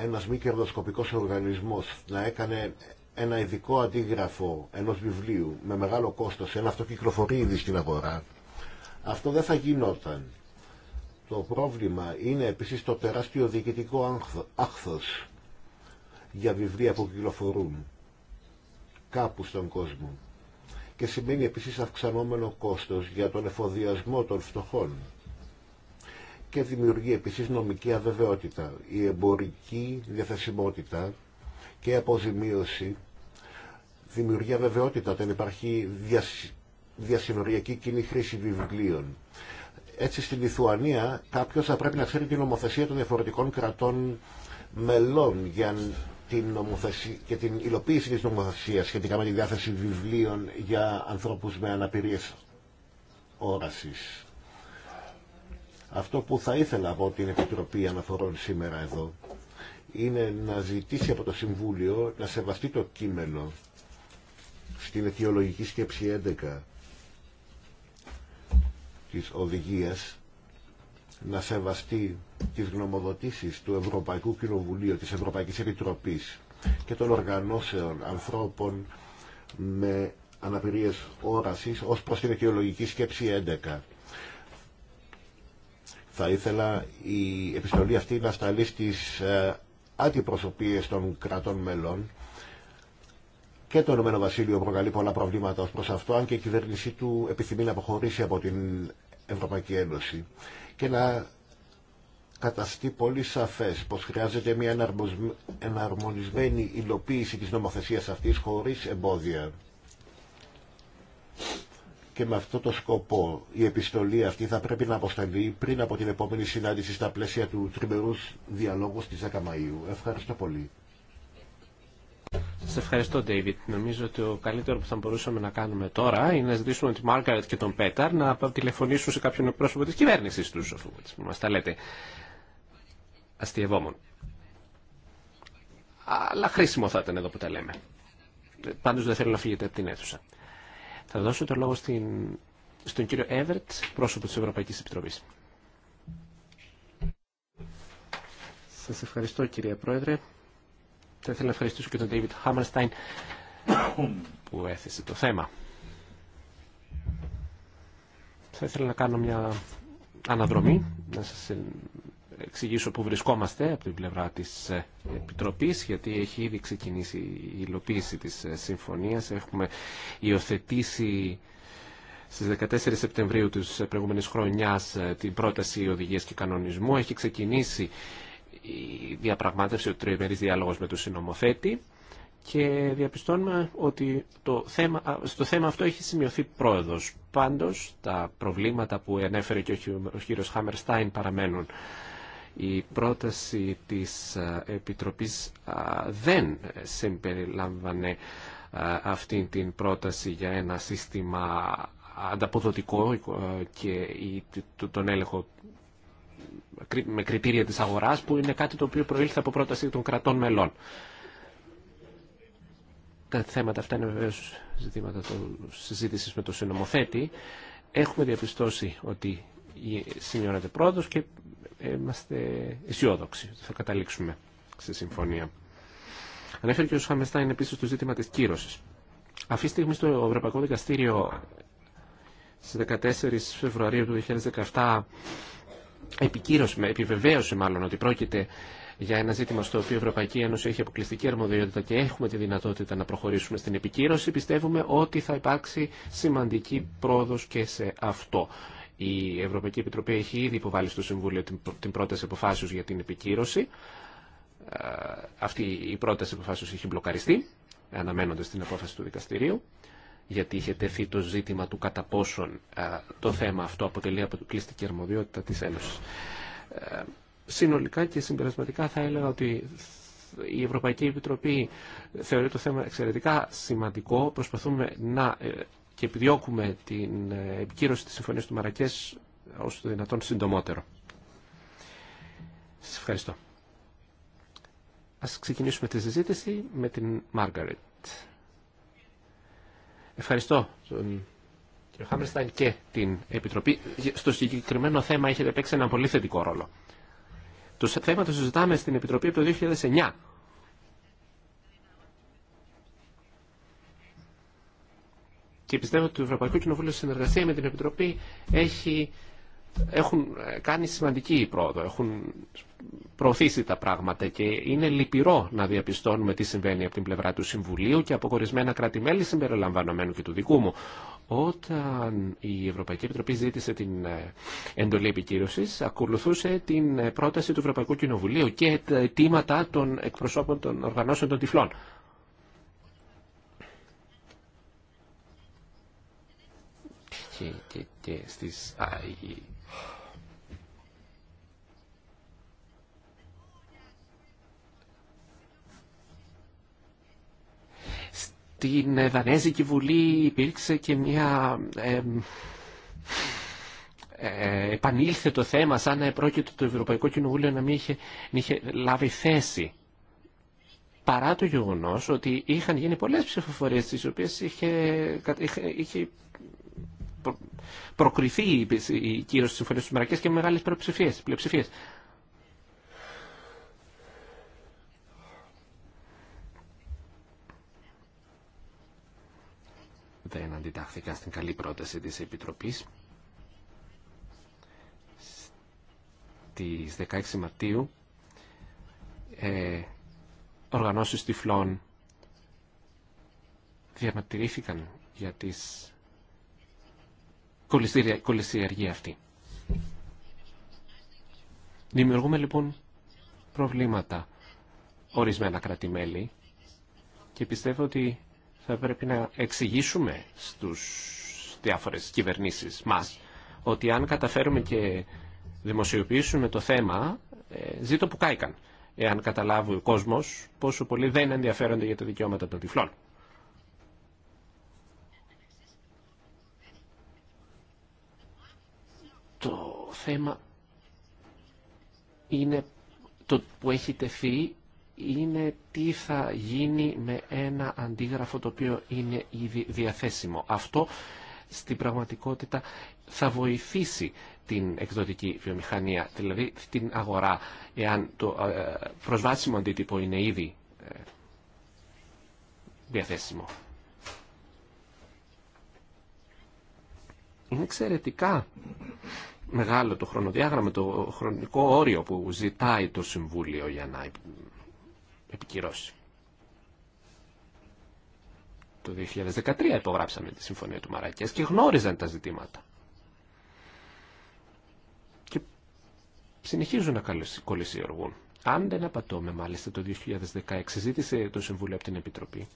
S2: ένας μη κερδοσκοπικός οργανισμός να έκανε ένα ειδικό αντίγραφο ενός βιβλίου με μεγάλο κόστος, ένα αυτό κυκλοφορεί ήδη στην αγορά, αυτό δεν θα γινόταν. Το πρόβλημα είναι επίσης το τεράστιο διοικητικό άχθος για βιβλία που κυκλοφορούν κάπου στον κόσμο και σημαίνει επίσης αυξανόμενο κόστος για τον εφοδιασμό των φτωχών και δημιουργεί επίσης νομική αβεβαιότητα. Η εμπορική διαθεσιμότητα και αποζημίωση δημιουργεί αβεβαιότητα όταν υπάρχει διασυνοριακή κοινή χρήση βιβλίων. Έτσι στην Λιθουανία κάποιος θα πρέπει να ξέρει την νομοθεσία των διαφορετικών κρατών μελών για την νομοθεσία και την υλοποίηση της νομοθεσίας σχετικά με τη διάθεση βιβλίων για ανθρώπους με αναπηρίες όρασης. Αυτό που θα ήθελα από την Επιτροπή Αναφορών σήμερα εδώ είναι να ζητήσει από το Συμβούλιο να σεβαστεί το κείμενο στην αιτιολογική σκέψη 11 της οδηγίας να σεβαστεί τις γνωμοδοτήσεις του Ευρωπαϊκού Κοινοβουλίου, της Ευρωπαϊκής Επιτροπής και των οργανώσεων ανθρώπων με αναπηρίες όρασης ως προς την αιτιολογική σκέψη 11 θα ήθελα η επιστολή αυτή να σταλεί στις ε, αντιπροσωπείες των κρατών μελών και το ΕΒ προκαλεί πολλά προβλήματα ως προς αυτό, αν και η κυβέρνησή του επιθυμεί να αποχωρήσει από την Ευρωπαϊκή Ένωση και να καταστεί πολύ σαφές πως χρειάζεται μια εναρμονισμένη υλοποίηση της νομοθεσίας αυτής χωρίς εμπόδια και με αυτό το σκοπό η επιστολή αυτή θα πρέπει να αποσταλεί πριν από την επόμενη συνάντηση στα πλαίσια του τριμερούς διαλόγου στις 10 Μαΐου. Ευχαριστώ πολύ.
S4: Σας ευχαριστώ, David. Νομίζω ότι το καλύτερο που θα μπορούσαμε να κάνουμε τώρα είναι να ζητήσουμε τη Μάργαρετ και τον Πέταρ να τηλεφωνήσουν σε κάποιον πρόσωπο της κυβέρνησης του αφού μας τα λέτε. Αστειευόμουν. Αλλά χρήσιμο θα ήταν εδώ που τα λέμε. Πάντως δεν θέλω να φύγετε από την αίθουσα. Θα δώσω το λόγο στην, στον κύριο Έβερτ, πρόσωπο της Ευρωπαϊκής Επιτροπής. Σας ευχαριστώ κύριε Πρόεδρε. Θα ήθελα να ευχαριστήσω και τον David Hammerstein που έθεσε το θέμα. Θα ήθελα να κάνω μια αναδρομή, να σας εξηγήσω που βρισκόμαστε από την πλευρά της ε, Επιτροπής, γιατί έχει ήδη ξεκινήσει η υλοποίηση της ε, συμφωνίας. Έχουμε υιοθετήσει στις 14 Σεπτεμβρίου της ε, προηγούμενης χρονιάς την πρόταση οδηγίας και κανονισμού. Έχει ξεκινήσει η διαπραγμάτευση, ο τριμερής διάλογος με τον συνομοθέτη και διαπιστώνουμε ότι το θέμα, στο θέμα αυτό έχει σημειωθεί πρόοδος. Πάντως, τα προβλήματα που ενέφερε και ο κύριος Χάμερστάιν παραμένουν. Η πρόταση της ε, Επιτροπής ε, δεν συμπεριλάμβανε ε, αυτή την πρόταση για ένα σύστημα ανταποδοτικό και τον έλεγχο με κριτήρια της αγοράς που είναι κάτι το οποίο προήλθε από πρόταση των κρατών μελών. Τα θέματα αυτά είναι βεβαίω ζητήματα συζήτησης με τον συνομοθέτη. Έχουμε διαπιστώσει ότι σημειώνεται πρόοδος και είμαστε αισιόδοξοι ότι θα καταλήξουμε σε συμφωνία. Ανέφερε και ο Σχαμεστάιν επίση το ζήτημα τη κύρωση. Αυτή τη στιγμή στο Ευρωπαϊκό Δικαστήριο στι 14 Φεβρουαρίου του 2017 επικύρωσε, επιβεβαίωσε μάλλον ότι πρόκειται για ένα ζήτημα στο οποίο η Ευρωπαϊκή Ένωση έχει αποκλειστική αρμοδιότητα και έχουμε τη δυνατότητα να προχωρήσουμε στην επικύρωση, πιστεύουμε ότι θα υπάρξει σημαντική πρόοδος και σε αυτό. Η Ευρωπαϊκή Επιτροπή έχει ήδη υποβάλει στο Συμβούλιο την πρόταση αποφάσεως για την επικύρωση. Ε, αυτή η πρόταση αποφάσεως έχει μπλοκαριστεί, αναμένοντας την απόφαση του δικαστηρίου, γιατί είχε τεθεί το ζήτημα του κατά πόσον ε, το θέμα αυτό αποτελεί από την αποκλειστική αρμοδιότητα της Ένωσης. Ε, συνολικά και συμπερασματικά θα έλεγα ότι η Ευρωπαϊκή Επιτροπή θεωρεί το θέμα εξαιρετικά σημαντικό. Προσπαθούμε να και επιδιώκουμε την ε, επικύρωση της Συμφωνίας του Μαρακές ως το δυνατόν συντομότερο. Σας ευχαριστώ. Ας ξεκινήσουμε τη συζήτηση με την Μάργαρετ. Ευχαριστώ τον κ. Χάμερσταν και την Επιτροπή. Στο συγκεκριμένο θέμα έχετε παίξει ένα πολύ θετικό ρόλο. Το θέμα το συζητάμε στην Επιτροπή από το 2009 και πιστεύω ότι το Ευρωπαϊκό Κοινοβούλιο σε συνεργασία με την Επιτροπή έχει, έχουν κάνει σημαντική πρόοδο, έχουν προωθήσει τα πράγματα και είναι λυπηρό να διαπιστώνουμε τι συμβαίνει από την πλευρά του Συμβουλίου και από κορισμένα κράτη-μέλη συμπεριλαμβανομένου και του δικού μου. Όταν η Ευρωπαϊκή Επιτροπή ζήτησε την ε, εντολή επικύρωση, ακολουθούσε την ε, πρόταση του Ευρωπαϊκού Κοινοβουλίου και τα αιτήματα των εκπροσώπων των οργανώσεων των τυφλών. και, και, και Στην ε, Δανέζικη Βουλή υπήρξε και μια... Ε, επανήλθε το θέμα σαν να επρόκειτο το Ευρωπαϊκό Κοινοβούλιο να μην είχε, μην είχε λάβει θέση παρά το γεγονός ότι είχαν γίνει πολλές ψηφοφορίες τις οποίες είχε, είχε, είχε προκριθεί η κύρωση τη συμφωνία του και με μεγάλε πλειοψηφίε. Δεν αντιτάχθηκαν στην καλή πρόταση της Επιτροπής. Στις 16 Μαρτίου ε, οργανώσεις τυφλών διαμαρτυρήθηκαν για τις κολλησιεργία αυτή. Δημιουργούμε λοιπόν προβλήματα ορισμένα κρατημέλη και πιστεύω ότι θα πρέπει να εξηγήσουμε στους διάφορες κυβερνήσεις μας ότι αν καταφέρουμε και δημοσιοποιήσουμε το θέμα, ε, ζήτω που κάηκαν, εάν καταλάβει ο κόσμος πόσο πολύ δεν ενδιαφέρονται για τα δικαιώματα των τυφλών. θέμα είναι το που έχει τεθεί είναι τι θα γίνει με ένα αντίγραφο το οποίο είναι ήδη διαθέσιμο. Αυτό στην πραγματικότητα θα βοηθήσει την εκδοτική βιομηχανία, δηλαδή την αγορά, εάν το ε, προσβάσιμο αντίτυπο είναι ήδη ε, διαθέσιμο. Είναι εξαιρετικά μεγάλο το χρονοδιάγραμμα, το χρονικό όριο που ζητάει το Συμβούλιο για να επικυρώσει. Το 2013 υπογράψαμε τη Συμφωνία του Μαρακές και γνώριζαν τα ζητήματα. Και συνεχίζουν να κολλησιεργούν. Αν δεν απατώμε, μάλιστα το 2016 ζήτησε το Συμβούλιο από την Επιτροπή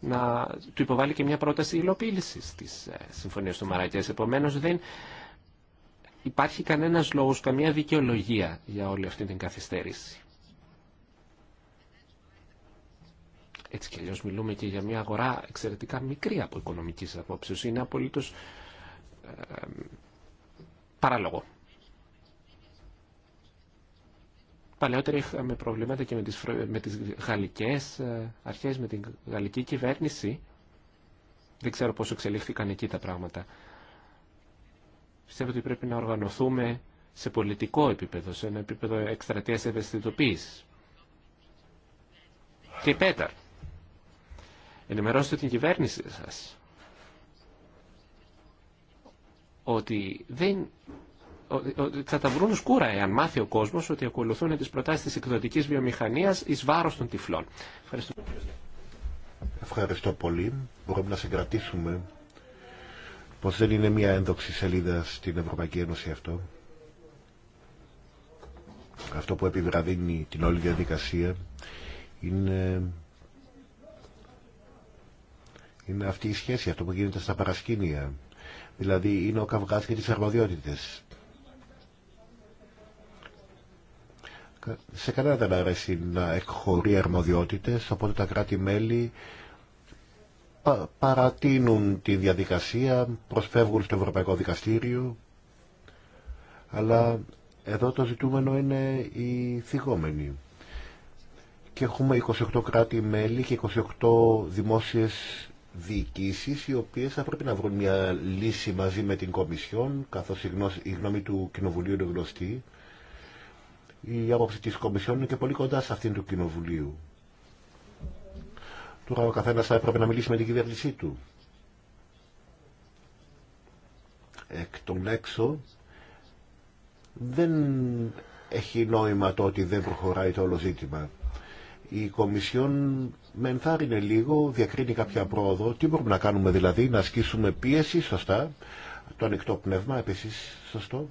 S4: να του υποβάλει και μια πρόταση υλοποίηση τη ε, Συμφωνίας του Μαρακέ. Επομένως, δεν υπάρχει κανένας λόγος, καμία δικαιολογία για όλη αυτή την καθυστέρηση. Έτσι κι αλλιώς μιλούμε και για μια αγορά εξαιρετικά μικρή από οικονομικής απόψεως. Είναι απολύτως ε, παράλογο. Παλαιότερα είχαμε προβλήματα και με τις, με τις γαλλικές ε, αρχές, με την γαλλική κυβέρνηση. Δεν ξέρω πώς εξελίχθηκαν εκεί τα πράγματα. Πιστεύω ότι πρέπει να οργανωθούμε σε πολιτικό επίπεδο, σε ένα επίπεδο εκστρατείας ευαισθητοποίησης. Και πέτα, ενημερώστε την κυβέρνηση σας ότι δεν ότι θα τα βρουν σκούρα εάν μάθει ο κόσμος ότι ακολουθούν τις προτάσεις της εκδοτικής βιομηχανίας εις βάρος των τυφλών. Ευχαριστώ.
S2: Ευχαριστώ πολύ. Μπορούμε να συγκρατήσουμε πως δεν είναι μια ένδοξη σελίδα στην Ευρωπαϊκή Ένωση αυτό. Αυτό που επιβραδύνει την όλη διαδικασία είναι, αυτή η σχέση, αυτό που γίνεται στα παρασκήνια. Δηλαδή είναι ο καυγάς και τις αρμοδιότητες. Σε κανένα δεν αρέσει να εκχωρεί αρμοδιότητες, οπότε τα κράτη-μέλη παρατείνουν τη διαδικασία, προσφεύγουν στο Ευρωπαϊκό Δικαστήριο, αλλά εδώ το ζητούμενο είναι οι θυγόμενοι. Και έχουμε 28 κράτη-μέλη και 28 δημόσιες διοικήσεις οι οποίες θα πρέπει να βρουν μια λύση μαζί με την Κομισιόν καθώς η γνώμη του Κοινοβουλίου είναι γνωστή. Η άποψη της Κομισιόν είναι και πολύ κοντά σε αυτήν του Κοινοβουλίου. Τώρα ο καθένας θα έπρεπε να μιλήσει με την κυβέρνησή του. Εκ των έξω δεν έχει νόημα το ότι δεν προχωράει το όλο ζήτημα. Η Κομισιόν με ενθάρρυνε λίγο, διακρίνει κάποια πρόοδο. Τι μπορούμε να κάνουμε δηλαδή, να ασκήσουμε πίεση, σωστά. Το ανοιχτό πνεύμα, επίσης, σωστό.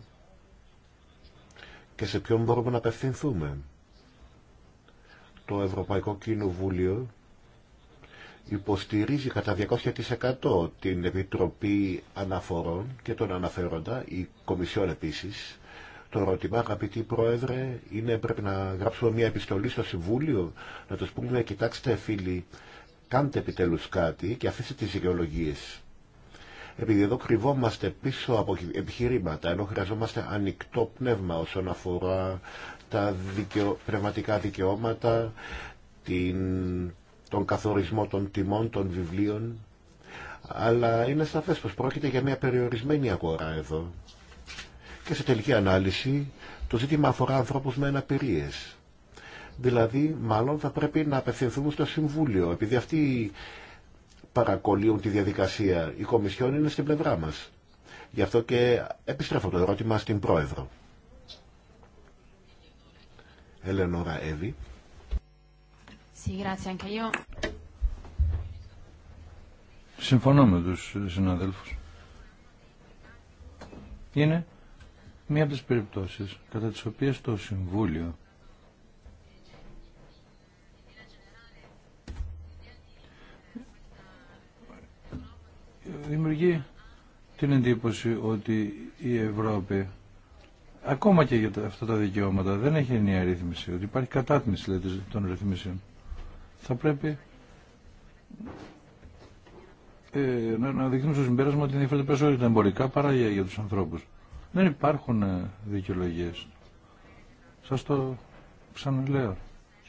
S2: Και σε ποιον μπορούμε να απευθυνθούμε. Το Ευρωπαϊκό Κοινοβούλιο υποστηρίζει κατά 200% την Επιτροπή Αναφορών και τον αναφέροντα, η Κομισιόν επίσης. Το ρωτημά αγαπητοί Πρόεδρε, είναι πρέπει να γράψουμε μια επιστολή στο Συμβούλιο, να τους πούμε, κοιτάξτε φίλοι, κάντε επιτέλους κάτι και αφήστε τις ιδεολογίες. Επειδή εδώ κρυβόμαστε πίσω από επιχειρήματα, ενώ χρειαζόμαστε ανοιχτό πνεύμα όσον αφορά τα πνευματικά δικαιώματα, την τον καθορισμό των τιμών των βιβλίων, αλλά είναι σαφές πως πρόκειται για μια περιορισμένη αγορά εδώ. Και σε τελική ανάλυση το ζήτημα αφορά ανθρώπους με αναπηρίες. Δηλαδή, μάλλον θα πρέπει να απευθυνθούμε στο Συμβούλιο, επειδή αυτοί παρακολύουν τη διαδικασία. οι Κομισιόν είναι στην πλευρά μας. Γι' αυτό και επιστρέφω το ερώτημα στην Πρόεδρο. Ελενόρα Εύη.
S3: Συμφωνώ με τους συναδέλφους. Είναι μία από τις περιπτώσεις κατά τις οποίες το Συμβούλιο δημιουργεί την εντύπωση ότι η Ευρώπη ακόμα και για αυτά τα δικαιώματα δεν έχει ενιαία ρύθμιση, ότι υπάρχει κατάτμιση των ρυθμίσεων θα πρέπει ε, να, να δείχνουμε στο συμπέρασμα ότι ενδιαφέρονται περισσότερο τα εμπορικά παρά για, για τους ανθρώπους. Δεν υπάρχουν ε, δικαιολογίε. Σα το ξαναλέω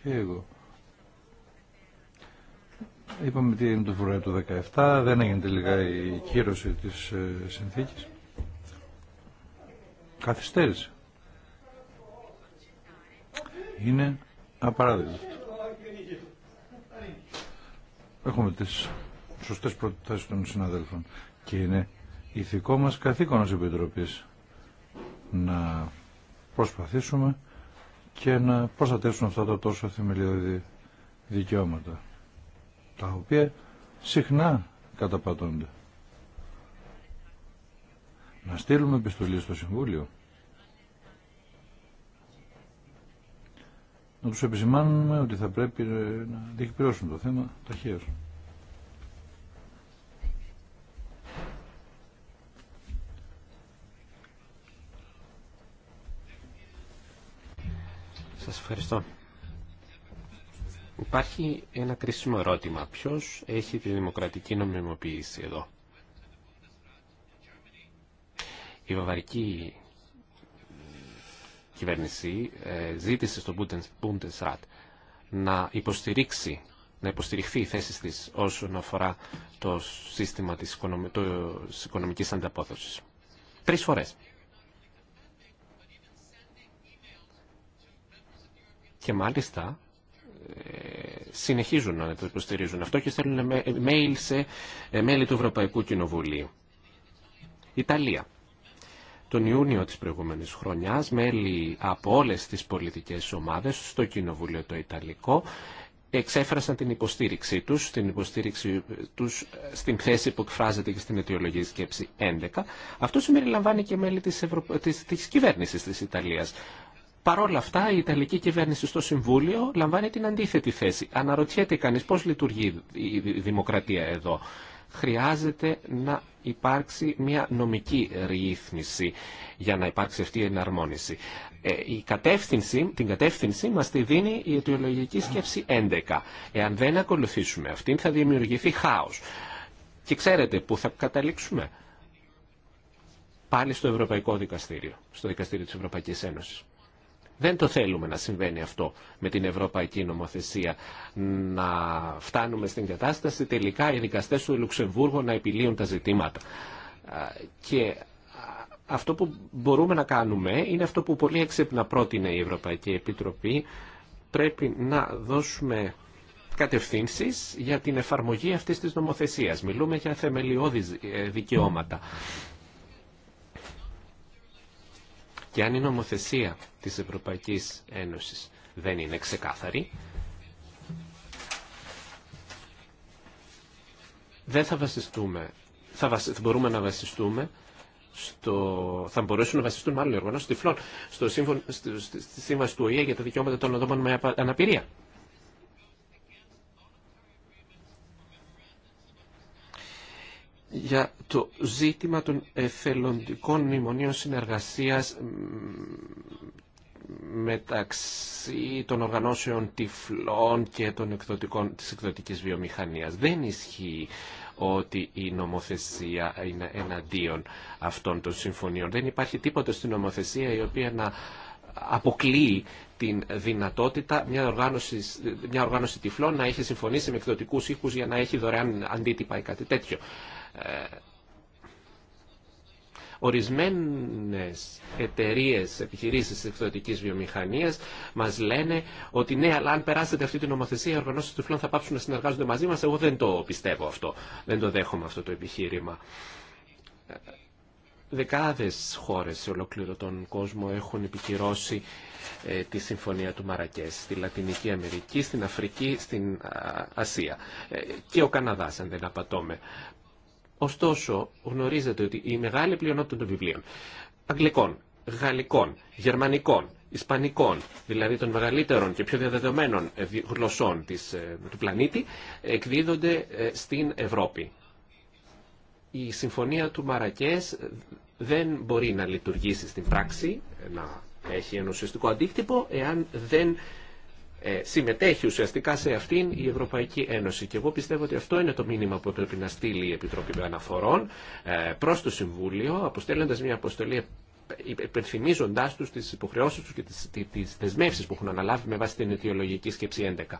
S3: και εγώ. Είπαμε τι είναι το Φεβρουάριο του 2017, δεν έγινε τελικά η κύρωση τη ε, συνθήκης. Καθυστέρησε. Είναι απαράδεκτο έχουμε τις σωστές προτάσεις των συναδέλφων και είναι ηθικό μας καθήκον ως Επιτροπής να προσπαθήσουμε και να προστατεύσουμε αυτά τα τόσο θεμελιώδη δικαιώματα τα οποία συχνά καταπατώνται. Να στείλουμε επιστολή στο Συμβούλιο να τους επισημάνουμε ότι θα πρέπει ε, να διεκπληρώσουν το θέμα ταχύως.
S4: Σας ευχαριστώ. Υπάρχει ένα κρίσιμο ερώτημα. Ποιος έχει τη δημοκρατική νομιμοποίηση εδώ. Η βαβαρική κυβέρνηση ε, ζήτησε στον Bundesrat να υποστηρίξει να υποστηριχθεί η θέση της όσον αφορά το σύστημα της οικονομική το... οικονομικής ανταπόδοσης. Τρεις φορές. Και μάλιστα ε, συνεχίζουν να το υποστηρίζουν αυτό και στέλνουν ε, mail σε μέλη του Ευρωπαϊκού Κοινοβουλίου. Ιταλία. Τον Ιούνιο της προηγούμενης χρονιάς μέλη από όλες τις πολιτικές ομάδες στο Κοινοβούλιο το Ιταλικό εξέφρασαν την υποστήριξή τους, την υποστήριξη τους στην θέση που εκφράζεται και στην αιτιολογική σκέψη 11. Αυτό συμπεριλαμβάνει και μέλη της, Ευρω... της... της κυβέρνησης της Ιταλίας. Παρ' όλα αυτά, η Ιταλική κυβέρνηση στο Συμβούλιο λαμβάνει την αντίθετη θέση. Αναρωτιέται κανείς πώς λειτουργεί η δημοκρατία εδώ χρειάζεται να υπάρξει μια νομική ρύθμιση για να υπάρξει αυτή η εναρμόνιση. Ε, η κατεύθυνση, την κατεύθυνση μας τη δίνει η αιτιολογική σκέψη 11. Εάν δεν ακολουθήσουμε αυτήν θα δημιουργηθεί χάος. Και ξέρετε πού θα καταλήξουμε. Πάλι στο Ευρωπαϊκό Δικαστήριο, στο Δικαστήριο της Ευρωπαϊκής Ένωσης. Δεν το θέλουμε να συμβαίνει αυτό με την ευρωπαϊκή νομοθεσία. Να φτάνουμε στην κατάσταση τελικά οι δικαστέ του Λουξεμβούργου να επιλύουν τα ζητήματα. Και αυτό που μπορούμε να κάνουμε είναι αυτό που πολύ έξυπνα πρότεινε η Ευρωπαϊκή Επιτροπή. Πρέπει να δώσουμε κατευθύνσεις για την εφαρμογή αυτής της νομοθεσία. Μιλούμε για θεμελιώδη ε, δικαιώματα και αν η νομοθεσία της Ευρωπαϊκής Ένωσης δεν είναι ξεκάθαρη, δεν θα βασιστούμε, θα, μπορούμε να βασιστούμε στο, θα μπορέσουν να βασιστούν μάλλον οι οργανώσεις τυφλών στο σύμφων, στη, σύμβαση του ΟΗΕ για τα δικαιώματα των Ανθρώπων με αναπηρία. για το ζήτημα των εθελοντικών μνημονίων συνεργασίας μεταξύ των οργανώσεων τυφλών και των εκδοτικών, της εκδοτικής βιομηχανίας. Δεν ισχύει ότι η νομοθεσία είναι εναντίον αυτών των συμφωνίων. Δεν υπάρχει τίποτα στην νομοθεσία η οποία να αποκλείει την δυνατότητα μια οργάνωση, μια οργάνωση τυφλών να έχει συμφωνήσει με εκδοτικούς οίκους για να έχει δωρεάν αντίτυπα ή κάτι τέτοιο. Ε, ορισμένες εταιρείες, επιχειρήσεις εκδοτικής βιομηχανίας μας λένε ότι ναι, αλλά αν περάσετε αυτή την νομοθεσία, οι οργανώσεις του ΦΛΟΝ θα πάψουν να συνεργάζονται μαζί μας. Εγώ δεν το πιστεύω αυτό. Δεν το δέχομαι αυτό το επιχείρημα. Ε, δεκάδες χώρες σε ολόκληρο τον κόσμο έχουν επικυρώσει ε, τη Συμφωνία του Μαρακές στη Λατινική Αμερική, στην Αφρική, στην Ασία και ο Καναδάς αν δεν απατώμε. Ωστόσο, γνωρίζετε ότι η μεγάλη πλειονότητα των βιβλίων αγγλικών, γαλλικών, γερμανικών, ισπανικών, δηλαδή των μεγαλύτερων και πιο διαδεδομένων ε, γλωσσών της, ε, του πλανήτη, εκδίδονται ε, στην Ευρώπη. Η συμφωνία του Μαρακές δεν μπορεί να λειτουργήσει στην πράξη, να έχει ένα ουσιαστικό αντίκτυπο, εάν δεν ε, συμμετέχει ουσιαστικά σε αυτήν η Ευρωπαϊκή Ένωση. Και εγώ πιστεύω ότι αυτό είναι το μήνυμα που πρέπει να στείλει η Επιτροπή Αναφορών ε, προ το Συμβούλιο, αποστέλλοντα μια αποστολή ε, υπενθυμίζοντά τους τις υποχρεώσεις τους και τις δεσμεύσει που έχουν αναλάβει με βάση την αιτιολογική σκέψη 11.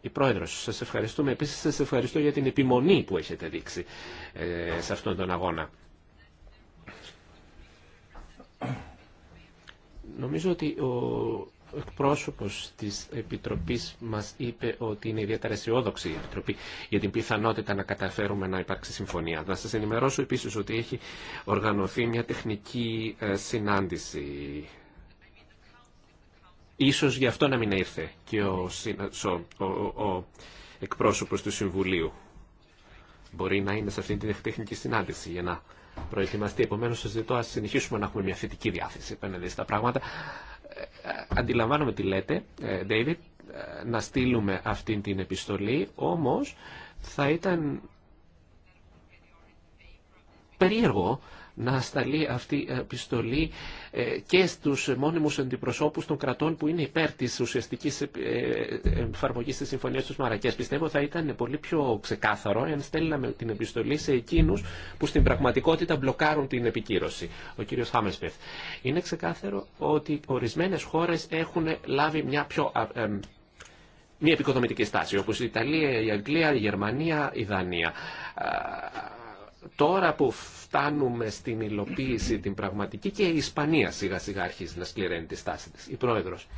S4: Η πρόεδρο, σα ευχαριστούμε. Επίσης σα ευχαριστώ για την επιμονή που έχετε δείξει σε αυτόν τον αγώνα. Νομίζω ότι ο ο εκπρόσωπος της Επιτροπής μας είπε ότι είναι ιδιαίτερα αισιόδοξη η Επιτροπή για την πιθανότητα να καταφέρουμε να υπάρξει συμφωνία. Να σα ενημερώσω επίσης ότι έχει οργανωθεί μια τεχνική ε, συνάντηση. Ίσως γι' αυτό να μην ήρθε και ο, ο, εκπρόσωπος του Συμβουλίου. Μπορεί να είναι σε αυτή την τεχνική συνάντηση για να προετοιμαστεί. Επομένως σας ζητώ να συνεχίσουμε να έχουμε μια θετική διάθεση επέναντι στα πράγματα αντιλαμβάνομαι τι λέτε, ε, David, ε, να στείλουμε αυτή την επιστολή, όμως θα ήταν περίεργο να σταλεί αυτή η επιστολή ε, και στους μόνιμους αντιπροσώπους των κρατών που είναι υπέρ της ουσιαστικής ε, εφαρμογής της Συμφωνίας του Μαρακές. Πιστεύω θα ήταν πολύ πιο ξεκάθαρο αν στέλναμε την επιστολή σε εκείνους που στην πραγματικότητα μπλοκάρουν την επικύρωση. Ο κύριος Χάμεσπεθ. Είναι ξεκάθαρο ότι ορισμένες χώρες έχουν λάβει μια πιο ε, μια επικοδομητική στάση, όπως η Ιταλία, η Αγγλία, η Γερμανία, η Δανία τώρα που φτάνουμε στην υλοποίηση την πραγματική και η Ισπανία σιγά σιγά αρχίζει να σκληραίνει τη στάση της, η πρόεδρος.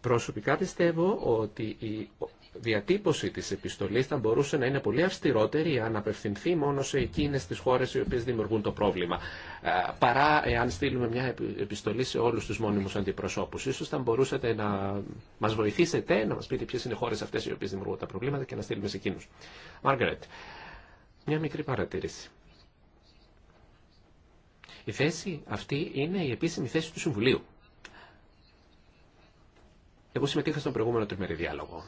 S4: Προσωπικά πιστεύω ότι η διατύπωση της επιστολής θα μπορούσε να είναι πολύ αυστηρότερη αν απευθυνθεί μόνο σε εκείνες τις χώρες οι οποίες δημιουργούν το πρόβλημα. Ε, παρά εάν στείλουμε μια επιστολή σε όλους τους μόνιμους αντιπροσώπους. Ίσως θα μπορούσατε να μας βοηθήσετε, να μας πείτε ποιες είναι οι χώρες αυτές οι οποίες δημιουργούν τα προβλήματα και να στείλουμε σε εκείνους. Μάργαρετ, μια μικρή παρατήρηση. Η θέση αυτή είναι η επίσημη θέση του Συμβουλίου. Εγώ συμμετείχα στον προηγούμενο τριμερή διάλογο.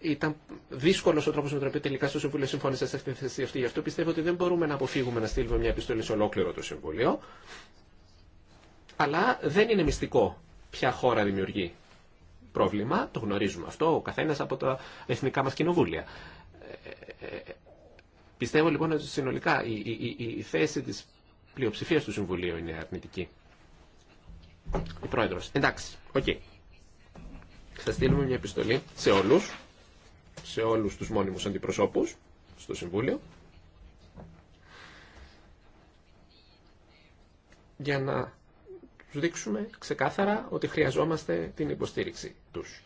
S4: Ήταν δύσκολο ο τρόπο με τον οποίο τελικά στο Συμβούλιο συμφώνησε σε αυτή τη θέση αυτή. Γι' αυτό πιστεύω ότι δεν μπορούμε να αποφύγουμε να στείλουμε μια επιστολή σε ολόκληρο το Συμβούλιο αλλά δεν είναι μυστικό ποια χώρα δημιουργεί πρόβλημα, το γνωρίζουμε αυτό, ο καθένας από τα εθνικά μας κοινοβούλια. Ε, ε, πιστεύω λοιπόν ότι συνολικά η, θέση της πλειοψηφία του Συμβουλίου είναι αρνητική. Η πρόεδρο. Εντάξει, οκ. Okay. Θα στείλουμε μια επιστολή σε όλους, σε όλους τους μόνιμους αντιπροσώπους στο Συμβούλιο, για να τους δείξουμε ξεκάθαρα ότι χρειαζόμαστε την υποστήριξη τους.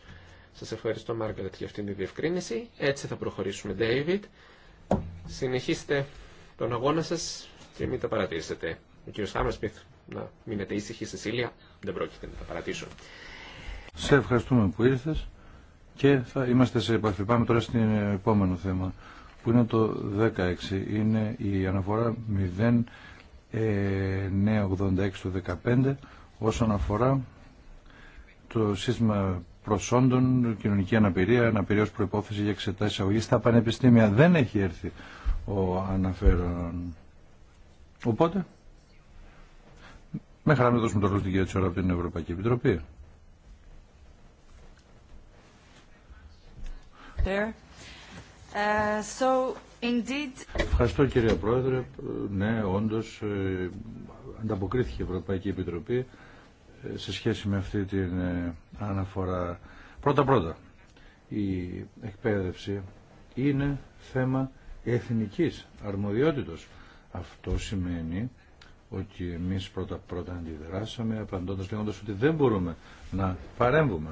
S4: Σας ευχαριστώ Μάργαρετ για αυτήν τη διευκρίνηση. Έτσι θα προχωρήσουμε, David. Συνεχίστε τον αγώνα σας και μην τα παρατήσετε. Ο κύριος Χάμερσπιθ, να μείνετε ήσυχοι, Σεσίλια, δεν
S3: πρόκειται να τα παρατήσω. Σε ευχαριστούμε που ήρθες και θα είμαστε σε επαφή. Πάμε τώρα στην επόμενο θέμα που είναι το 16. Είναι η αναφορά 0 986 ε, ναι, του 2015 όσον αφορά το σύστημα προσόντων, κοινωνική αναπηρία, αναπηρία ως προϋπόθεση για εξετάσεις αγωγή. στα πανεπιστήμια. Δεν έχει έρθει ο αναφέρον. Οπότε, με χαρά να δώσουμε το λόγο στην κυρία Τσόρα από την Ευρωπαϊκή Επιτροπή.
S5: There. Uh, so, indeed...
S3: Ευχαριστώ κύριε Πρόεδρε. Ναι, όντως ε, ανταποκρίθηκε η Ευρωπαϊκή Επιτροπή ε, σε σχέση με αυτή την ε, αναφορά. Πρώτα-πρώτα, η εκπαίδευση είναι θέμα εθνικής αρμοδιότητος. Αυτό σημαίνει ότι εμείς πρώτα-πρώτα αντιδράσαμε απαντώντας λέγοντας ότι δεν μπορούμε να παρέμβουμε.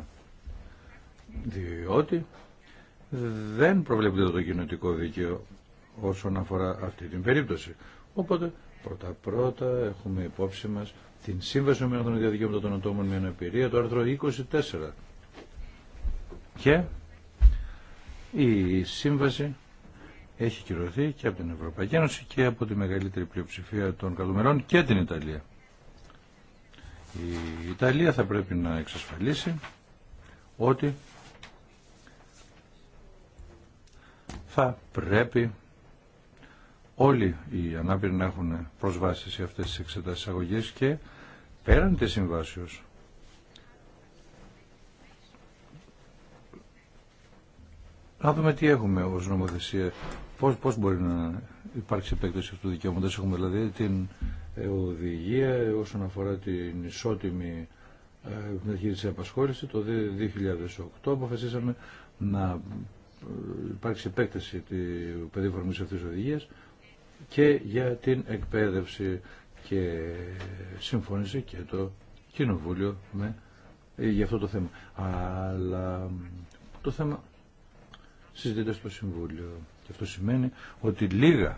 S3: Διότι δεν προβλέπεται το κοινωτικό δίκαιο όσον αφορά αυτή την περίπτωση. Οπότε πρώτα πρώτα έχουμε υπόψη μα την Σύμβαση με των Διαδικαιώματων των Ατόμων με Αναπηρία, το άρθρο 24. Και η Σύμβαση έχει κυρωθεί και από την Ευρωπαϊκή Ένωση και από τη μεγαλύτερη πλειοψηφία των καλομερών και την Ιταλία. Η Ιταλία θα πρέπει να εξασφαλίσει ότι θα πρέπει όλοι οι ανάπηροι να έχουν προσβάσει σε αυτές τις εξετάσεις αγωγής και πέραν της συμβάσεως. Να δούμε τι έχουμε ως νομοθεσία, πώς, πώς μπορεί να υπάρξει επέκταση αυτού του δικαιώματος. Έχουμε δηλαδή την ε, οδηγία όσον αφορά την ισότιμη ε, μεταχείριση απασχόληση. Το 2008 αποφασίσαμε να ε, υπάρξει επέκταση του παιδί αυτής της οδηγίας και για την εκπαίδευση και συμφώνησε και το Κοινοβούλιο με, ε, για αυτό το θέμα. Αλλά το θέμα συζητείται στο Συμβούλιο και αυτό σημαίνει ότι λίγα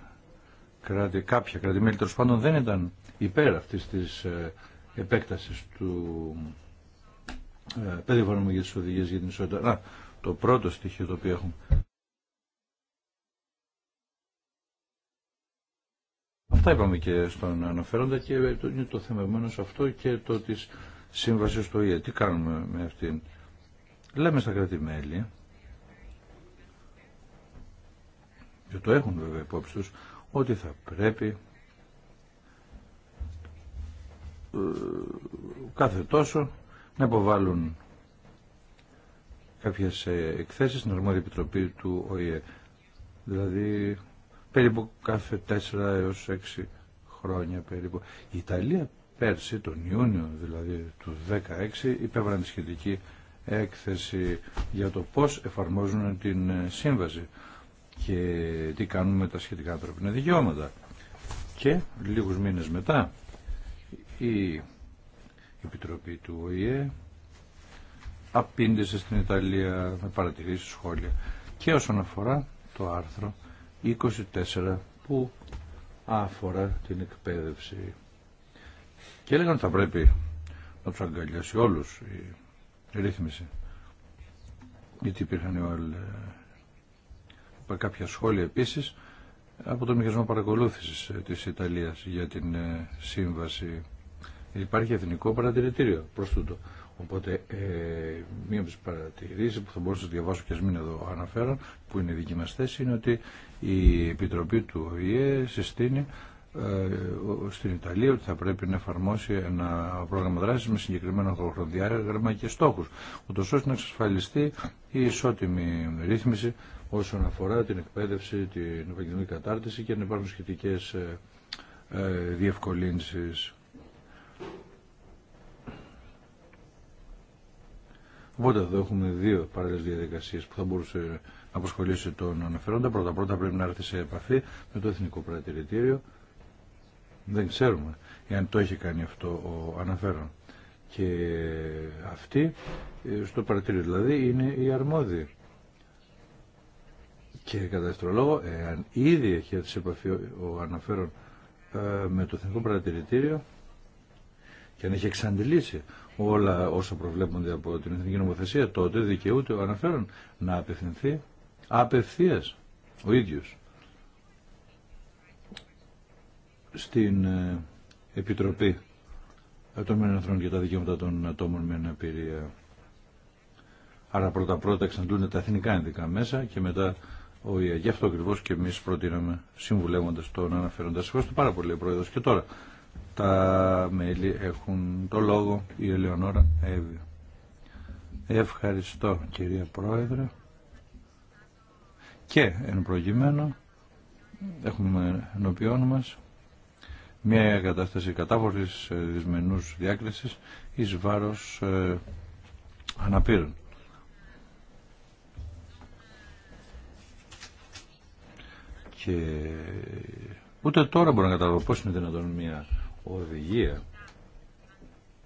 S3: κράτη, κάποια κράτη-μέλη τέλο πάντων δεν ήταν υπέρ αυτής της ε, επέκτασης του ε, για τις οδηγίες για την ισότητα. Να, το πρώτο στοιχείο το οποίο έχουμε. Αυτά είπαμε και στον αναφέροντα και είναι το θεμεμένο σε αυτό και το της σύμβασης του ΙΕ. Τι κάνουμε με αυτήν. Λέμε στα κράτη-μέλη και το έχουν βέβαια υπόψη τους ότι θα πρέπει ε, κάθε τόσο να υποβάλουν κάποιες ε, εκθέσεις στην αρμόδια επιτροπή του ΟΗΕ. Δηλαδή περίπου κάθε 4 έως 6 χρόνια περίπου. Η Ιταλία πέρσι, τον Ιούνιο δηλαδή του 2016, υπέβαλαν τη σχετική έκθεση για το πώς εφαρμόζουν την σύμβαση και τι κάνουν με τα σχετικά ανθρώπινα δικαιώματα. Και λίγους μήνες μετά η Επιτροπή του ΟΗΕ απήντησε στην Ιταλία με παρατηρήσεις σχόλια. Και όσον αφορά το άρθρο 24 που αφορά την εκπαίδευση. Και έλεγαν θα πρέπει να του αγκαλιάσει όλους η ρύθμιση. Γιατί υπήρχαν όλοι, ε, κάποια σχόλια επίσης από το μηχανισμό παρακολούθησης ε, της Ιταλίας για την ε, σύμβαση. Υπάρχει εθνικό παρατηρητήριο προς τούτο. Οπότε ε, μία από τις παρατηρήσει που θα μπορούσα να διαβάσω και ας μην εδώ αναφέρω, που είναι η δική μας θέση, είναι ότι η Επιτροπή του ΟΗΕ συστήνει ε, στην Ιταλία ότι θα πρέπει να εφαρμόσει ένα πρόγραμμα δράσης με συγκεκριμένο χρονοδιάγραμμα και στόχους, ούτως ώστε να εξασφαλιστεί η ισότιμη ρύθμιση όσον αφορά την εκπαίδευση, την επαγγελματική κατάρτιση και να υπάρχουν σχετικές ε, ε, διευκολύνσεις. Οπότε εδώ έχουμε δύο παράλληλε διαδικασίε που θα μπορούσε να αποσχολήσει τον αναφέροντα. Πρώτα πρώτα πρέπει να έρθει σε επαφή με το Εθνικό Πρατηρητήριο. Δεν ξέρουμε εάν το έχει κάνει αυτό ο αναφέρον. Και αυτή ε, στο παρατηρητήριο δηλαδή είναι η αρμόδιοι. Και κατά δεύτερο λόγο, εάν ήδη έχει έρθει σε επαφή ο αναφέρον ε, με το Εθνικό Πρατηρητήριο και αν έχει εξαντλήσει όλα όσα προβλέπονται από την Εθνική Νομοθεσία, τότε δικαιούται ο αναφέρον να απευθυνθεί απευθεία ο ίδιο. στην ε, Επιτροπή των Ανθρώπων για τα Δικαιώματα των Ατόμων με Αναπηρία. Άρα πρώτα-πρώτα εξαντλούνται τα εθνικά ενδικά μέσα και μετά ο ΙΑ. Γι' αυτό ακριβώ και εμεί προτείναμε, συμβουλεύοντα τον αναφέροντα. Ευχαριστώ πάρα πολύ, Πρόεδρο. Και τώρα τα μέλη έχουν το λόγο, η Ελεονόρα Εύβοια. Ευχαριστώ κυρία Πρόεδρε. Και εν προκειμένου έχουμε ενωπιόν μας μια κατάσταση κατάφορης ε, δυσμενούς διάκρισης εις βάρος ε, αναπήρων. Και ε, ούτε τώρα μπορώ να καταλάβω πώς είναι δυνατόν μια οδηγία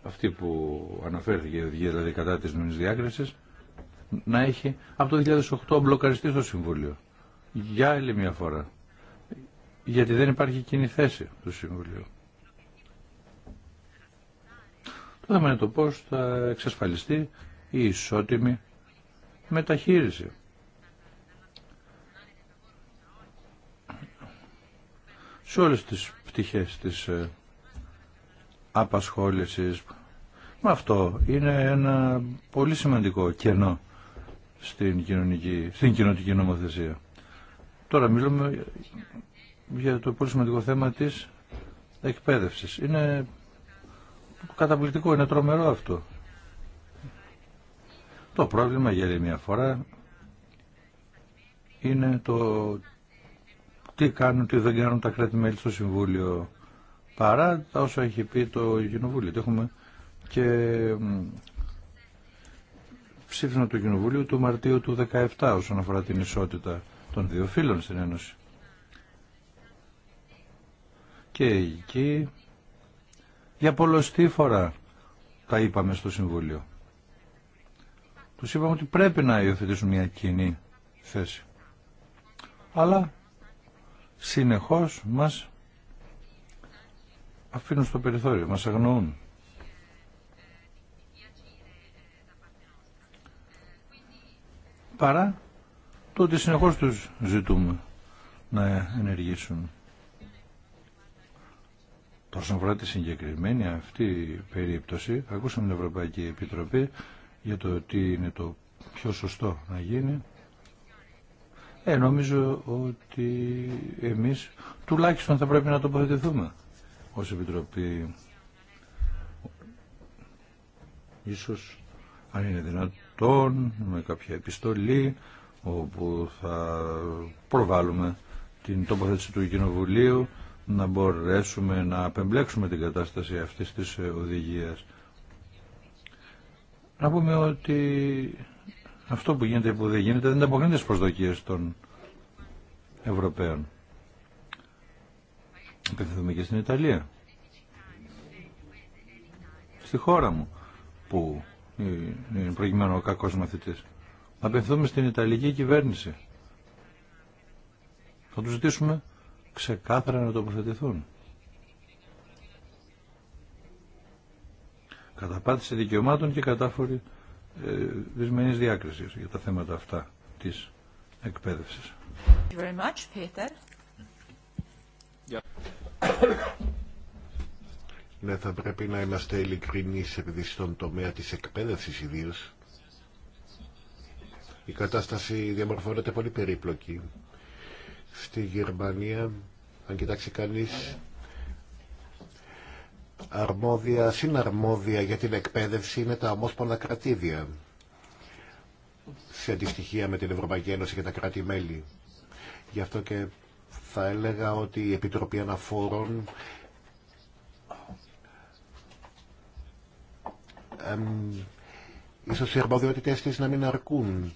S3: αυτή που αναφέρθηκε η οδηγία δηλαδή κατά της νομής διάκρισης να έχει από το 2008 μπλοκαριστεί στο Συμβούλιο για άλλη μια φορά γιατί δεν υπάρχει κοινή θέση του Συμβουλίου. Το θέμα είναι το πώς θα εξασφαλιστεί η ισότιμη μεταχείριση. Σε όλες τις πτυχές της ε, απασχόλησης. Μα αυτό είναι ένα πολύ σημαντικό κενό στην, κοινωνική, στην νομοθεσία. Τώρα μιλούμε για το πολύ σημαντικό θέμα της εκπαίδευσης. Είναι καταπληκτικό, είναι τρομερό αυτό. Το πρόβλημα για μια φορά είναι το τι κάνουν, τι δεν κάνουν τα κράτη-μέλη στο Συμβούλιο παρά τα όσα έχει πει το Κοινοβούλιο. Έχουμε και ψήφισμα του Κοινοβουλίου του Μαρτίου του 17 όσον αφορά την ισότητα των δύο φίλων στην Ένωση. Και εκεί για πολλωστή φορά τα είπαμε στο Συμβούλιο. Τους είπαμε ότι πρέπει να υιοθετήσουν μια κοινή θέση. Αλλά συνεχώς μας αφήνουν στο περιθώριο, μας αγνοούν. Παρά το ότι συνεχώς τους ζητούμε να ενεργήσουν. Όσον αφορά τη συγκεκριμένη αυτή περίπτωση, ακούσαμε την Ευρωπαϊκή Επιτροπή για το τι είναι το πιο σωστό να γίνει. Ε, νομίζω ότι εμείς τουλάχιστον θα πρέπει να τοποθετηθούμε ως Επιτροπή ίσως αν είναι δυνατόν με κάποια επιστολή όπου θα προβάλλουμε την τοποθέτηση του Κοινοβουλίου να μπορέσουμε να απεμπλέξουμε την κατάσταση αυτής της οδηγίας. Να πούμε ότι αυτό που γίνεται ή που δεν γίνεται δεν αποκρίνεται στις προσδοκίες των Ευρωπαίων. Απευθυνθούμε και στην Ιταλία. Στη χώρα μου, που είναι προκειμένου ο κακός μαθητής. Απευθύνουμε στην Ιταλική κυβέρνηση. Θα τους ζητήσουμε ξεκάθαρα να τοποθετηθούν. Καταπάτηση δικαιωμάτων και κατάφορη ε, δυσμενής διάκρισης για τα θέματα αυτά της
S2: εκπαίδευσης. Ναι, θα πρέπει να είμαστε ειλικρινεί επειδή στον τομέα της εκπαίδευση ιδίω. η κατάσταση διαμορφώνεται πολύ περίπλοκη. Στη Γερμανία, αν κοιτάξει κανείς, αρμόδια, συναρμόδια για την εκπαίδευση είναι τα ομόσπονα κρατήδια σε αντιστοιχεία με την Ευρωπαϊκή Ένωση και τα κράτη-μέλη. Γι' αυτό και θα έλεγα ότι η Επιτροπή Αναφόρων ίσω ίσως οι αρμοδιότητες της να μην αρκούν.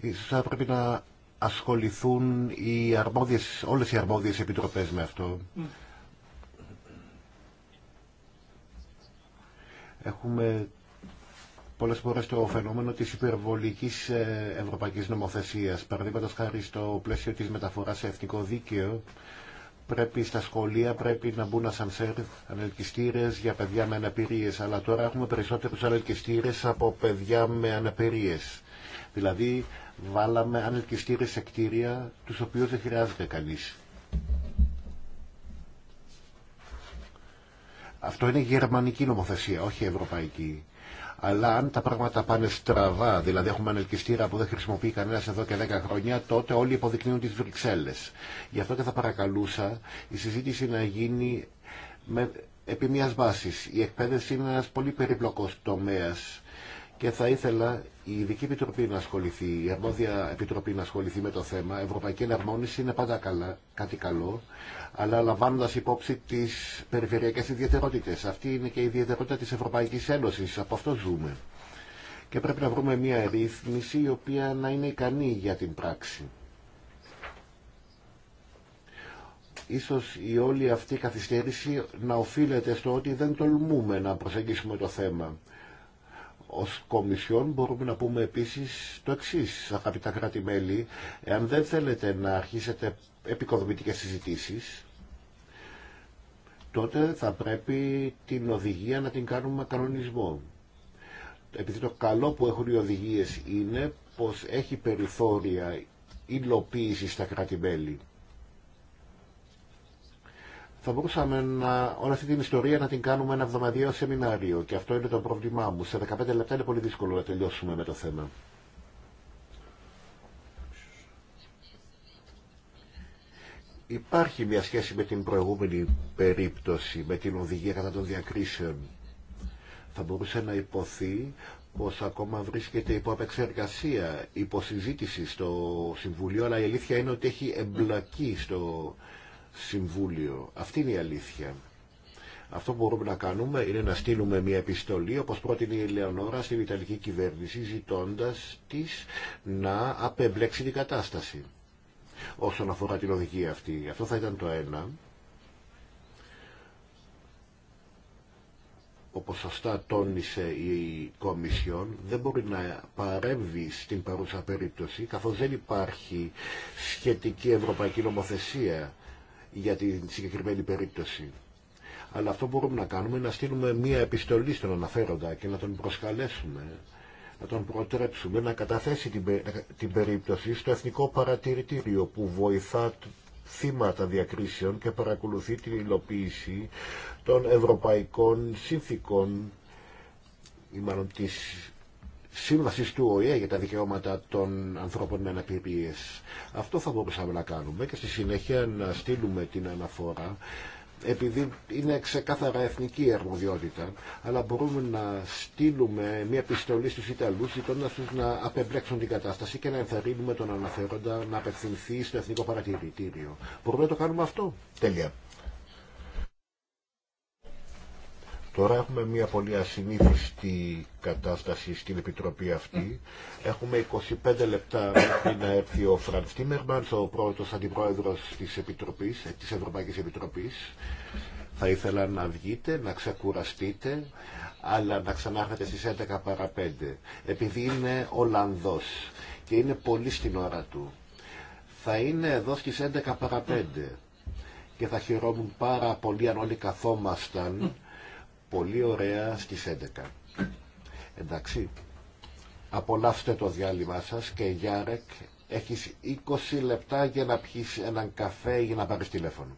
S2: Ίσως θα πρέπει να ασχοληθούν οι αρμόδιες, όλες οι αρμόδιες επιτροπές με αυτό. Έχουμε πολλές φορές το φαινόμενο της υπερβολικής ε, ευρωπαϊκής νομοθεσίας. Παραδείγματος χάρη στο πλαίσιο της μεταφοράς σε εθνικό δίκαιο, πρέπει στα σχολεία πρέπει να μπουν ασανσέρ ανελκυστήρες για παιδιά με αναπηρίες, αλλά τώρα έχουμε περισσότερους ανελκυστήρες από παιδιά με αναπηρίες. Δηλαδή βάλαμε ανελκυστήρες σε κτίρια, τους οποίους δεν χρειάζεται κανείς. Αυτό είναι γερμανική νομοθεσία, όχι ευρωπαϊκή. Αλλά αν τα πράγματα πάνε στραβά, δηλαδή έχουμε ανελκυστήρα που δεν χρησιμοποιεί κανένα εδώ και 10 χρόνια, τότε όλοι υποδεικνύουν τι Βρυξέλλε. Γι' αυτό και θα παρακαλούσα η συζήτηση να γίνει με, επί μια βάσης. Η εκπαίδευση είναι ένα πολύ περιπλοκός τομέα και θα ήθελα η Ειδική Επιτροπή να ασχοληθεί, η Αρμόδια Επιτροπή να ασχοληθεί με το θέμα. Ευρωπαϊκή Εναρμόνιση είναι πάντα καλά, κάτι καλό, αλλά λαμβάνοντα υπόψη τι περιφερειακέ ιδιαιτερότητε. Αυτή είναι και η ιδιαιτερότητα τη Ευρωπαϊκή Ένωση. Από αυτό ζούμε. Και πρέπει να βρούμε μια ρύθμιση η οποία να είναι ικανή για την πράξη. Ίσως η όλη αυτή καθυστέρηση να οφείλεται στο ότι δεν τολμούμε να προσεγγίσουμε το θέμα ως Κομισιόν μπορούμε να πούμε επίσης το εξής, αγαπητά κράτη-μέλη, εάν δεν θέλετε να αρχίσετε επικοδομητικές συζητήσεις, τότε θα πρέπει την οδηγία να την κάνουμε κανονισμό. Επειδή το καλό που έχουν οι οδηγίες είναι πως έχει περιθώρια υλοποίηση στα κράτη-μέλη θα μπορούσαμε να, όλη αυτή την ιστορία να την κάνουμε ένα εβδομαδιαίο σεμινάριο και αυτό είναι το πρόβλημά μου. Σε 15 λεπτά είναι πολύ δύσκολο να τελειώσουμε με το θέμα. Υπάρχει μια σχέση με την προηγούμενη περίπτωση, με την οδηγία κατά των διακρίσεων. Θα μπορούσε να υποθεί πως ακόμα βρίσκεται υπό απεξεργασία, υπό συζήτηση στο Συμβουλίο, αλλά η αλήθεια είναι ότι έχει εμπλακεί στο Συμβούλιο. Αυτή είναι η αλήθεια. Αυτό που μπορούμε να κάνουμε είναι να στείλουμε μια επιστολή, όπως πρότεινε η Ελεονόρα στην Ιταλική κυβέρνηση, ζητώντας της να απεμπλέξει την κατάσταση όσον αφορά την οδηγία αυτή. Αυτό θα ήταν το ένα. όπως σωστά τόνισε η Κομισιόν, δεν μπορεί να παρέμβει στην παρούσα περίπτωση, καθώς δεν υπάρχει σχετική ευρωπαϊκή νομοθεσία για την συγκεκριμένη περίπτωση. Αλλά αυτό μπορούμε να κάνουμε είναι να στείλουμε μία επιστολή στον αναφέροντα και να τον προσκαλέσουμε, να τον προτρέψουμε να καταθέσει την, την περίπτωση στο Εθνικό Παρατηρητήριο που βοηθά θύματα διακρίσεων και παρακολουθεί την υλοποίηση των ευρωπαϊκών συνθήκων ή της σύμβασης του ΟΗΕ για τα δικαιώματα των ανθρώπων με αναπηρίες. Αυτό θα μπορούσαμε να κάνουμε και στη συνέχεια να στείλουμε την αναφορά επειδή είναι ξεκάθαρα εθνική αρμοδιότητα, αλλά μπορούμε να στείλουμε μια επιστολή στους Ιταλούς ζητώντας τους να απεμπλέξουν την κατάσταση και να ενθαρρύνουμε τον αναφέροντα να απευθυνθεί στο Εθνικό Παρατηρητήριο. Μπορούμε να το κάνουμε αυτό. Τέλεια. Τώρα έχουμε μια πολύ ασυνήθιστη κατάσταση στην Επιτροπή αυτή. Έχουμε 25 λεπτά μέχρι να έρθει ο Φραντ Τίμερμαν, ο πρώτο αντιπρόεδρο τη Επιτροπής, ε, της Ευρωπαϊκής Επιτροπής. Θα ήθελα να βγείτε, να ξεκουραστείτε, αλλά να ξανάρθετε στι 11 παρα 5, επειδή είναι Ολλανδό και είναι πολύ στην ώρα του. Θα είναι εδώ στις 11 παρα 5 και θα χαιρόμουν πάρα πολύ αν όλοι καθόμασταν Πολύ ωραία στις 11. Εντάξει. Απολαύστε το διάλειμμα σας και Γιάρεκ έχεις 20 λεπτά για να πιεις έναν καφέ ή για να πάρεις τηλέφωνο.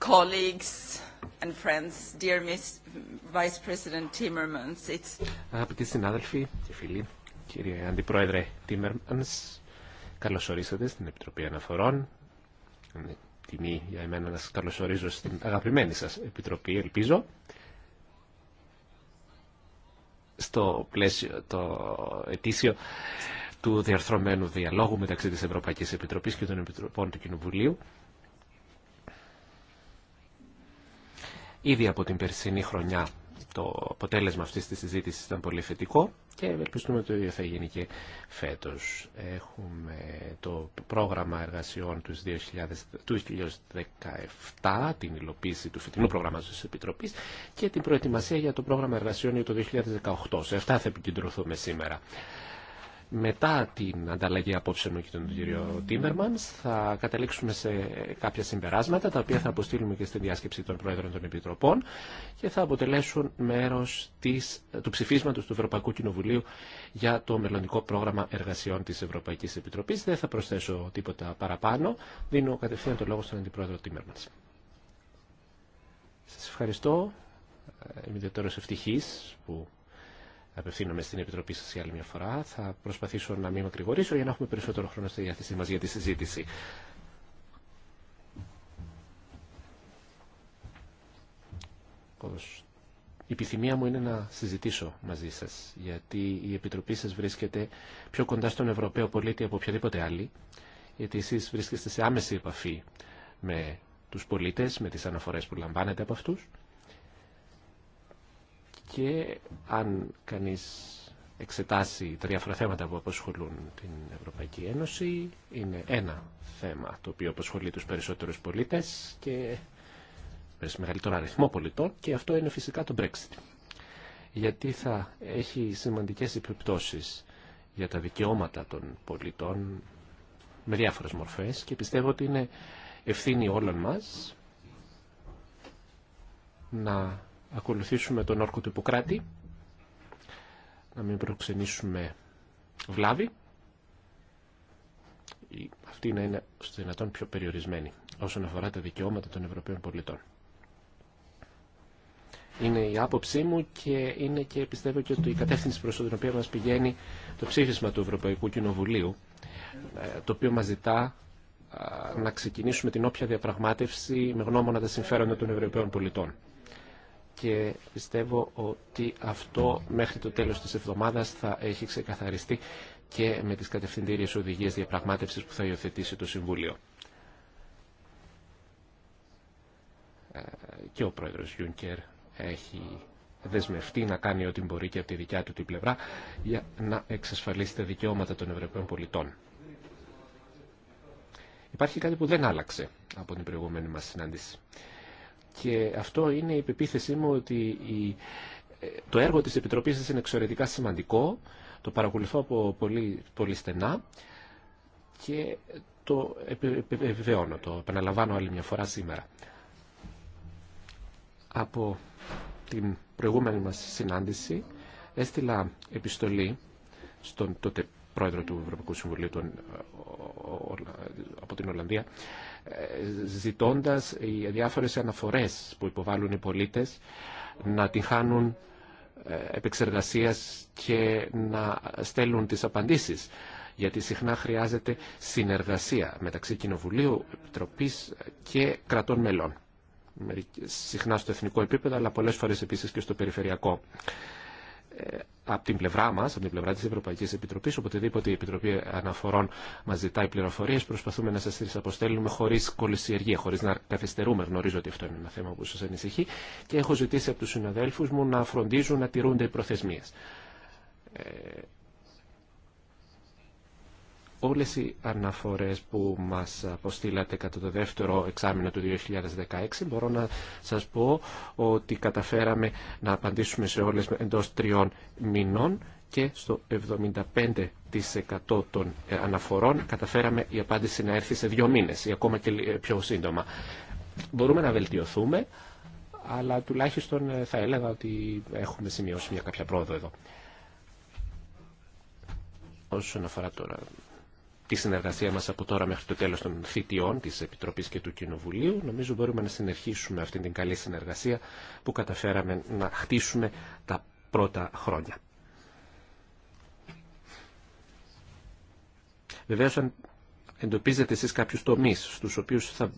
S1: colleagues and friends, dear Vice President Timmermans, it's...
S4: Αγαπητοί συνάδελφοι και φίλοι, κύριε Αντιπρόεδρε Timmermans, καλώς ορίσατε στην Επιτροπή Αναφορών. Είναι τιμή για εμένα να σας καλωσορίζω στην αγαπημένη σας Επιτροπή, ελπίζω. Στο πλαίσιο το ετήσιο του διαρθρωμένου διαλόγου μεταξύ της Ευρωπαϊκής Επιτροπής και των Επιτροπών του Κοινοβουλίου Ήδη από την περσινή χρονιά το αποτέλεσμα αυτής της συζήτησης ήταν πολύ θετικό και ελπιστούμε ότι το ίδιο θα γίνει και φέτος. Έχουμε το πρόγραμμα εργασιών του 2017, την υλοποίηση του φετινού προγράμματος της Επιτροπής και την προετοιμασία για το πρόγραμμα εργασιών για το 2018. Σε αυτά θα επικεντρωθούμε σήμερα. Μετά την ανταλλαγή μου και τον κύριο Τίμερμαν θα καταλήξουμε σε κάποια συμπεράσματα τα οποία θα αποστείλουμε και στη διάσκεψη των Πρόεδρων των Επιτροπών και θα αποτελέσουν μέρος της, του ψηφίσματος του Ευρωπαϊκού Κοινοβουλίου για το μελλοντικό πρόγραμμα εργασιών της Ευρωπαϊκής Επιτροπής. Δεν θα προσθέσω τίποτα παραπάνω. Δίνω κατευθείαν το λόγο στον Αντιπρόεδρο Τίμερμαν. Σας ευχαριστώ. Ε, είμαι ιδιαίτερος που απευθύνομαι στην Επιτροπή σα για άλλη μια φορά. Θα προσπαθήσω να μην μακρηγορήσω για να έχουμε περισσότερο χρόνο στη διάθεσή μας για τη συζήτηση. Η επιθυμία μου είναι να συζητήσω μαζί σας, γιατί η Επιτροπή σας βρίσκεται πιο κοντά στον Ευρωπαίο πολίτη από οποιαδήποτε άλλη, γιατί εσείς βρίσκεστε σε άμεση επαφή με τους πολίτες, με τις αναφορές που λαμβάνετε από αυτούς και αν κανείς εξετάσει τα διάφορα θέματα που απασχολούν την Ευρωπαϊκή Ένωση, είναι ένα θέμα το οποίο απασχολεί τους περισσότερους πολίτες και μεγαλύτερο αριθμό πολιτών και αυτό είναι φυσικά το Brexit. Γιατί θα έχει σημαντικές επιπτώσεις για τα δικαιώματα των πολιτών με διάφορες μορφές και πιστεύω ότι είναι ευθύνη όλων μας να ακολουθήσουμε τον όρκο του Ιπποκράτη, να μην προξενήσουμε βλάβη. Αυτή να είναι στο δυνατόν πιο περιορισμένη όσον αφορά τα δικαιώματα των Ευρωπαίων πολιτών. Είναι η άποψή μου και είναι και πιστεύω και ότι η κατεύθυνση προς την οποία μας πηγαίνει το ψήφισμα του Ευρωπαϊκού Κοινοβουλίου, ε, το οποίο μας ζητά να ξεκινήσουμε την όποια διαπραγμάτευση με γνώμονα τα συμφέροντα των Ευρωπαίων πολιτών και πιστεύω ότι αυτό μέχρι το τέλος της εβδομάδας θα έχει ξεκαθαριστεί και με τις κατευθυντήριες οδηγίες διαπραγμάτευσης που θα υιοθετήσει το Συμβούλιο. Ε, και ο πρόεδρος Γιούνκερ έχει δεσμευτεί να κάνει ό,τι μπορεί και από τη δικιά του την πλευρά για να εξασφαλίσει τα δικαιώματα των Ευρωπαίων πολιτών. Υπάρχει κάτι που δεν άλλαξε από την προηγούμενη μας συνάντηση. Και αυτό είναι η πεποίθησή μου ότι ε, το έργο της Επιτροπής σας είναι εξαιρετικά σημαντικό, το παρακολουθώ από πολύ, πολύ στενά και το επιβεβαιώνω, το επαναλαμβάνω άλλη μια φορά σήμερα. Από την προηγούμενη μας συνάντηση έστειλα επιστολή στον τότε πρόεδρο του Ευρωπαϊκού Συμβουλίου από την Ολλανδία ζητώντας οι διάφορες αναφορές που υποβάλλουν οι πολίτες να την χάνουν ε, επεξεργασίας και να στέλνουν τις απαντήσεις. Γιατί συχνά χρειάζεται συνεργασία μεταξύ Κοινοβουλίου, Επιτροπής και κρατών μελών. Συχνά στο εθνικό επίπεδο, αλλά πολλές φορές επίσης και στο περιφερειακό από την πλευρά μα, από την πλευρά τη Ευρωπαϊκή Επιτροπή, οποτεδήποτε η Επιτροπή Αναφορών μα ζητάει πληροφορίε, προσπαθούμε να σα τι αποστέλνουμε χωρί κολυσιεργία, χωρί να καθυστερούμε. Γνωρίζω ότι αυτό είναι ένα θέμα που σα ανησυχεί και έχω ζητήσει από του συναδέλφου μου να φροντίζουν να τηρούνται οι προθεσμίε. Ε, όλες οι αναφορές που μας αποστήλατε κατά το δεύτερο εξάμεινο του 2016 μπορώ να σας πω ότι καταφέραμε να απαντήσουμε σε όλες εντός τριών μηνών και στο 75% των ε, αναφορών καταφέραμε η απάντηση να έρθει σε δύο μήνες ή ακόμα και ε, πιο σύντομα. Μπορούμε να βελτιωθούμε, αλλά τουλάχιστον ε, θα έλεγα ότι έχουμε σημειώσει μια κάποια πρόοδο εδώ. Όσον αφορά τώρα τη συνεργασία μας από τώρα μέχρι το τέλος των θητιών της Επιτροπής και του Κοινοβουλίου. Νομίζω μπορούμε να συνεχίσουμε αυτή την καλή συνεργασία που καταφέραμε να χτίσουμε τα πρώτα χρόνια. Βεβαίως, αν εντοπίζετε εσείς κάποιους τομείς στους οποίους θα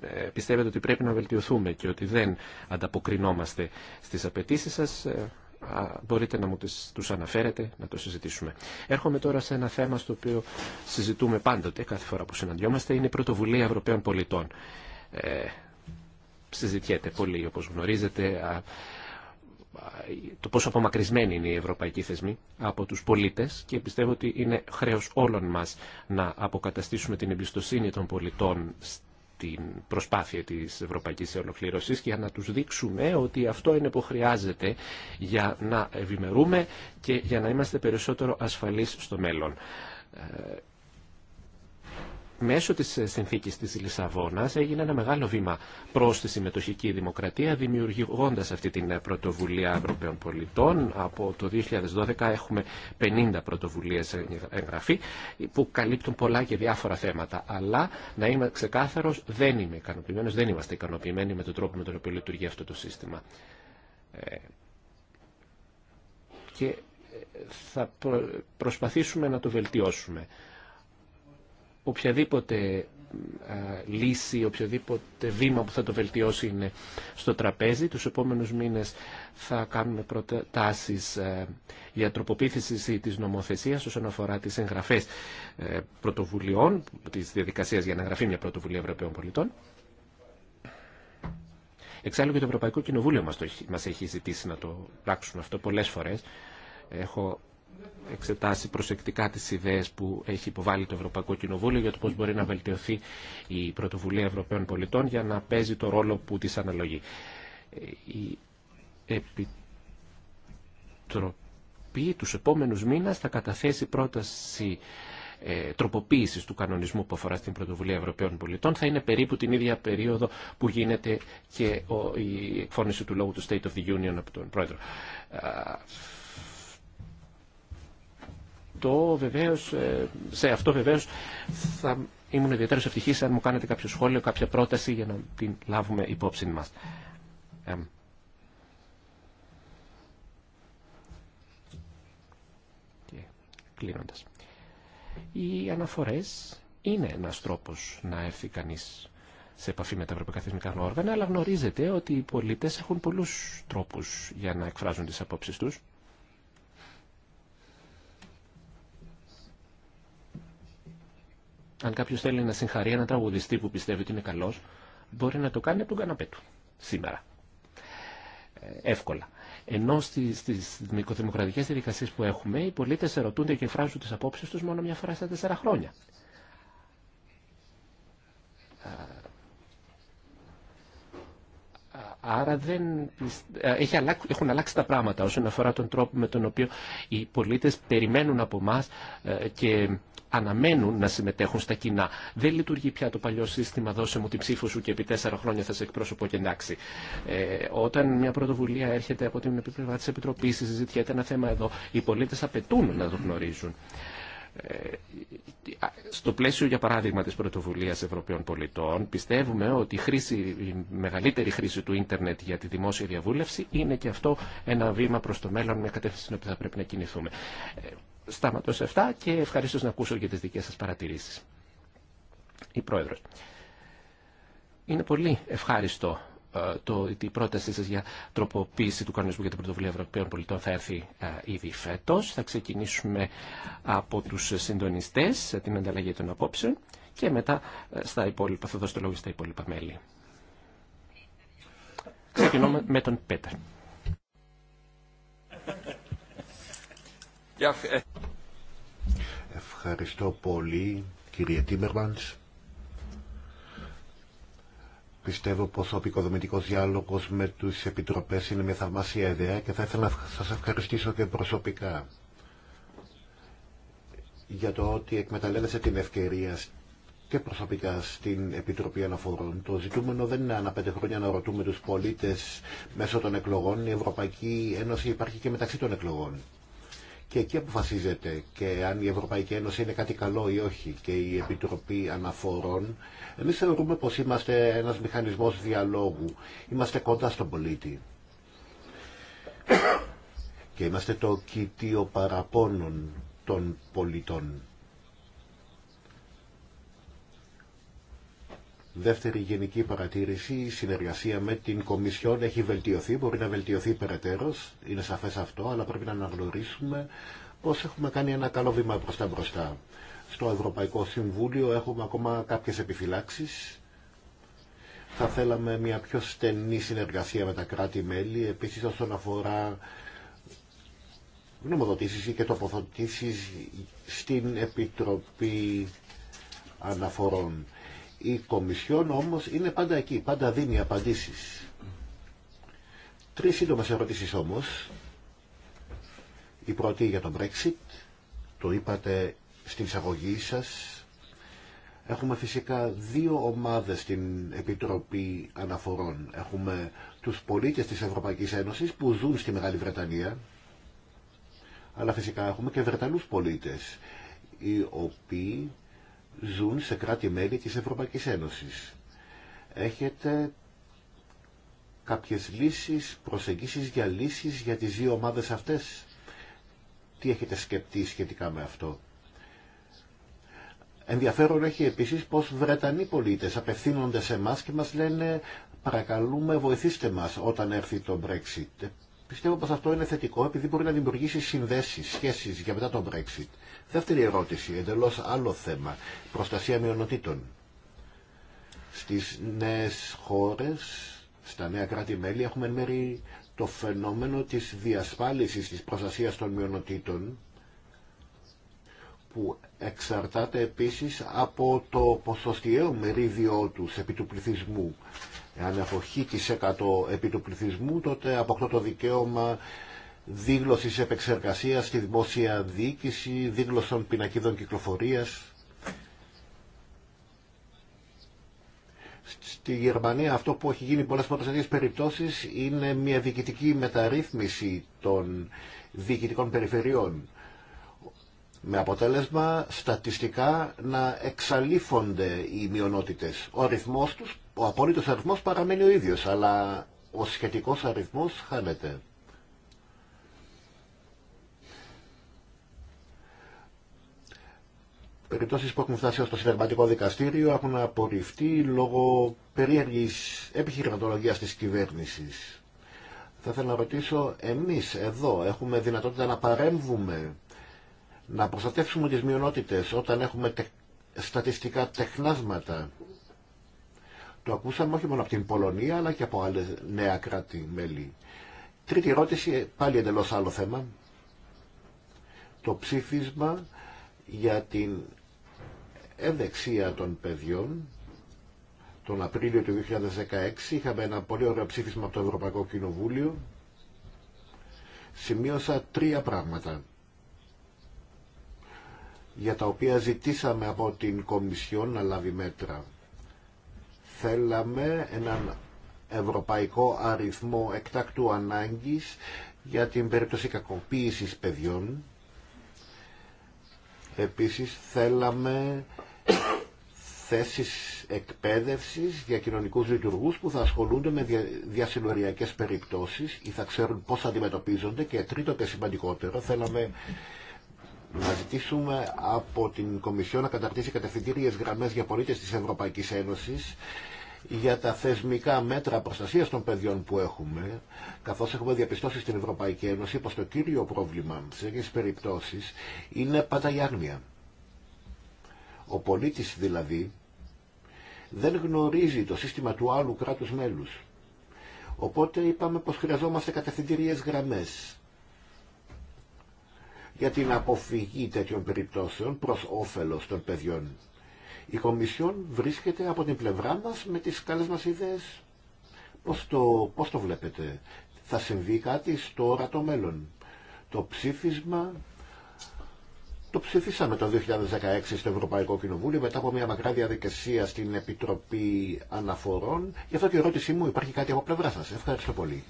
S4: ε, πιστεύετε ότι πρέπει να βελτιωθούμε και ότι δεν ανταποκρινόμαστε στις απαιτήσεις σας, ε, μπορείτε να μου τους αναφέρετε, να το συζητήσουμε. Έρχομαι τώρα σε ένα θέμα στο οποίο συζητούμε πάντοτε, κάθε φορά που συναντιόμαστε, είναι η πρωτοβουλία Ευρωπαίων πολιτών. Ε, συζητιέται πολύ, όπως γνωρίζετε, το πόσο απομακρυσμένοι είναι οι ευρωπαϊκοί θεσμοί από τους πολίτες και πιστεύω ότι είναι χρέος όλων μας να αποκαταστήσουμε την εμπιστοσύνη των πολιτών την προσπάθεια της ευρωπαϊκής ολοκλήρωσης και να τους δείξουμε ότι αυτό είναι που χρειάζεται για να ευημερούμε και για να είμαστε περισσότερο ασφαλείς στο μέλλον. Ε, Μέσω της ε, συνθήκης της Λισαβόνας έγινε ένα μεγάλο βήμα προς τη συμμετοχική δημοκρατία δημιουργώντας αυτή την ε, πρωτοβουλία Ευρωπαίων πολιτών. Από το 2012 έχουμε 50 πρωτοβουλίες εγγραφή που καλύπτουν πολλά και διάφορα θέματα. Αλλά να είμαι ξεκάθαρος δεν είμαι ικανοποιημένος, δεν είμαστε ικανοποιημένοι με τον τρόπο με τον οποίο λειτουργεί αυτό το σύστημα. Ε, και θα προσπαθήσουμε να το βελτιώσουμε οποιαδήποτε ε, λύση, οποιοδήποτε βήμα που θα το βελτιώσει είναι στο τραπέζι. Τους επόμενους μήνες θα κάνουμε προτάσεις ε, για τροποποίηση της νομοθεσίας όσον αφορά τις εγγραφές ε, πρωτοβουλειών, της διαδικασίας για να εγγραφεί μια πρωτοβουλία Ευρωπαίων πολιτών. Εξάλλου και το Ευρωπαϊκό Κοινοβούλιο μας, έχει ζητήσει να το πράξουμε αυτό πολλές φορές. Έχω εξετάσει προσεκτικά τι ιδέε που έχει υποβάλει το Ευρωπαϊκό Κοινοβούλιο για το πώ μπορεί να βελτιωθεί η πρωτοβουλία Ευρωπαίων πολιτών για να παίζει το ρόλο που τη αναλογεί. Η Επιτροπή του επόμενου μήνες θα καταθέσει πρόταση ε, τροποποίησης του κανονισμού που αφορά στην πρωτοβουλία Ευρωπαίων πολιτών θα είναι περίπου την ίδια περίοδο που γίνεται και η εκφώνηση του λόγου του State of the Union από τον Πρόεδρο αυτό βεβαίως, ε, σε αυτό βεβαίως θα ήμουν ιδιαίτερος ευτυχής αν μου κάνετε κάποιο σχόλιο, κάποια πρόταση για να την λάβουμε υπόψη μας. κλείνοντας. Οι αναφορές είναι ένας τρόπος να έρθει κανείς σε επαφή με τα ευρωπαϊκά θεσμικά όργανα, αλλά γνωρίζετε ότι οι πολίτες έχουν πολλούς τρόπους για να εκφράζουν τις απόψεις τους. Αν κάποιο θέλει να συγχαρεί έναν τραγουδιστή που πιστεύει ότι είναι καλό, μπορεί να το κάνει από τον καναπέ του σήμερα. Ε, εύκολα. Ενώ στι δημοκρατικέ διαδικασίε που έχουμε, οι πολίτε ερωτούνται και φράζουν τι απόψει του μόνο μια φορά στα τέσσερα χρόνια. Άρα δεν ε, έχουν αλλάξει τα πράγματα όσον αφορά τον τρόπο με τον οποίο οι πολίτες περιμένουν από εμά και αναμένουν να συμμετέχουν στα κοινά. Δεν λειτουργεί πια το παλιό σύστημα δώσε μου την ψήφο σου και επί τέσσερα χρόνια θα σε εκπρόσωπο και εντάξει. Ε, όταν μια πρωτοβουλία έρχεται από την επιπλευρά τη Επιτροπή, συζητιέται ένα θέμα εδώ, οι πολίτε απαιτούν να το γνωρίζουν. Ε, στο πλαίσιο, για παράδειγμα, της πρωτοβουλίας Ευρωπαίων πολιτών, πιστεύουμε ότι η, χρήση, η μεγαλύτερη χρήση του ίντερνετ για τη δημόσια διαβούλευση είναι και αυτό ένα βήμα προς το μέλλον, μια κατεύθυνση στην οποία θα πρέπει να κινηθούμε. Ε, σταματώ σε αυτά και ευχαριστώ να ακούσω για τις δικές σας παρατηρήσεις. Η Πρόεδρος. Είναι πολύ ευχάριστο ε, το, η πρότασή σας για τροποποίηση του κανονισμού για την πρωτοβουλία Ευρωπαίων πολιτών θα έρθει ε, ήδη φέτος. Θα ξεκινήσουμε από τους συντονιστές ε, την ανταλλαγή των απόψεων και μετά στα υπόλοιπα, θα δώσω το λόγο στα υπόλοιπα μέλη. Ξεκινώ με τον Πέτερ.
S2: Ευχαριστώ πολύ κύριε Τίμερμανς Πιστεύω πως ο επικοδομητικός διάλογος με τους επιτροπές είναι μια θαυμάσια ιδέα και θα ήθελα να σας ευχαριστήσω και προσωπικά για το ότι εκμεταλλεύεσαι την ευκαιρία και προσωπικά στην Επιτροπή Αναφορών. Το ζητούμενο δεν είναι ανά πέντε χρόνια να ρωτούμε τους πολίτες μέσω των εκλογών. Η Ευρωπαϊκή Ένωση υπάρχει και μεταξύ των εκλογών και εκεί αποφασίζεται και αν η Ευρωπαϊκή Ένωση είναι κάτι καλό ή όχι και η Επιτροπή Αναφορών. Εμείς θεωρούμε πως είμαστε ένας μηχανισμός διαλόγου. Είμαστε κοντά στον πολίτη. και είμαστε το κοιτίο παραπώνων των πολιτών. Δεύτερη γενική παρατήρηση, η συνεργασία με την Κομισιόν έχει βελτιωθεί, μπορεί να βελτιωθεί περαιτέρω, είναι σαφές αυτό, αλλά πρέπει να αναγνωρίσουμε πως έχουμε κάνει ένα καλό βήμα βήμα μπροστά. Στο Ευρωπαϊκό Συμβούλιο έχουμε ακόμα κάποιες επιφυλάξεις. Θα θέλαμε μια πιο στενή συνεργασία με τα κράτη-μέλη, επίσης όσον αφορά γνωμοδοτήσεις και τοποθετήσεις στην Επιτροπή Αναφορών. Η Κομισιόν όμως είναι πάντα εκεί, πάντα δίνει απαντήσεις. Τρεις σύντομες ερωτήσεις όμως. Η πρώτη για το Brexit, το είπατε στην εισαγωγή σας. Έχουμε φυσικά δύο ομάδες στην Επιτροπή Αναφορών. Έχουμε τους πολίτες της Ευρωπαϊκής Ένωσης που ζουν στη Μεγάλη Βρετανία, αλλά φυσικά έχουμε και Βρετανούς πολίτες, οι οποίοι ζουν σε κράτη-μέλη της Ευρωπαϊκής Ένωσης. Έχετε κάποιες λύσεις, προσεγγίσεις για λύσεις για τις δύο ομάδες αυτές. Τι έχετε σκεπτεί σχετικά με αυτό. Ενδιαφέρον έχει επίσης πως Βρετανοί πολίτες απευθύνονται σε μας και μας λένε παρακαλούμε βοηθήστε μας όταν έρθει το Brexit. Πιστεύω πως αυτό είναι θετικό επειδή μπορεί να δημιουργήσει συνδέσεις, σχέσεις για μετά το Brexit. Δεύτερη ερώτηση, εντελώς άλλο θέμα, προστασία μειονοτήτων. Στις νέες χώρες, στα νέα κράτη-μέλη, έχουμε μέρει το φαινόμενο της διασφάλισης της προστασίας των μειονοτήτων, που εξαρτάται επίσης από το ποσοστιαίο μερίδιο τους επί του πληθυσμού. Εάν έχω χ επί του πληθυσμού, τότε αποκτώ το δικαίωμα δίγλωσης επεξεργασίας στη δημόσια διοίκηση, δίγλωσσων πινακίδων κυκλοφορίας. Στη Γερμανία αυτό που έχει γίνει πολλές φορές σε περιπτώσεις είναι μια διοικητική μεταρρύθμιση των διοικητικών περιφερειών με αποτέλεσμα στατιστικά να εξαλείφονται οι μειονότητες. Ο αριθμός τους, ο απόλυτος αριθμός παραμένει ο ίδιος, αλλά ο σχετικός αριθμός χάνεται. περιπτώσεις που έχουν φτάσει στο συνεργατικό δικαστήριο έχουν απορριφθεί λόγω περίεργης επιχειρηματολογίας της κυβέρνησης. Θα ήθελα να ρωτήσω, εμείς εδώ έχουμε δυνατότητα να παρέμβουμε, να προστατεύσουμε τις μειονότητες όταν έχουμε στατιστικά τεχνάσματα. Το ακούσαμε όχι μόνο από την Πολωνία, αλλά και από άλλες νέα κράτη-μέλη. Τρίτη ερώτηση, πάλι εντελώς άλλο θέμα. Το ψήφισμα για την ενδεξία των παιδιών. Τον Απρίλιο του 2016 είχαμε ένα πολύ ωραίο ψήφισμα από το Ευρωπαϊκό Κοινοβούλιο. Σημείωσα τρία πράγματα για τα οποία ζητήσαμε από την Κομισιόν να λάβει μέτρα. Θέλαμε έναν ευρωπαϊκό αριθμό εκτάκτου ανάγκης για την περίπτωση κακοποίησης παιδιών. Επίσης θέλαμε θέσεις εκπαίδευσης για κοινωνικούς λειτουργούς που θα ασχολούνται με διασυνοριακές περιπτώσεις ή θα ξέρουν πώς αντιμετωπίζονται και τρίτο και σημαντικότερο θέλαμε να ζητήσουμε από την Κομισιό να καταρτήσει κατευθυντήριες γραμμές για πολίτες της Ευρωπαϊκής Ένωσης για τα θεσμικά μέτρα προστασία των παιδιών που έχουμε, καθώ έχουμε διαπιστώσει στην Ευρωπαϊκή Ένωση πω το κύριο πρόβλημα σε τέτοιε περιπτώσει είναι πάντα η άγνοια. Ο πολίτης δηλαδή δεν γνωρίζει το σύστημα του άλλου κράτους μέλους. Οπότε είπαμε πως χρειαζόμαστε κατευθυντήριες γραμμές για την αποφυγή τέτοιων περιπτώσεων προς όφελος των παιδιών. Η Κομισιόν βρίσκεται από την πλευρά μας με τις καλές μας ιδέες. Πώς το, πώς το βλέπετε. Θα συμβεί κάτι στο όρατο μέλλον. Το ψήφισμα το ψηφίσαμε το 2016 στο Ευρωπαϊκό Κοινοβούλιο μετά από μια μακρά διαδικασία στην Επιτροπή Αναφορών. Γι' αυτό και η ερώτησή μου υπάρχει κάτι από πλευρά σα. Ευχαριστώ πολύ.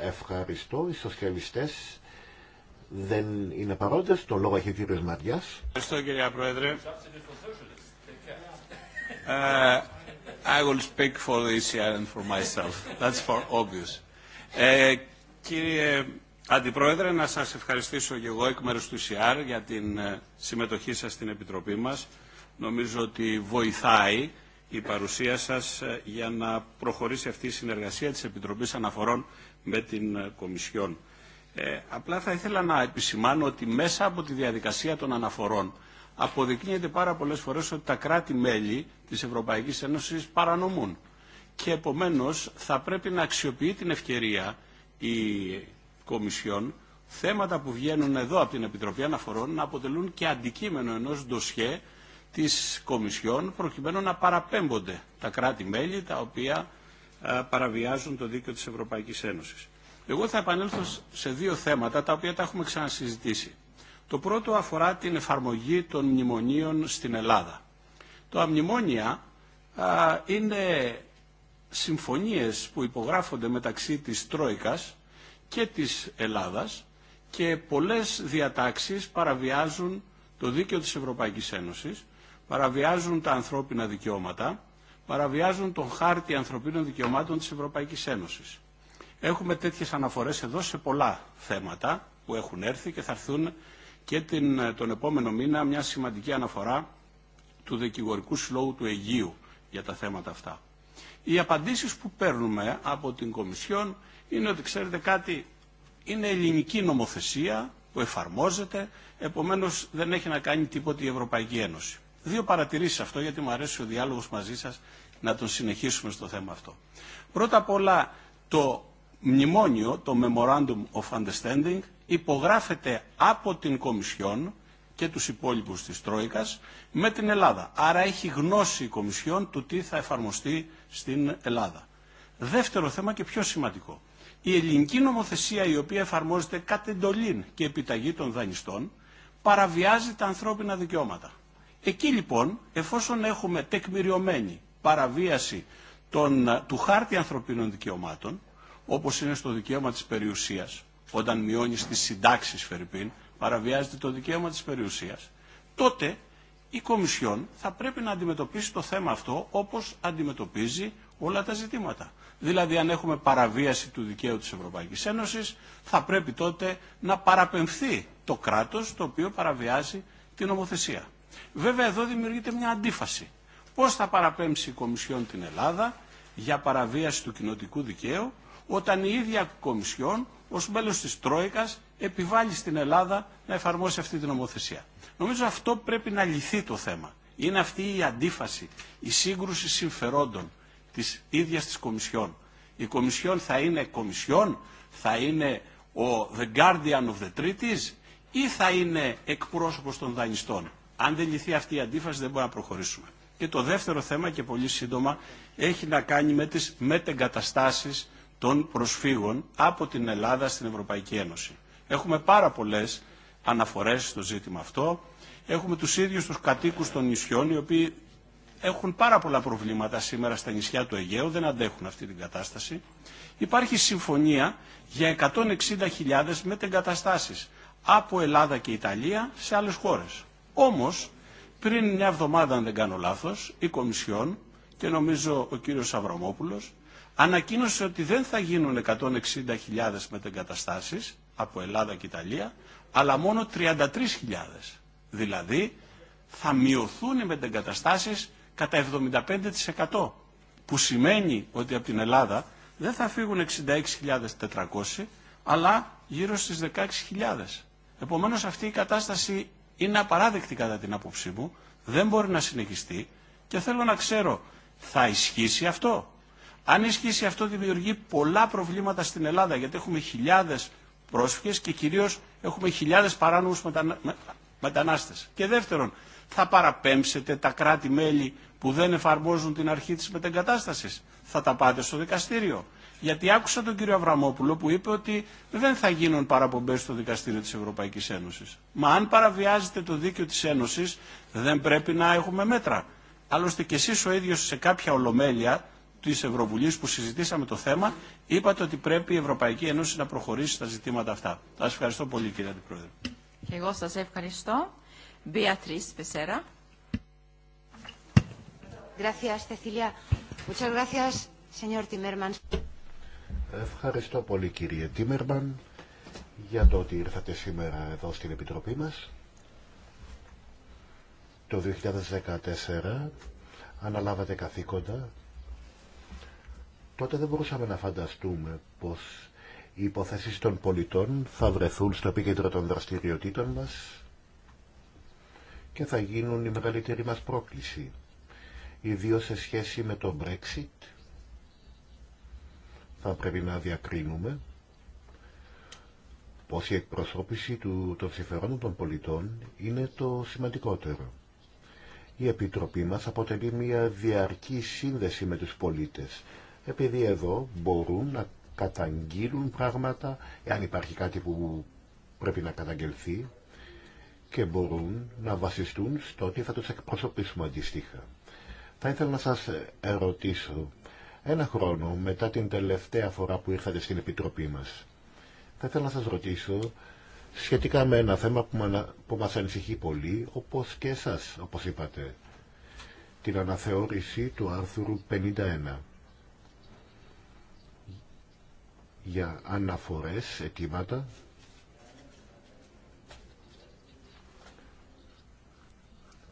S2: Ευχαριστώ. Οι σοσιαλιστέ δεν είναι παρόντες. Το λόγο έχει ο κύριο Μαριά.
S5: Ευχαριστώ κύριε Πρόεδρε. Uh, I will speak for the ECR for myself. That's for obvious. Ε, κύριε Αντιπρόεδρε, να σας ευχαριστήσω και εγώ εκ μέρους του ΣΥΑΡ για την ε, συμμετοχή σας στην Επιτροπή μας. Νομίζω ότι βοηθάει η παρουσία σας ε, για να προχωρήσει αυτή η συνεργασία της Επιτροπής Αναφορών με την ε, Κομισιόν. απλά θα ήθελα να επισημάνω ότι μέσα από τη διαδικασία των αναφορών αποδεικνύεται πάρα πολλές φορές ότι τα κράτη-μέλη της Ευρωπαϊκής Ένωσης παρανομούν. Και επομένως θα πρέπει να αξιοποιεί την ευκαιρία η Κομισιόν θέματα που βγαίνουν εδώ από την Επιτροπή Αναφορών να αποτελούν και αντικείμενο ενός ντοσιέ της Κομισιόν προκειμένου να παραπέμπονται τα κράτη-μέλη τα οποία ε, παραβιάζουν το δίκαιο της Ευρωπαϊκής Ένωσης. Εγώ θα επανέλθω σε δύο θέματα τα οποία τα έχουμε ξανασυζητήσει. Το πρώτο αφορά την εφαρμογή των μνημονίων στην Ελλάδα. Το μνημόνια είναι συμφωνίες που υπογράφονται μεταξύ της Τρόικας και της Ελλάδας και πολλές διατάξεις παραβιάζουν το δίκαιο της Ευρωπαϊκής Ένωσης, παραβιάζουν τα ανθρώπινα δικαιώματα, παραβιάζουν τον χάρτη ανθρωπίνων δικαιωμάτων της Ευρωπαϊκής Ένωσης. Έχουμε τέτοιες αναφορές εδώ σε πολλά θέματα που έχουν έρθει και θα έρθουν και την, τον επόμενο μήνα μια σημαντική αναφορά του δικηγορικού συλλόγου του Αιγείου για τα θέματα αυτά. Οι απαντήσεις που παίρνουμε από την Κομισιόν είναι ότι ξέρετε κάτι, είναι ελληνική νομοθεσία που εφαρμόζεται, επομένως δεν έχει να κάνει τίποτα η Ευρωπαϊκή Ένωση. Δύο παρατηρήσεις αυτό γιατί μου αρέσει ο διάλογος μαζί σας να τον συνεχίσουμε στο θέμα αυτό. Πρώτα απ' όλα το μνημόνιο, το Memorandum of Understanding υπογράφεται από την Κομισιόν και τους υπόλοιπους της Τρόικας με την Ελλάδα. Άρα έχει γνώση η Κομισιόν του τι θα εφαρμοστεί στην Ελλάδα. Δεύτερο θέμα και πιο σημαντικό η ελληνική νομοθεσία η οποία εφαρμόζεται κατ' εντολή και επιταγή των δανειστών παραβιάζει τα ανθρώπινα δικαιώματα. Εκεί λοιπόν, εφόσον έχουμε τεκμηριωμένη παραβίαση των, του χάρτη ανθρωπίνων δικαιωμάτων, όπως είναι στο δικαίωμα της περιουσίας, όταν μειώνει τις συντάξεις Φερρυπίν, παραβιάζεται το δικαίωμα της περιουσίας, τότε η Κομισιόν θα πρέπει να αντιμετωπίσει το θέμα αυτό όπως αντιμετωπίζει όλα τα ζητήματα. Δηλαδή αν έχουμε παραβίαση του δικαίου της Ευρωπαϊκής Ένωσης θα πρέπει τότε να παραπεμφθεί το κράτος το οποίο παραβιάζει την νομοθεσία. Βέβαια εδώ δημιουργείται μια αντίφαση. Πώς θα παραπέμψει η Κομισιόν την Ελλάδα για παραβίαση του κοινοτικού δικαίου όταν η ίδια Κομισιόν ως μέλος της Τρόικας επιβάλλει στην Ελλάδα να εφαρμόσει αυτή την νομοθεσία. Νομίζω αυτό πρέπει να λυθεί το θέμα. Είναι αυτή η αντίφαση, η σύγκρουση συμφερόντων Τη ίδια τη Κομισιόν. Η Κομισιόν θα είναι Κομισιόν, θα είναι ο The Guardian of the Treaties ή θα είναι εκπρόσωπο των δανειστών. Αν δεν λυθεί αυτή η αντίφαση δεν μπορούμε να προχωρήσουμε. Και το δεύτερο θέμα και πολύ σύντομα έχει να κάνει με τις μετεγκαταστάσεις των προσφύγων από την Ελλάδα στην Ευρωπαϊκή Ένωση. Έχουμε πάρα πολλές αναφορές στο ζήτημα αυτό. Έχουμε τους ίδιους τους κατοίκους των νησιών οι οποίοι έχουν πάρα πολλά προβλήματα σήμερα στα νησιά του Αιγαίου, δεν αντέχουν αυτή την κατάσταση. Υπάρχει συμφωνία για 160.000 μετεγκαταστάσεις από Ελλάδα και Ιταλία σε άλλες χώρες. Όμως, πριν μια εβδομάδα, αν δεν κάνω λάθος, η Κομισιόν και νομίζω ο κύριος Αβραμόπουλος ανακοίνωσε ότι δεν θα γίνουν 160.000 μετεγκαταστάσεις από Ελλάδα και Ιταλία, αλλά μόνο 33.000. Δηλαδή, θα μειωθούν οι μετεγκαταστάσεις κατά 75% που σημαίνει ότι από την Ελλάδα δεν θα φύγουν 66.400 αλλά γύρω στις 16.000. Επομένως αυτή η κατάσταση είναι απαράδεκτη κατά την άποψή μου, δεν μπορεί να συνεχιστεί και θέλω να ξέρω θα ισχύσει αυτό. Αν ισχύσει αυτό δημιουργεί πολλά προβλήματα στην Ελλάδα γιατί έχουμε χιλιάδες πρόσφυγες και κυρίως έχουμε χιλιάδες παράνομους μετανα... μετανάστες. Και δεύτερον, θα παραπέμψετε τα κράτη-μέλη που δεν εφαρμόζουν την αρχή της μετεγκατάστασης. Θα τα πάτε στο δικαστήριο. Γιατί άκουσα τον κύριο Αβραμόπουλο που είπε ότι δεν θα γίνουν παραπομπές στο δικαστήριο της Ευρωπαϊκής Ένωσης. Μα αν παραβιάζετε το δίκαιο της Ένωσης δεν πρέπει να έχουμε μέτρα. Άλλωστε και εσείς ο ίδιος σε κάποια ολομέλεια της Ευρωβουλής που συζητήσαμε το θέμα είπατε ότι πρέπει η Ευρωπαϊκή Ένωση να προχωρήσει στα ζητήματα αυτά. Σας ευχαριστώ πολύ κύριε Αντιπρόεδρε.
S1: Και εγώ σας ευχαριστώ.
S2: Ευχαριστώ πολύ, κύριε Τίμερμαν, για το ότι ήρθατε σήμερα εδώ στην Επιτροπή μας. Το 2014 αναλάβατε καθήκοντα. Τότε δεν μπορούσαμε να φανταστούμε πως οι υποθέσεις των πολιτών θα βρεθούν στο επίκεντρο των δραστηριοτήτων μας και θα γίνουν η μεγαλύτερη μας πρόκληση, ιδίως σε σχέση με το Brexit. Θα πρέπει να διακρίνουμε πως η εκπροσώπηση του, των συμφερόντων των πολιτών είναι το σημαντικότερο. Η Επιτροπή μας αποτελεί μια διαρκή σύνδεση με τους πολίτες, επειδή εδώ μπορούν να καταγγείλουν πράγματα, εάν υπάρχει κάτι που πρέπει να καταγγελθεί, και μπορούν να βασιστούν στο ότι θα τους εκπροσωπήσουμε αντίστοιχα. Θα ήθελα να σας ερωτήσω, ένα χρόνο μετά την τελευταία φορά που ήρθατε στην Επιτροπή μας, θα ήθελα να σας ρωτήσω σχετικά με ένα θέμα που μας ανησυχεί πολύ, όπως και εσάς, όπως είπατε, την αναθεώρηση του άρθρου 51 για αναφορές, αιτήματα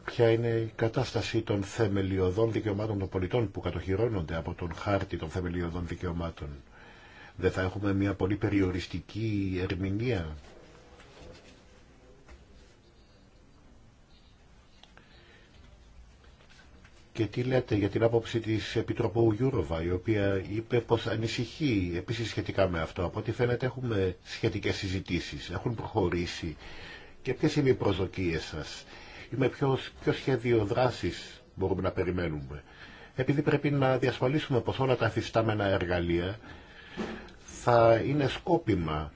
S2: ποια είναι η κατάσταση των θεμελιωδών δικαιωμάτων των πολιτών που κατοχυρώνονται από τον χάρτη των θεμελιωδών δικαιωμάτων. Δεν θα έχουμε μια πολύ περιοριστική ερμηνεία. Και τι λέτε για την άποψη της Επιτροπού Γιούροβα, η οποία είπε πως ανησυχεί επίσης σχετικά με αυτό. Από ό,τι φαίνεται έχουμε σχετικές συζητήσεις, έχουν προχωρήσει. Και ποιες είναι οι προσδοκίες σας ή με ποιο, ποιο σχέδιο δράση μπορούμε να περιμένουμε. Επειδή πρέπει να διασφαλίσουμε πως όλα τα αφιστάμενα εργαλεία θα είναι σκόπιμα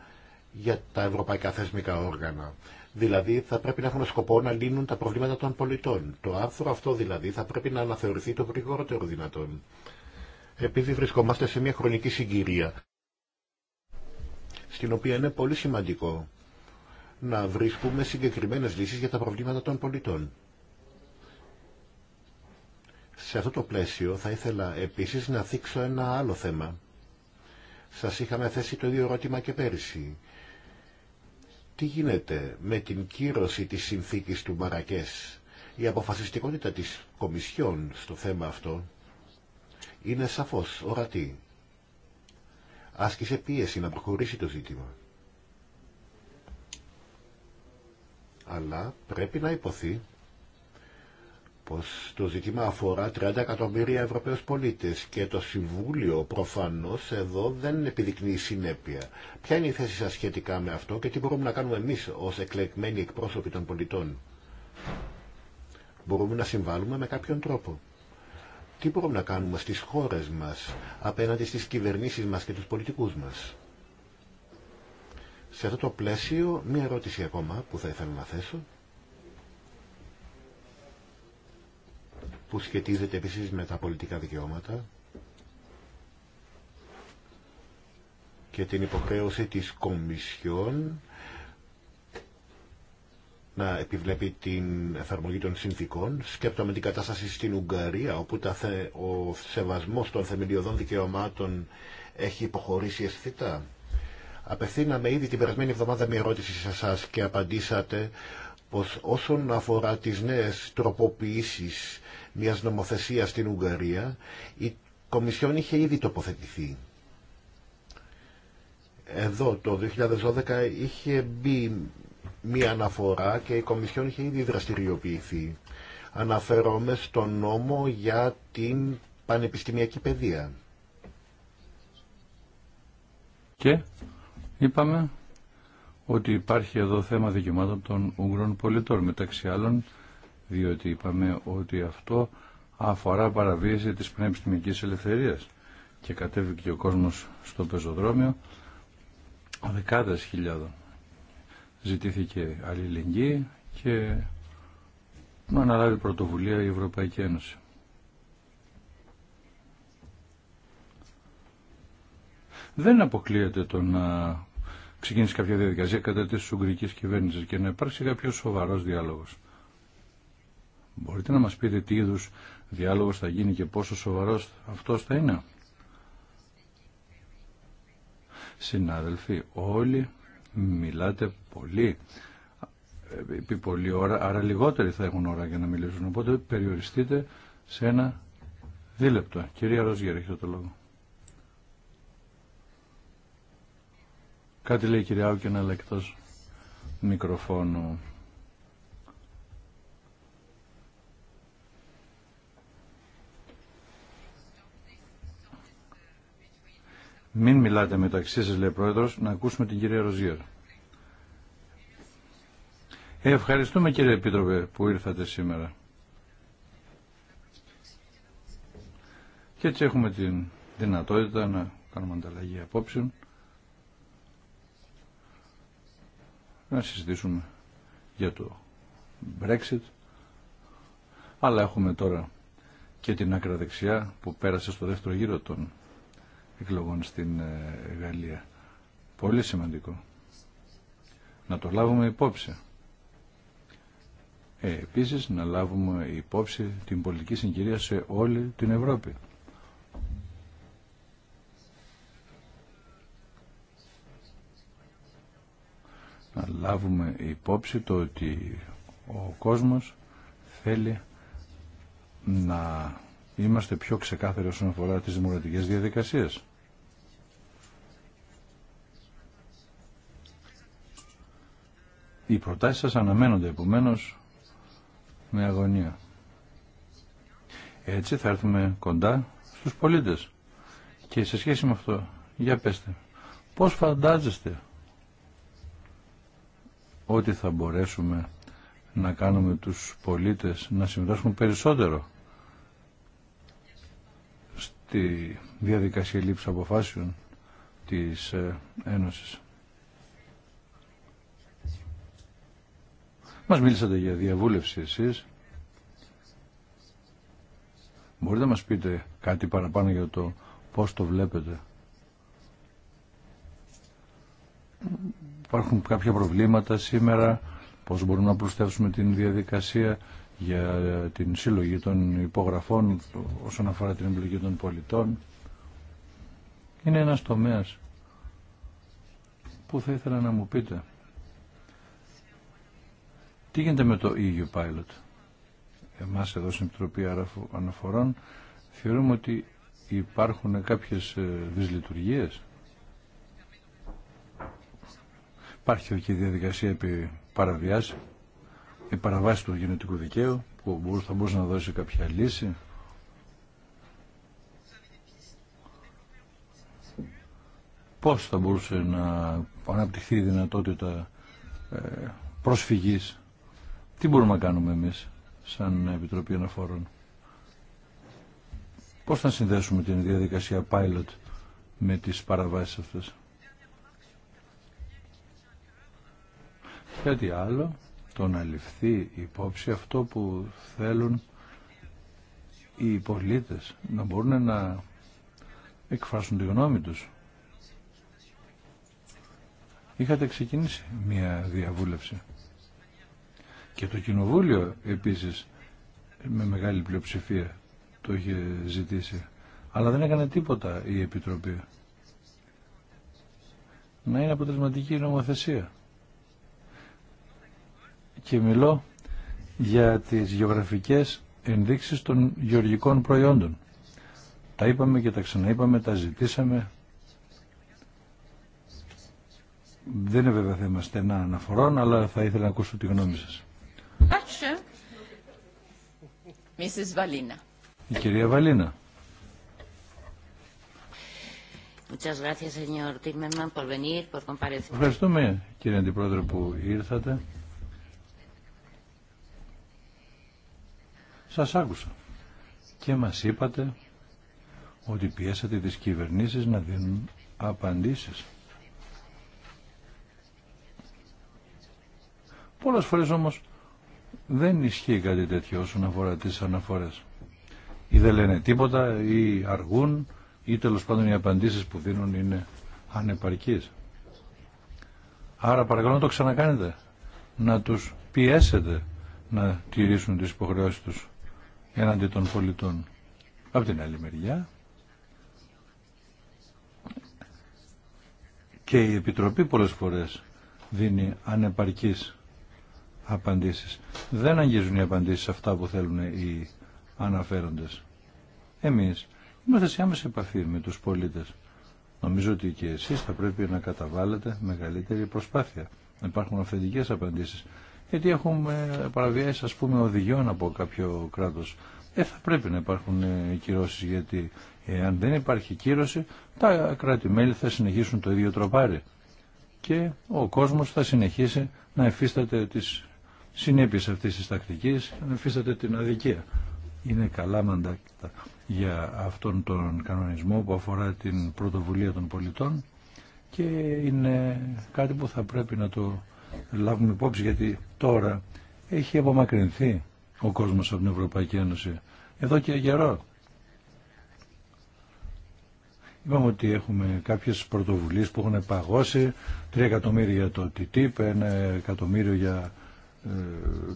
S2: για τα ευρωπαϊκά θεσμικά όργανα. Δηλαδή θα πρέπει να έχουν σκοπό να λύνουν τα προβλήματα των πολιτών. Το άρθρο αυτό δηλαδή θα πρέπει να αναθεωρηθεί το γρηγορότερο δυνατόν. Επειδή βρισκόμαστε σε μια χρονική συγκυρία, στην οποία είναι πολύ σημαντικό να βρίσκουμε συγκεκριμένες λύσεις για τα προβλήματα των πολιτών. Σε αυτό το πλαίσιο θα ήθελα επίσης να θίξω ένα άλλο θέμα. Σας είχαμε θέσει το ίδιο ερώτημα και πέρυσι. Τι γίνεται με την κύρωση της συνθήκης του Μαρακές. Η αποφασιστικότητα της Κομισιόν στο θέμα αυτό είναι σαφώς ορατή. Άσκησε πίεση να προχωρήσει το ζήτημα. αλλά πρέπει να υποθεί πως το ζήτημα αφορά 30 εκατομμύρια Ευρωπαίους πολίτες και το Συμβούλιο προφανώς εδώ δεν επιδεικνύει συνέπεια. Ποια είναι η θέση σας σχετικά με αυτό και τι μπορούμε να κάνουμε εμείς ως εκλεγμένοι εκπρόσωποι των πολιτών. Μπορούμε να συμβάλλουμε με κάποιον τρόπο. Τι μπορούμε να κάνουμε στις χώρες μας, απέναντι στις κυβερνήσεις μας και τους πολιτικούς μας. Σε αυτό το πλαίσιο, μία ερώτηση ακόμα που θα ήθελα να θέσω, που σχετίζεται επίσης με τα πολιτικά δικαιώματα και την υποχρέωση της Κομισιόν να επιβλέπει την εφαρμογή των συνθήκων. Σκέπτομαι την κατάσταση στην Ουγγαρία, όπου τα θε, ο σεβασμός των θεμελιωδών δικαιωμάτων έχει υποχωρήσει αισθητά. Απευθύναμε ήδη την περασμένη εβδομάδα μια ερώτηση σε εσά και απαντήσατε πως όσον αφορά τις νέες τροποποιήσεις μιας νομοθεσίας στην Ουγγαρία, η Κομισιόν είχε ήδη τοποθετηθεί. Εδώ το 2012 είχε μπει μία αναφορά και η Κομισιόν είχε ήδη δραστηριοποιηθεί. Αναφέρομαι στο νόμο για την πανεπιστημιακή παιδεία.
S3: Και είπαμε ότι υπάρχει εδώ θέμα δικαιωμάτων των Ουγγρών πολιτών μεταξύ άλλων διότι είπαμε ότι αυτό αφορά παραβίαση της πνευστημικής ελευθερίας και κατέβηκε ο κόσμος στο πεζοδρόμιο δεκάδες χιλιάδων ζητήθηκε αλληλεγγύη και να αναλάβει πρωτοβουλία η Ευρωπαϊκή Ένωση. Δεν αποκλείεται το να ξεκίνησε κάποια διαδικασία κατά τη Ουγγρική κυβέρνηση και να υπάρξει κάποιο σοβαρό διάλογο. Μπορείτε να μα πείτε τι είδου διάλογο θα γίνει και πόσο σοβαρό αυτό θα είναι. Συνάδελφοι, όλοι μιλάτε πολύ, επί πολλή ώρα, άρα λιγότεροι θα έχουν ώρα για να μιλήσουν. Οπότε περιοριστείτε σε ένα δίλεπτο. Κυρία Ροζιέρη, έχετε το λόγο. Κάτι λέει η κυρία Άουκεν, αλλά μικροφώνου. Μην μιλάτε μεταξύ σας, λέει ο Πρόεδρος, να ακούσουμε την κυρία Ροζιέρ. Ε, ευχαριστούμε κύριε Επίτροπε που ήρθατε σήμερα. Και έτσι έχουμε την δυνατότητα να κάνουμε ανταλλαγή απόψεων. να συζητήσουμε για το Brexit αλλά έχουμε τώρα και την δεξιά που πέρασε στο δεύτερο γύρο των εκλογών στην ε, Γαλλία. Πολύ σημαντικό. Να το λάβουμε υπόψη. Ε, επίσης να λάβουμε υπόψη την πολιτική συγκυρία σε όλη την Ευρώπη. να λάβουμε υπόψη το ότι ο κόσμος θέλει να είμαστε πιο ξεκάθαροι όσον αφορά τις δημοκρατικές διαδικασίες. Οι προτάσεις σας αναμένονται επομένως με αγωνία. Έτσι θα έρθουμε κοντά στους πολίτες. Και σε σχέση με αυτό, για πέστε, πώς φαντάζεστε ότι θα μπορέσουμε να κάνουμε τους πολίτες να συμμετάσχουν περισσότερο στη διαδικασία λήψη αποφάσεων της ε, Ένωσης. Μας μίλησατε για διαβούλευση εσείς. Μπορείτε να μας πείτε κάτι παραπάνω για το πώς το βλέπετε υπάρχουν κάποια προβλήματα σήμερα, πώς μπορούμε να προσθέσουμε την διαδικασία για την σύλλογη των υπογραφών όσον αφορά την εμπλοκή των πολιτών. Είναι ένας τομέας που θα ήθελα να μου πείτε. Τι γίνεται με το EU Pilot. Εμάς εδώ στην Επιτροπή Αναφορών θεωρούμε ότι υπάρχουν κάποιες ε, δυσλειτουργίες Υπάρχει και διαδικασία επί παραβιάση, η παραβάση του γενετικού δικαίου που θα μπορούσε να δώσει κάποια λύση. Πώς θα μπορούσε να αναπτυχθεί η δυνατότητα ε, προσφυγής. Τι μπορούμε να κάνουμε εμείς σαν Επιτροπή Αναφόρων. Πώς θα συνδέσουμε την διαδικασία pilot με τις παραβάσεις αυτές. κάτι άλλο το να ληφθεί υπόψη αυτό που θέλουν οι πολίτες να μπορούν να εκφράσουν τη γνώμη τους. Είχατε ξεκινήσει μια διαβούλευση και το Κοινοβούλιο επίσης με μεγάλη πλειοψηφία το είχε ζητήσει αλλά δεν έκανε τίποτα η Επιτροπή. Να είναι αποτελεσματική η νομοθεσία και μιλώ για τις γεωγραφικές ενδείξεις των γεωργικών προϊόντων. Τα είπαμε και τα ξαναείπαμε, τα ζητήσαμε. Δεν είναι βέβαια θέμα στενά αναφορών, αλλά θα ήθελα να ακούσω τη γνώμη σας. Η κυρία Βαλίνα.
S1: Ευχαριστούμε
S3: κύριε Αντιπρόεδρε που ήρθατε. Σας άκουσα και μας είπατε ότι πιέσατε τις κυβερνήσεις να δίνουν απαντήσεις. Πολλές φορές όμως δεν ισχύει κάτι τέτοιο όσον αφορά τις αναφορές. Ή δεν λένε τίποτα ή αργούν ή τέλος πάντων οι απαντήσεις που δίνουν είναι ανεπαρκείς. Άρα παρακαλώ να το ξανακάνετε, να τους πιέσετε να τηρήσουν τις υποχρεώσεις τους έναντι των πολιτών. Από την άλλη μεριά και η Επιτροπή πολλές φορές δίνει ανεπαρκείς απαντήσεις. Δεν αγγίζουν οι απαντήσεις αυτά που θέλουν οι αναφέροντες. Εμείς είμαστε σε άμεση επαφή με τους πολίτες. Νομίζω ότι και εσείς θα πρέπει να καταβάλλετε μεγαλύτερη προσπάθεια. Να υπάρχουν αυθεντικές απαντήσεις γιατί έχουμε παραβιάσει ας πούμε οδηγιών από κάποιο κράτος. Ε, θα πρέπει να υπάρχουν ε, κυρώσεις γιατί ε, αν δεν υπάρχει κύρωση τα κράτη-μέλη θα συνεχίσουν το ίδιο τροπάρι και ο κόσμος θα συνεχίσει να εφίσταται τις συνέπειες αυτής της τακτικής, να εφίσταται την αδικία. Είναι καλά μαντάκτα για αυτόν τον κανονισμό που αφορά την πρωτοβουλία των πολιτών και είναι κάτι που θα πρέπει να το λάβουμε υπόψη γιατί τώρα έχει απομακρυνθεί ο κόσμος από την Ευρωπαϊκή Ένωση εδώ και γερό Είπαμε ότι έχουμε κάποιες πρωτοβουλίες που έχουν παγώσει 3 εκατομμύρια για το TTIP, 1 εκατομμύριο για ε,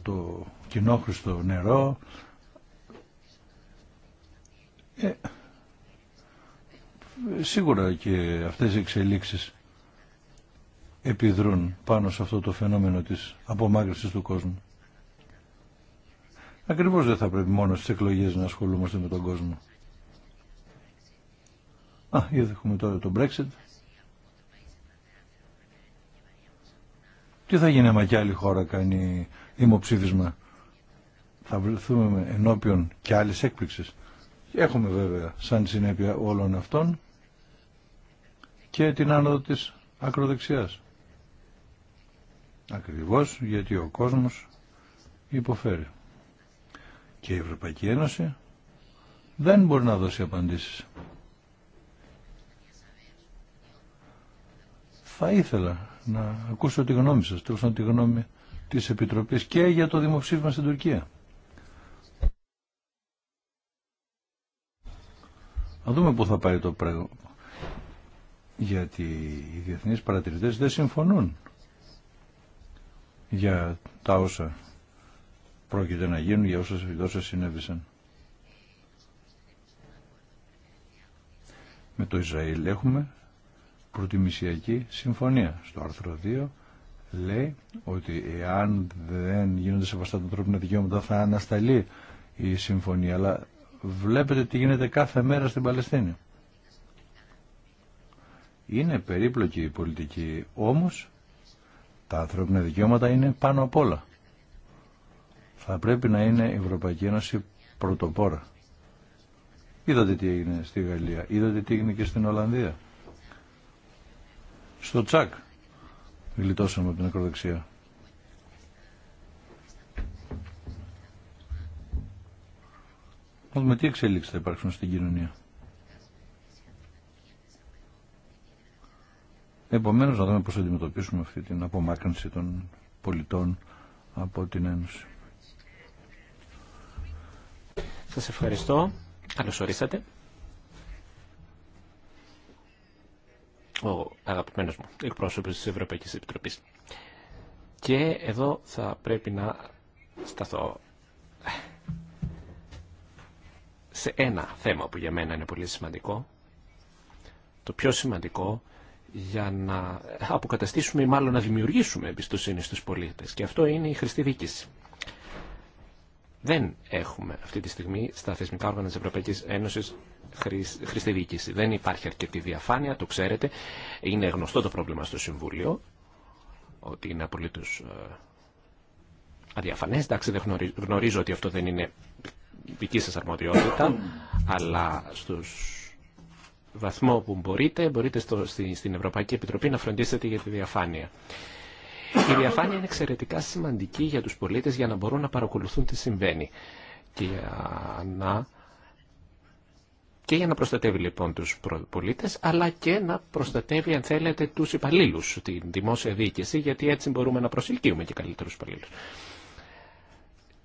S3: το κοινόχρηστο νερό. Ε, σίγουρα και αυτές οι εξελίξεις επιδρούν πάνω σε αυτό το φαινόμενο της απομάκρυσης του κόσμου. Ακριβώς δεν θα πρέπει μόνο στις εκλογές να ασχολούμαστε με τον κόσμο. Α, ήδη έχουμε τώρα το Brexit. Τι θα γίνει άμα κι άλλη χώρα κάνει δημοψήφισμα. Θα βρεθούμε ενώπιον και άλλες έκπληξεις. Έχουμε βέβαια σαν συνέπεια όλων αυτών και την άνοδο της ακροδεξιάς. Ακριβώς γιατί ο κόσμος υποφέρει. Και η Ευρωπαϊκή Ένωση δεν μπορεί να δώσει απαντήσεις. Θα ήθελα να ακούσω τη γνώμη σας, τέλος τη γνώμη της Επιτροπής και για το δημοψήφισμα στην Τουρκία. Να δούμε πού θα πάει το πράγμα. Γιατί οι διεθνείς παρατηρητές δεν συμφωνούν για τα όσα πρόκειται να γίνουν, για όσα, όσα συνέβησαν. Με το Ισραήλ έχουμε προτιμησιακή συμφωνία. Στο άρθρο 2 λέει ότι εάν δεν γίνονται σεβαστά τα ανθρώπινα δικαιώματα θα ανασταλεί η συμφωνία. Αλλά βλέπετε τι γίνεται κάθε μέρα στην Παλαιστίνη. Είναι περίπλοκη η πολιτική, όμως τα ανθρώπινα δικαιώματα είναι πάνω απ' όλα. Θα πρέπει να είναι η Ευρωπαϊκή Ένωση πρωτοπόρα. Είδατε τι έγινε στη Γαλλία, είδατε τι έγινε και στην Ολλανδία. Στο Τσακ γλιτώσαμε από την ακροδεξία. Να δούμε τι εξέλιξη θα υπάρξουν στην κοινωνία. Επομένως να δούμε πώς θα αντιμετωπίσουμε αυτή την απομάκρυνση των πολιτών από την Ένωση.
S4: Σας ευχαριστώ. Καλώς ορίσατε. Ο αγαπημένος μου εκπρόσωπος της Ευρωπαϊκής Επιτροπής. Και εδώ θα πρέπει να σταθώ σε ένα θέμα που για μένα είναι πολύ σημαντικό. Το πιο σημαντικό για να αποκαταστήσουμε ή μάλλον να δημιουργήσουμε εμπιστοσύνη στους πολίτες. Και αυτό είναι η χρηστή δίκηση. Δεν έχουμε αυτή τη στιγμή στα θεσμικά όργανα της Ευρωπαϊκής Ένωσης χρηστή δίκηση. Δεν υπάρχει αρκετή διαφάνεια, το ξέρετε. Είναι γνωστό το πρόβλημα στο Συμβούλιο, ότι είναι απολύτως ε, αδιαφανές. Εντάξει, δεν γνωρίζω ότι αυτό δεν είναι δική σας αρμοδιότητα, αλλά στους βαθμό που μπορείτε, μπορείτε στην Ευρωπαϊκή Επιτροπή να φροντίσετε για τη διαφάνεια. Η διαφάνεια είναι εξαιρετικά σημαντική για τους πολίτες για να μπορούν να παρακολουθούν τι συμβαίνει και για να, και για να προστατεύει λοιπόν τους πολίτες αλλά και να προστατεύει αν θέλετε τους υπαλλήλους, την δημόσια διοίκηση γιατί έτσι μπορούμε να προσελκύουμε και καλύτερους υπαλλήλους.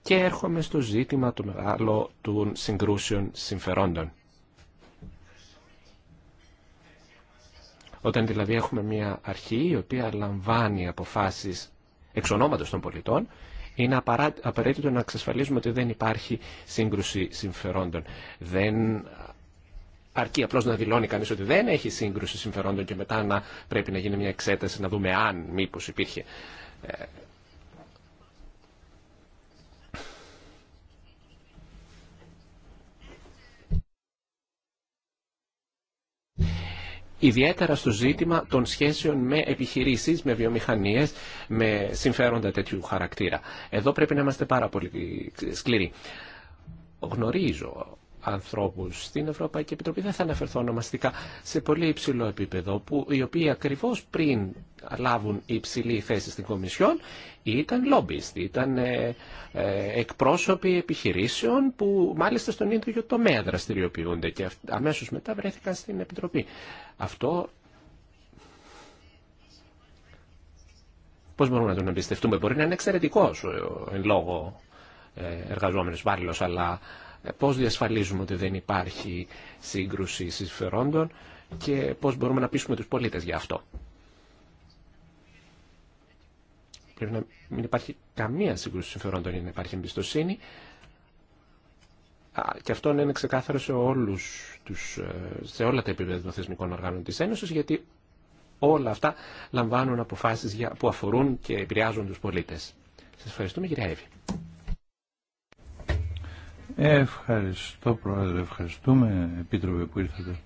S4: Και έρχομαι στο ζήτημα το μεγάλο των συγκρούσεων συμφερόντων. Όταν δηλαδή έχουμε μια αρχή η οποία λαμβάνει αποφάσεις εξ ονόματος των πολιτών, είναι απαραίτητο να εξασφαλίζουμε ότι δεν υπάρχει σύγκρουση συμφερόντων. Δεν αρκεί απλώς να δηλώνει κανείς ότι δεν έχει σύγκρουση συμφερόντων και μετά να πρέπει να γίνει μια εξέταση να δούμε αν μήπως υπήρχε ε, ιδιαίτερα στο ζήτημα των σχέσεων με επιχειρήσεις, με βιομηχανίες, με συμφέροντα τέτοιου χαρακτήρα. Εδώ πρέπει να είμαστε πάρα πολύ σκληροί. Γνωρίζω ανθρώπους στην Ευρωπαϊκή Επιτροπή. Δεν θα αναφερθώ ονομαστικά σε πολύ υψηλό επίπεδο, που, οι οποίοι ακριβώς πριν λάβουν υψηλή θέση στην Κομισιόν ήταν λόμπιστοι, ήταν ε, ε, εκπρόσωποι επιχειρήσεων που μάλιστα στον ίδιο τομέα δραστηριοποιούνται και αμέσως μετά βρέθηκαν στην Επιτροπή. Αυτό πως μπορούμε να τον εμπιστευτούμε. Μπορεί να είναι εξαιρετικό ε, εν λόγω εργαζόμενος βάλλος αλλά ε, πώς διασφαλίζουμε ότι δεν υπάρχει σύγκρουση συμφερόντων και πώς μπορούμε να πείσουμε τους πολίτες για αυτό. Πρέπει να μην υπάρχει καμία σύγκρουση συμφερόντων για να υπάρχει εμπιστοσύνη και αυτό είναι ξεκάθαρο σε, όλους τους, ε, σε όλα τα επίπεδα των θεσμικών οργάνων της Ένωσης γιατί όλα αυτά λαμβάνουν αποφάσεις που αφορούν και επηρεάζουν τους πολίτες. Σας ευχαριστούμε κυρία Εύη.
S3: Ευχαριστώ Πρόεδρε, ευχαριστούμε Επίτροπε που ήρθατε.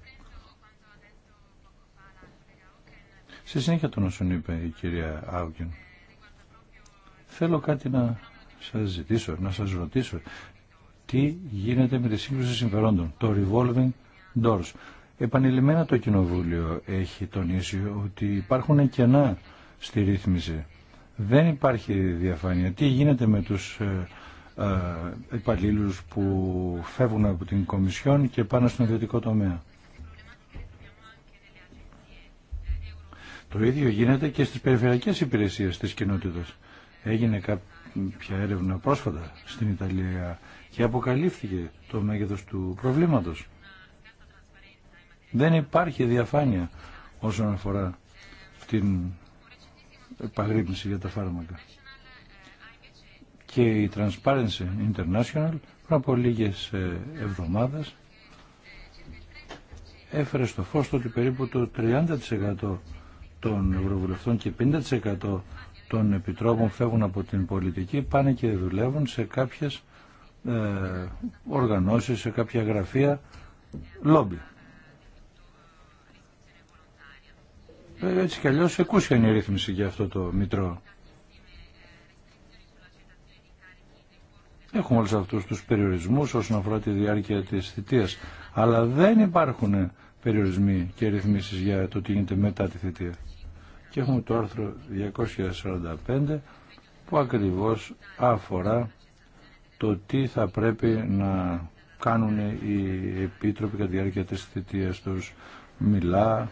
S3: Στη συνέχεια των όσων είπε η κυρία Άουγκεν, θέλω κάτι να σας ζητήσω, να σας ρωτήσω τι γίνεται με τη σύγκρουση συμφερόντων, το revolving doors. Επανειλημμένα το Κοινοβούλιο έχει τονίσει ότι υπάρχουν κενά στη ρύθμιση. Δεν υπάρχει διαφάνεια. Τι γίνεται με τους ε, ε, υπαλλήλους που φεύγουν από την Κομισιόν και πάνε στον ιδιωτικό τομέα. Το ίδιο γίνεται και στις περιφερειακές υπηρεσίες της κοινότητας. Έγινε κάποια έρευνα πρόσφατα στην Ιταλία και αποκαλύφθηκε το μέγεθος του προβλήματος. Δεν υπάρχει διαφάνεια όσον αφορά την επαγρύπνηση για τα φάρμακα και η Transparency International πριν από λίγες ε, εβδομάδες έφερε στο φως το ότι περίπου το 30% των ευρωβουλευτών και 50% των επιτρόπων φεύγουν από την πολιτική πάνε και δουλεύουν σε κάποιες ε, οργανώσεις, σε κάποια γραφεία λόμπι. Ε, έτσι κι αλλιώς εκούσια είναι η ρύθμιση για αυτό το μητρό. Έχουμε όλους αυτούς τους περιορισμούς όσον αφορά τη διάρκεια της θητείας. Αλλά δεν υπάρχουν περιορισμοί και ρυθμίσεις για το τι γίνεται μετά τη θητεία. Και έχουμε το άρθρο 245 που ακριβώς αφορά το τι θα πρέπει να κάνουν οι επίτροποι κατά τη διάρκεια της θητείας τους. Μιλά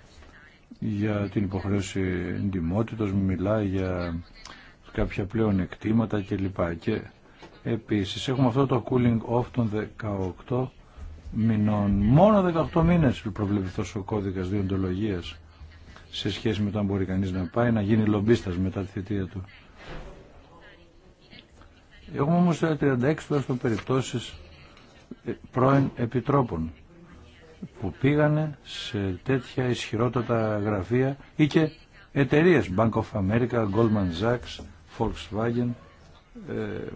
S3: για την υποχρέωση εντυμότητα, μιλά για κάποια πλέον εκτήματα κλπ. Επίσης έχουμε αυτό το cooling off των 18 μηνών. Μόνο 18 μήνες προβλέπει αυτός ο κώδικας διοντολογίας σε σχέση με το αν μπορεί κανείς να πάει να γίνει λομπίστας μετά τη θητεία του. Έχουμε όμως 36 τουλάχιστον περιπτώσεις ε, πρώην επιτρόπων που πήγανε σε τέτοια ισχυρότατα γραφεία ή και εταιρείες Bank of America, Goldman Sachs, Volkswagen, ε,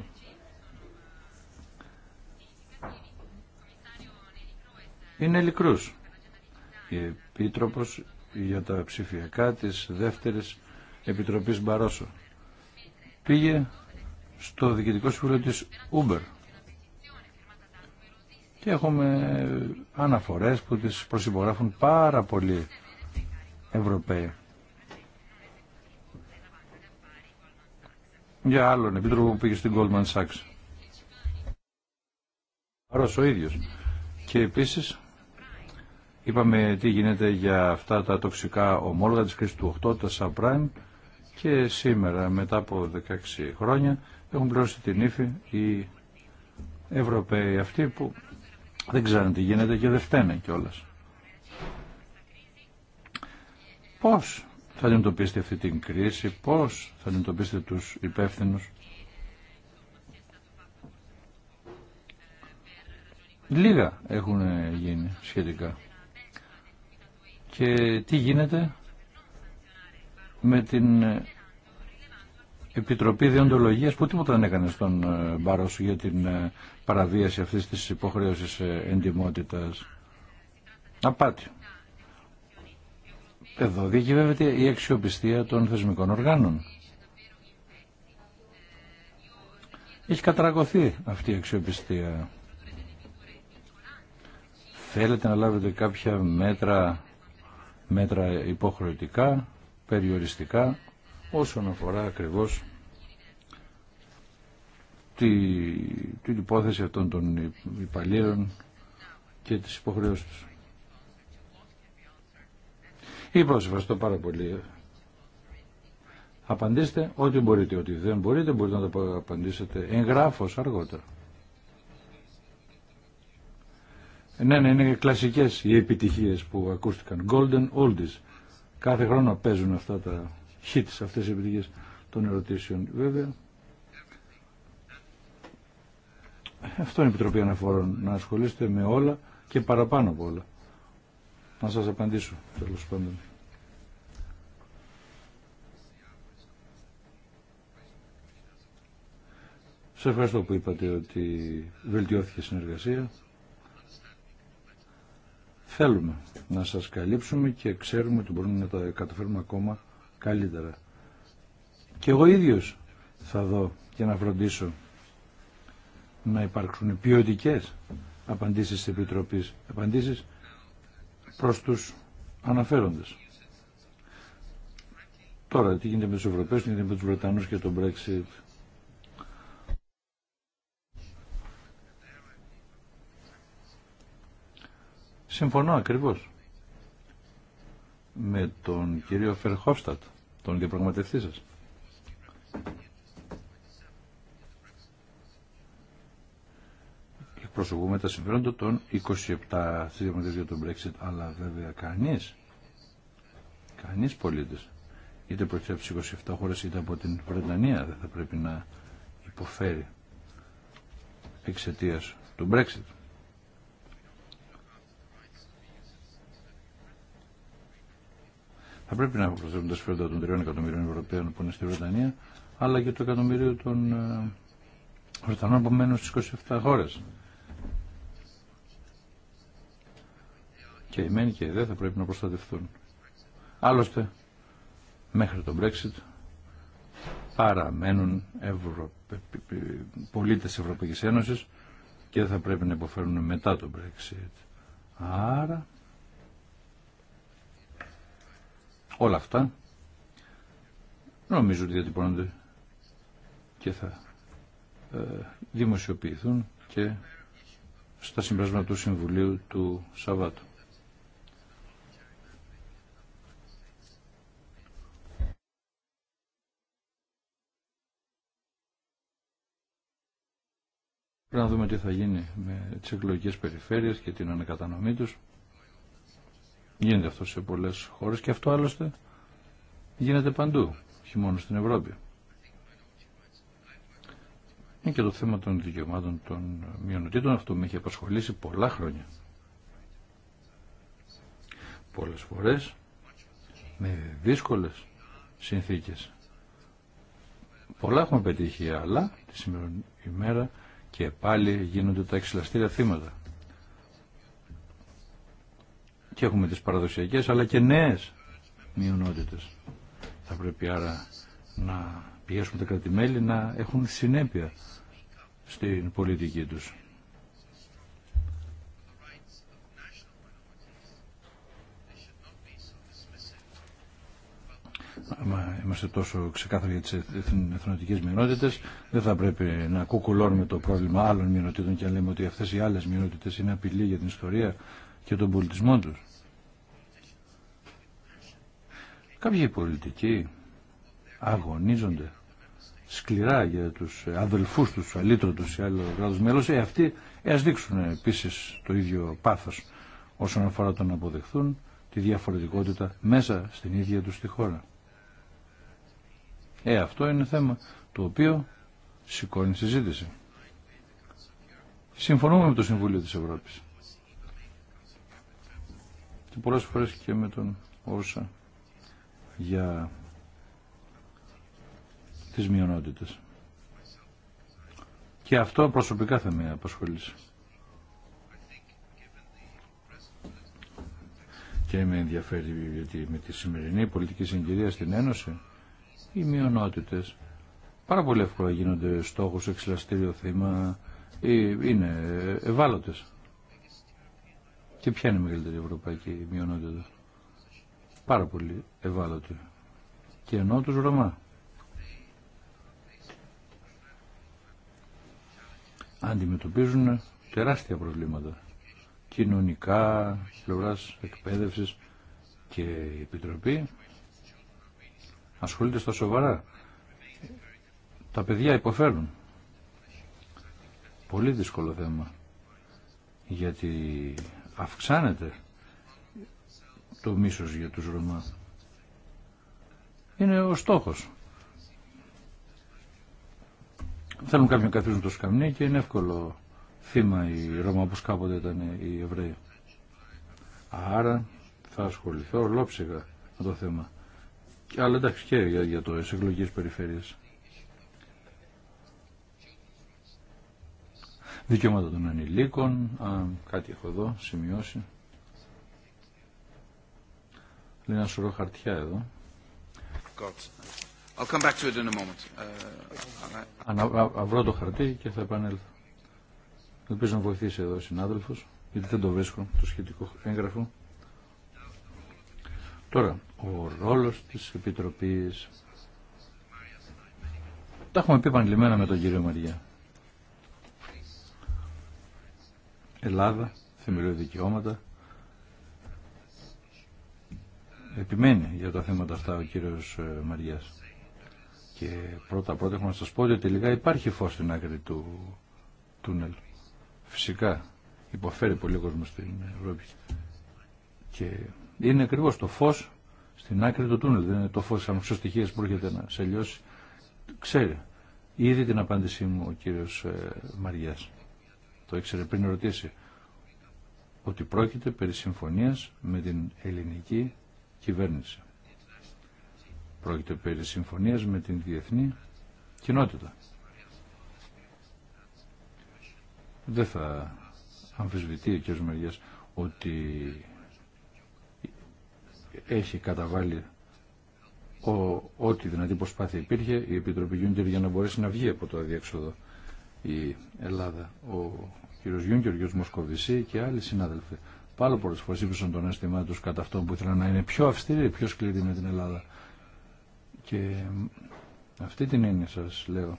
S3: είναι ελικρούς. Η Επίτροπος για τα ψηφιακά της δεύτερης Επιτροπής Μπαρόσο πήγε στο Διοικητικό Συμβούλιο της Uber και έχουμε αναφορές που τις προσυμπογράφουν πάρα πολλοί Ευρωπαίοι. Για άλλον επίτροπο που πήγε στην Goldman Sachs. Ρώσο ο ίδιος. Και επίσης Είπαμε τι γίνεται για αυτά τα τοξικά ομόλογα της κρίσης του 8, τα subprime και σήμερα μετά από 16 χρόνια έχουν πληρώσει την ύφη οι Ευρωπαίοι αυτοί που δεν ξέρουν τι γίνεται και δεν φταίνε κιόλα. Πώς θα αντιμετωπίσετε αυτή την κρίση, πώς θα αντιμετωπίσετε τους υπεύθυνους. Λίγα έχουν γίνει σχετικά και τι γίνεται με την Επιτροπή Διοντολογίας που τίποτα δεν έκανε στον ε, σου για την ε, παραβίαση αυτής της υποχρέωσης ε, εντιμότητας. Απάτη. Εδώ βέβαια η αξιοπιστία των θεσμικών οργάνων. Έχει καταραγωθεί αυτή η αξιοπιστία. Θέλετε να λάβετε κάποια μέτρα μέτρα υποχρεωτικά, περιοριστικά, όσον αφορά ακριβώς τη, την υπόθεση αυτών των υπαλλήλων και τις υποχρεώσεις τους. Είπα, σας ευχαριστώ πάρα πολύ. Απαντήστε ό,τι μπορείτε, ό,τι δεν μπορείτε, μπορείτε να το απαντήσετε εγγράφως αργότερα. Ναι, ναι, είναι κλασικέ οι επιτυχίες που ακούστηκαν. Golden Oldies. Κάθε χρόνο παίζουν αυτά τα hits, αυτές οι επιτυχίε των ερωτήσεων. Βέβαια, αυτό είναι η Επιτροπή Αναφορών, να ασχολείστε με όλα και παραπάνω από όλα. Να σα απαντήσω, τέλο πάντων. Σε ευχαριστώ που είπατε ότι βελτιώθηκε η συνεργασία. Θέλουμε να σας καλύψουμε και ξέρουμε ότι μπορούμε να τα καταφέρουμε ακόμα καλύτερα. Και εγώ ίδιος θα δω και να φροντίσω να υπάρξουν ποιοτικέ απαντήσεις της Επιτροπής, απαντήσεις προς τους αναφέροντες. Τώρα, τι γίνεται με τους Ευρωπαίους, τι γίνεται με τους Βρετανούς και τον Brexit. Συμφωνώ ακριβώς με τον κύριο Φερχόφστατ, τον διαπραγματευτή σας. Προσωπούμε τα συμφέροντα των 27 στη διαπραγματεύση για τον Brexit, αλλά βέβαια κανείς, κανείς πολίτης, είτε προέρχεται από 27 χώρες είτε από την Βρετανία δεν θα πρέπει να υποφέρει εξαιτία του Brexit. θα πρέπει να προσθέσουν τα σφαίρα των 3 εκατομμυρίων Ευρωπαίων που είναι στη Βρετανία, αλλά και το εκατομμυρίο των ε, Βρετανών που μένουν στις 27 χώρε. Και οι μένοι και οι δε θα πρέπει να προστατευτούν. Άλλωστε, μέχρι τον Brexit παραμένουν Ευρω... πολίτες Ευρωπαϊκής Ένωσης και θα πρέπει να υποφέρουν μετά τον Brexit. Άρα Όλα αυτά νομίζω ότι διατυπώνονται και θα ε, δημοσιοποιηθούν και στα συμπράσματα του Συμβουλίου του Σαββάτου. Πρέπει να δούμε τι θα γίνει με τις εκλογικές περιφέρειες και την ανακατανομή τους. Γίνεται αυτό σε πολλές χώρε και αυτό άλλωστε γίνεται παντού, όχι μόνο στην Ευρώπη. Είναι και το θέμα των δικαιωμάτων των μειονοτήτων, αυτό με έχει απασχολήσει πολλά χρόνια. Πολλές φορές, με δύσκολες συνθήκες. Πολλά έχουμε πετύχει, αλλά τη σημερινή ημέρα και πάλι γίνονται τα εξυλαστήρια θύματα. Και έχουμε τις παραδοσιακές αλλά και νέες μειονότητες. Θα πρέπει άρα να πιέσουμε τα κρατημέλη να έχουν συνέπεια στην πολιτική τους. Μα είμαστε τόσο ξεκάθαροι για τις εθνοτικές μειονότητες, δεν θα πρέπει να κουκουλώνουμε το πρόβλημα άλλων μειονοτήτων και να λέμε ότι αυτές οι άλλες μειονότητες είναι απειλή για την ιστορία και τον πολιτισμό τους. Κάποιοι πολιτικοί αγωνίζονται σκληρά για τους αδελφούς τους, αλήτρωτους ή άλλο κράτος μέλος, ε, αυτοί ε, ας δείξουν επίσης το ίδιο πάθος όσον αφορά το να αποδεχθούν τη διαφορετικότητα μέσα στην ίδια τους τη χώρα. Ε, αυτό είναι θέμα το οποίο σηκώνει συζήτηση. Συμφωνούμε με το Συμβούλιο της Ευρώπης και πολλές φορές και με τον Όρσα για τις μειονότητες. Και αυτό προσωπικά θα με απασχολήσει. Και με ενδιαφέρει γιατί με τη σημερινή πολιτική συγκυρία στην Ένωση οι μειονότητες πάρα πολύ εύκολα γίνονται στόχος, εξελαστήριο θύμα, ε, είναι ευάλωτες. Και ποια είναι η μεγαλύτερη ευρωπαϊκή μειονότητα. Πάρα πολύ ευάλωτη. Και ενώ τους Ρωμά. Αντιμετωπίζουν τεράστια προβλήματα. Κοινωνικά, πλευράς εκπαίδευσης και η Επιτροπή ασχολείται στα σοβαρά. Τα παιδιά υποφέρουν. Πολύ δύσκολο θέμα. Γιατί αυξάνεται το μίσος για τους Ρωμά. Είναι ο στόχος. Θέλουν κάποιον να καθίσουν το σκαμνί και είναι εύκολο θύμα η Ρώμα όπως κάποτε ήταν οι Εβραίοι. Άρα θα ασχοληθώ ολόψυχα με το θέμα. Αλλά εντάξει και για, για το εκλογικέ περιφέρειες. δικαιώματα των ανηλίκων, κάτι έχω εδώ, σημειώσει. Λέει ένα σωρό χαρτιά εδώ. I'll το χαρτί και θα επανέλθω. Ελπίζω να βοηθήσει εδώ ο συνάδελφος, γιατί δεν το βρίσκω το σχετικό έγγραφο. Τώρα, ο ρόλος της Επιτροπής. Τα έχουμε πει πανελειμμένα με τον κύριο Μαριά. Ελλάδα, θεμελιώδη δικαιώματα. Επιμένει για τα θέματα αυτά ο κύριος ε, Μαριάς. Και πρώτα πρώτα έχω να σας πω ότι τελικά υπάρχει φως στην άκρη του τούνελ. Φυσικά υποφέρει πολύ κόσμο στην Ευρώπη. Και είναι ακριβώ το φως στην άκρη του τούνελ. Δεν είναι το φως σαν που έρχεται να σε λιώσει. Ξέρει. Ήδη την απάντησή μου ο κύριος ε, Μαριάς το πριν ρωτήσει, ότι πρόκειται περί συμφωνίας με την ελληνική κυβέρνηση. Πρόκειται περί συμφωνίας με την διεθνή κοινότητα. Δεν θα αμφισβητεί ο κ. Μεριάς ότι έχει καταβάλει ό,τι δυνατή προσπάθεια υπήρχε η Επιτροπή Γιούντερ για να μπορέσει να βγει από το αδιέξοδο η Ελλάδα. Ο κύριος Γιούνκερ, ο κύριος Μοσκοβισή και άλλοι συνάδελφοι πάλι πολλέ φορέ ύψωσαν τον αίσθημά του κατά αυτό που ήθελαν να είναι πιο αυστηροί, πιο σκληροί με την Ελλάδα. Και αυτή την έννοια σα λέω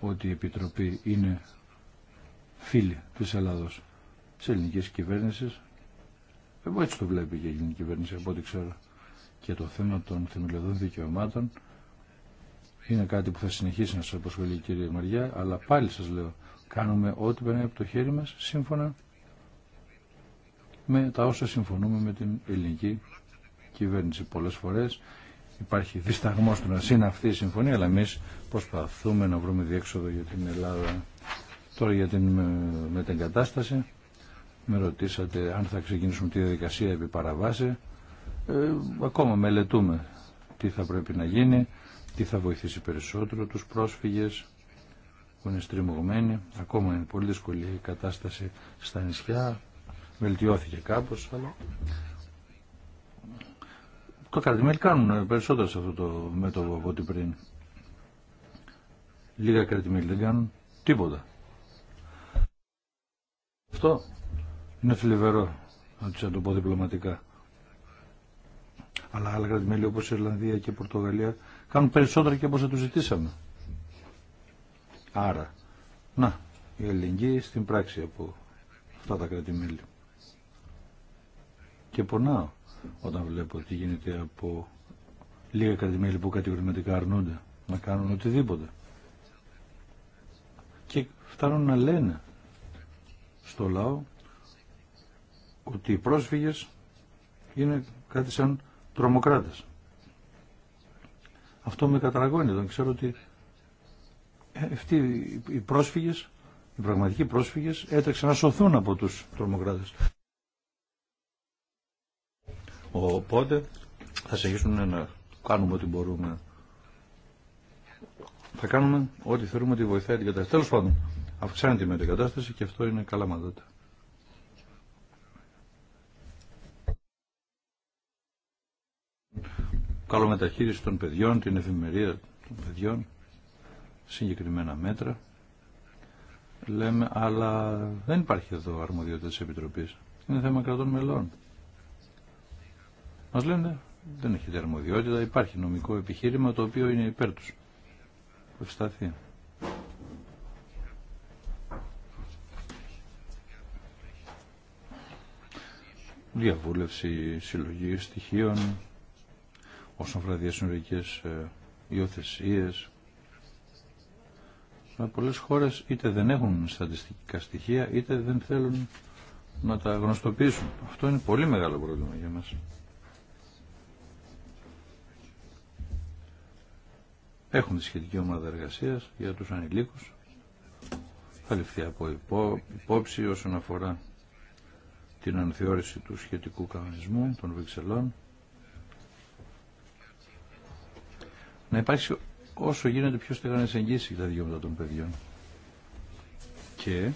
S3: ότι η Επιτροπή είναι φίλη τη Ελλάδο, τη ελληνική κυβέρνηση. Εγώ έτσι το βλέπει και η ελληνική κυβέρνηση από ό,τι ξέρω. Και το θέμα των θεμελιωδών δικαιωμάτων είναι κάτι που θα συνεχίσει να σα απασχολεί κύριε Μαριά, αλλά πάλι σα λέω, κάνουμε ό,τι περνάει από το χέρι μα σύμφωνα με τα όσα συμφωνούμε με την ελληνική κυβέρνηση. πολλέ φορέ. υπάρχει δισταγμό του να αυτή η συμφωνία, αλλά εμεί προσπαθούμε να βρούμε διέξοδο για την Ελλάδα. Τώρα για την ε, μετεγκατάσταση, με ρωτήσατε αν θα ξεκινήσουμε τη διαδικασία επί παραβάση. Ε, ακόμα μελετούμε τι θα πρέπει να γίνει τι θα βοηθήσει περισσότερο τους πρόσφυγες που είναι στριμωγμένοι. Ακόμα είναι πολύ δύσκολη η κατάσταση στα νησιά. Βελτιώθηκε κάπως, αλλά το κρατημέλη κάνουν περισσότερο σε αυτό το μέτωπο από ό,τι πριν. Λίγα κρατημέλη δεν κάνουν τίποτα. Αυτό είναι θλιβερό, να το πω διπλωματικά. Αλλά άλλα κρατημέλη όπως η Ιρλανδία και η Πορτογαλία κάνουν περισσότερα και όπως θα τους ζητήσαμε. Άρα, να, η ελληνική στην πράξη από αυτά τα κρατημέλη. Και πονάω όταν βλέπω τι γίνεται από λίγα κρατημέλη που κατηγορηματικά αρνούνται να κάνουν οτιδήποτε. Και φτάνουν να λένε στο λαό ότι οι πρόσφυγες είναι κάτι σαν τρομοκράτες. Αυτό με καταραγώνει Δεν ξέρω ότι ε, αυτοί οι πρόσφυγες, οι πραγματικοί πρόσφυγες έτρεξαν να σωθούν από τους τρομοκράτες. Οπότε θα συνεχίσουν να κάνουμε ό,τι μπορούμε. Θα κάνουμε ό,τι θέλουμε, ότι βοηθάει την κατάσταση. Τέλος πάντων, αυξάνεται την κατάσταση και αυτό είναι καλά μαντάτα. μεταχείριση των παιδιών, την ευημερία των παιδιών, συγκεκριμένα μέτρα. Λέμε, αλλά δεν υπάρχει εδώ αρμοδιότητα της Επιτροπής. Είναι θέμα κρατών μελών. Μας λένε, δεν έχετε αρμοδιότητα, υπάρχει νομικό επιχείρημα το οποίο είναι υπέρ τους. Ευσταθεί. Διαβούλευση συλλογή στοιχείων, όσον αφορά υιοθεσίε. υιοθεσίες. Ε, πολλές χώρες είτε δεν έχουν στατιστικά στοιχεία είτε δεν θέλουν να τα γνωστοποιήσουν. Αυτό είναι πολύ μεγάλο πρόβλημα για μας. Έχουν τη σχετική ομάδα εργασίας για τους ανηλίκους. Θα ληφθεί από υπόψη όσον αφορά την ανθεώρηση του σχετικού κανονισμού των Βρυξελών. να υπάρξει όσο γίνεται πιο στεγανές εγγύσεις για τα δικαιώματα των παιδιών. Και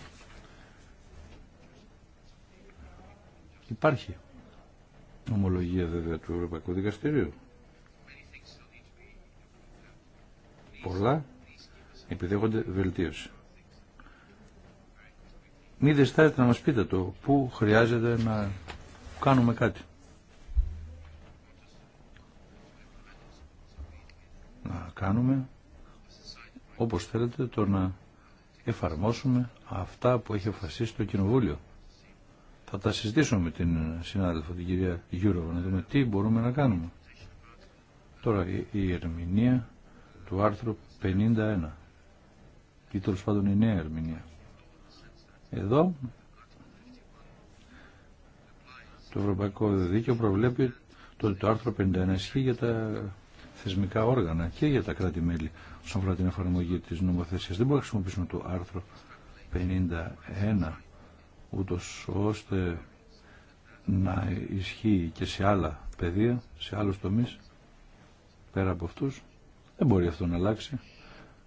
S3: υπάρχει ομολογία βέβαια του Ευρωπαϊκού Δικαστηρίου. Πολλά επιδέχονται βελτίωση. Μην διστάζετε να μας πείτε το πού χρειάζεται να κάνουμε κάτι. να κάνουμε όπως θέλετε το να εφαρμόσουμε αυτά που έχει αποφασίσει το Κοινοβούλιο. Θα τα συζητήσουμε με την συνάδελφο, την κυρία Γιούροβα, να δούμε τι μπορούμε να κάνουμε. Τώρα η ερμηνεία του άρθρου 51 ή τέλο πάντων η νέα ερμηνεία. Εδώ το Ευρωπαϊκό Δίκαιο προβλέπει το το άρθρο 51 ισχύει για τα θεσμικά όργανα και για τα κράτη-μέλη όσον αφορά την εφαρμογή της νομοθεσίας. Δεν μπορούμε να χρησιμοποιήσουμε το άρθρο 51 ούτως ώστε να ισχύει και σε άλλα πεδία, σε άλλους τομείς πέρα από αυτούς. Δεν μπορεί αυτό να αλλάξει.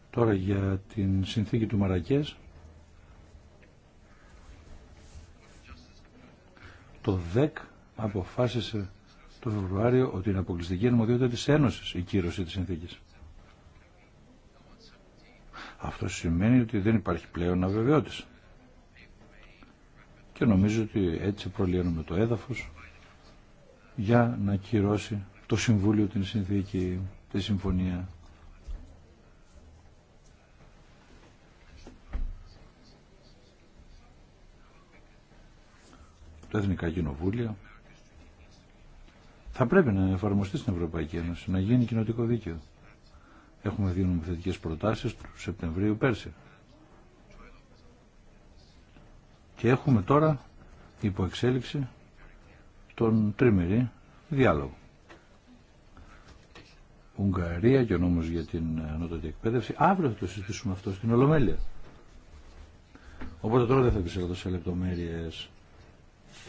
S3: Τώρα για την συνθήκη του Μαρακές το ΔΕΚ αποφάσισε το Φεβρουάριο ότι είναι αποκλειστική αρμοδιότητα της Ένωσης η κύρωση της συνθήκης. Αυτό σημαίνει ότι δεν υπάρχει πλέον αβεβαιότηση. Και νομίζω ότι έτσι προλύνουμε το έδαφος για να κυρώσει το Συμβούλιο την συνθήκη, τη συμφωνία. Το Εθνικά Κοινοβούλια θα πρέπει να εφαρμοστεί στην Ευρωπαϊκή Ένωση, να γίνει κοινοτικό δίκαιο. Έχουμε δύο νομοθετικέ προτάσεις του Σεπτεμβρίου πέρσι. Και έχουμε τώρα υπό εξέλιξη τον τρίμηρη διάλογο. Ουγγαρία και ο νόμο για την ανώτατη εκπαίδευση. Αύριο θα το συζητήσουμε αυτό στην Ολομέλεια. Οπότε τώρα δεν θα επισέλθω σε λεπτομέρειε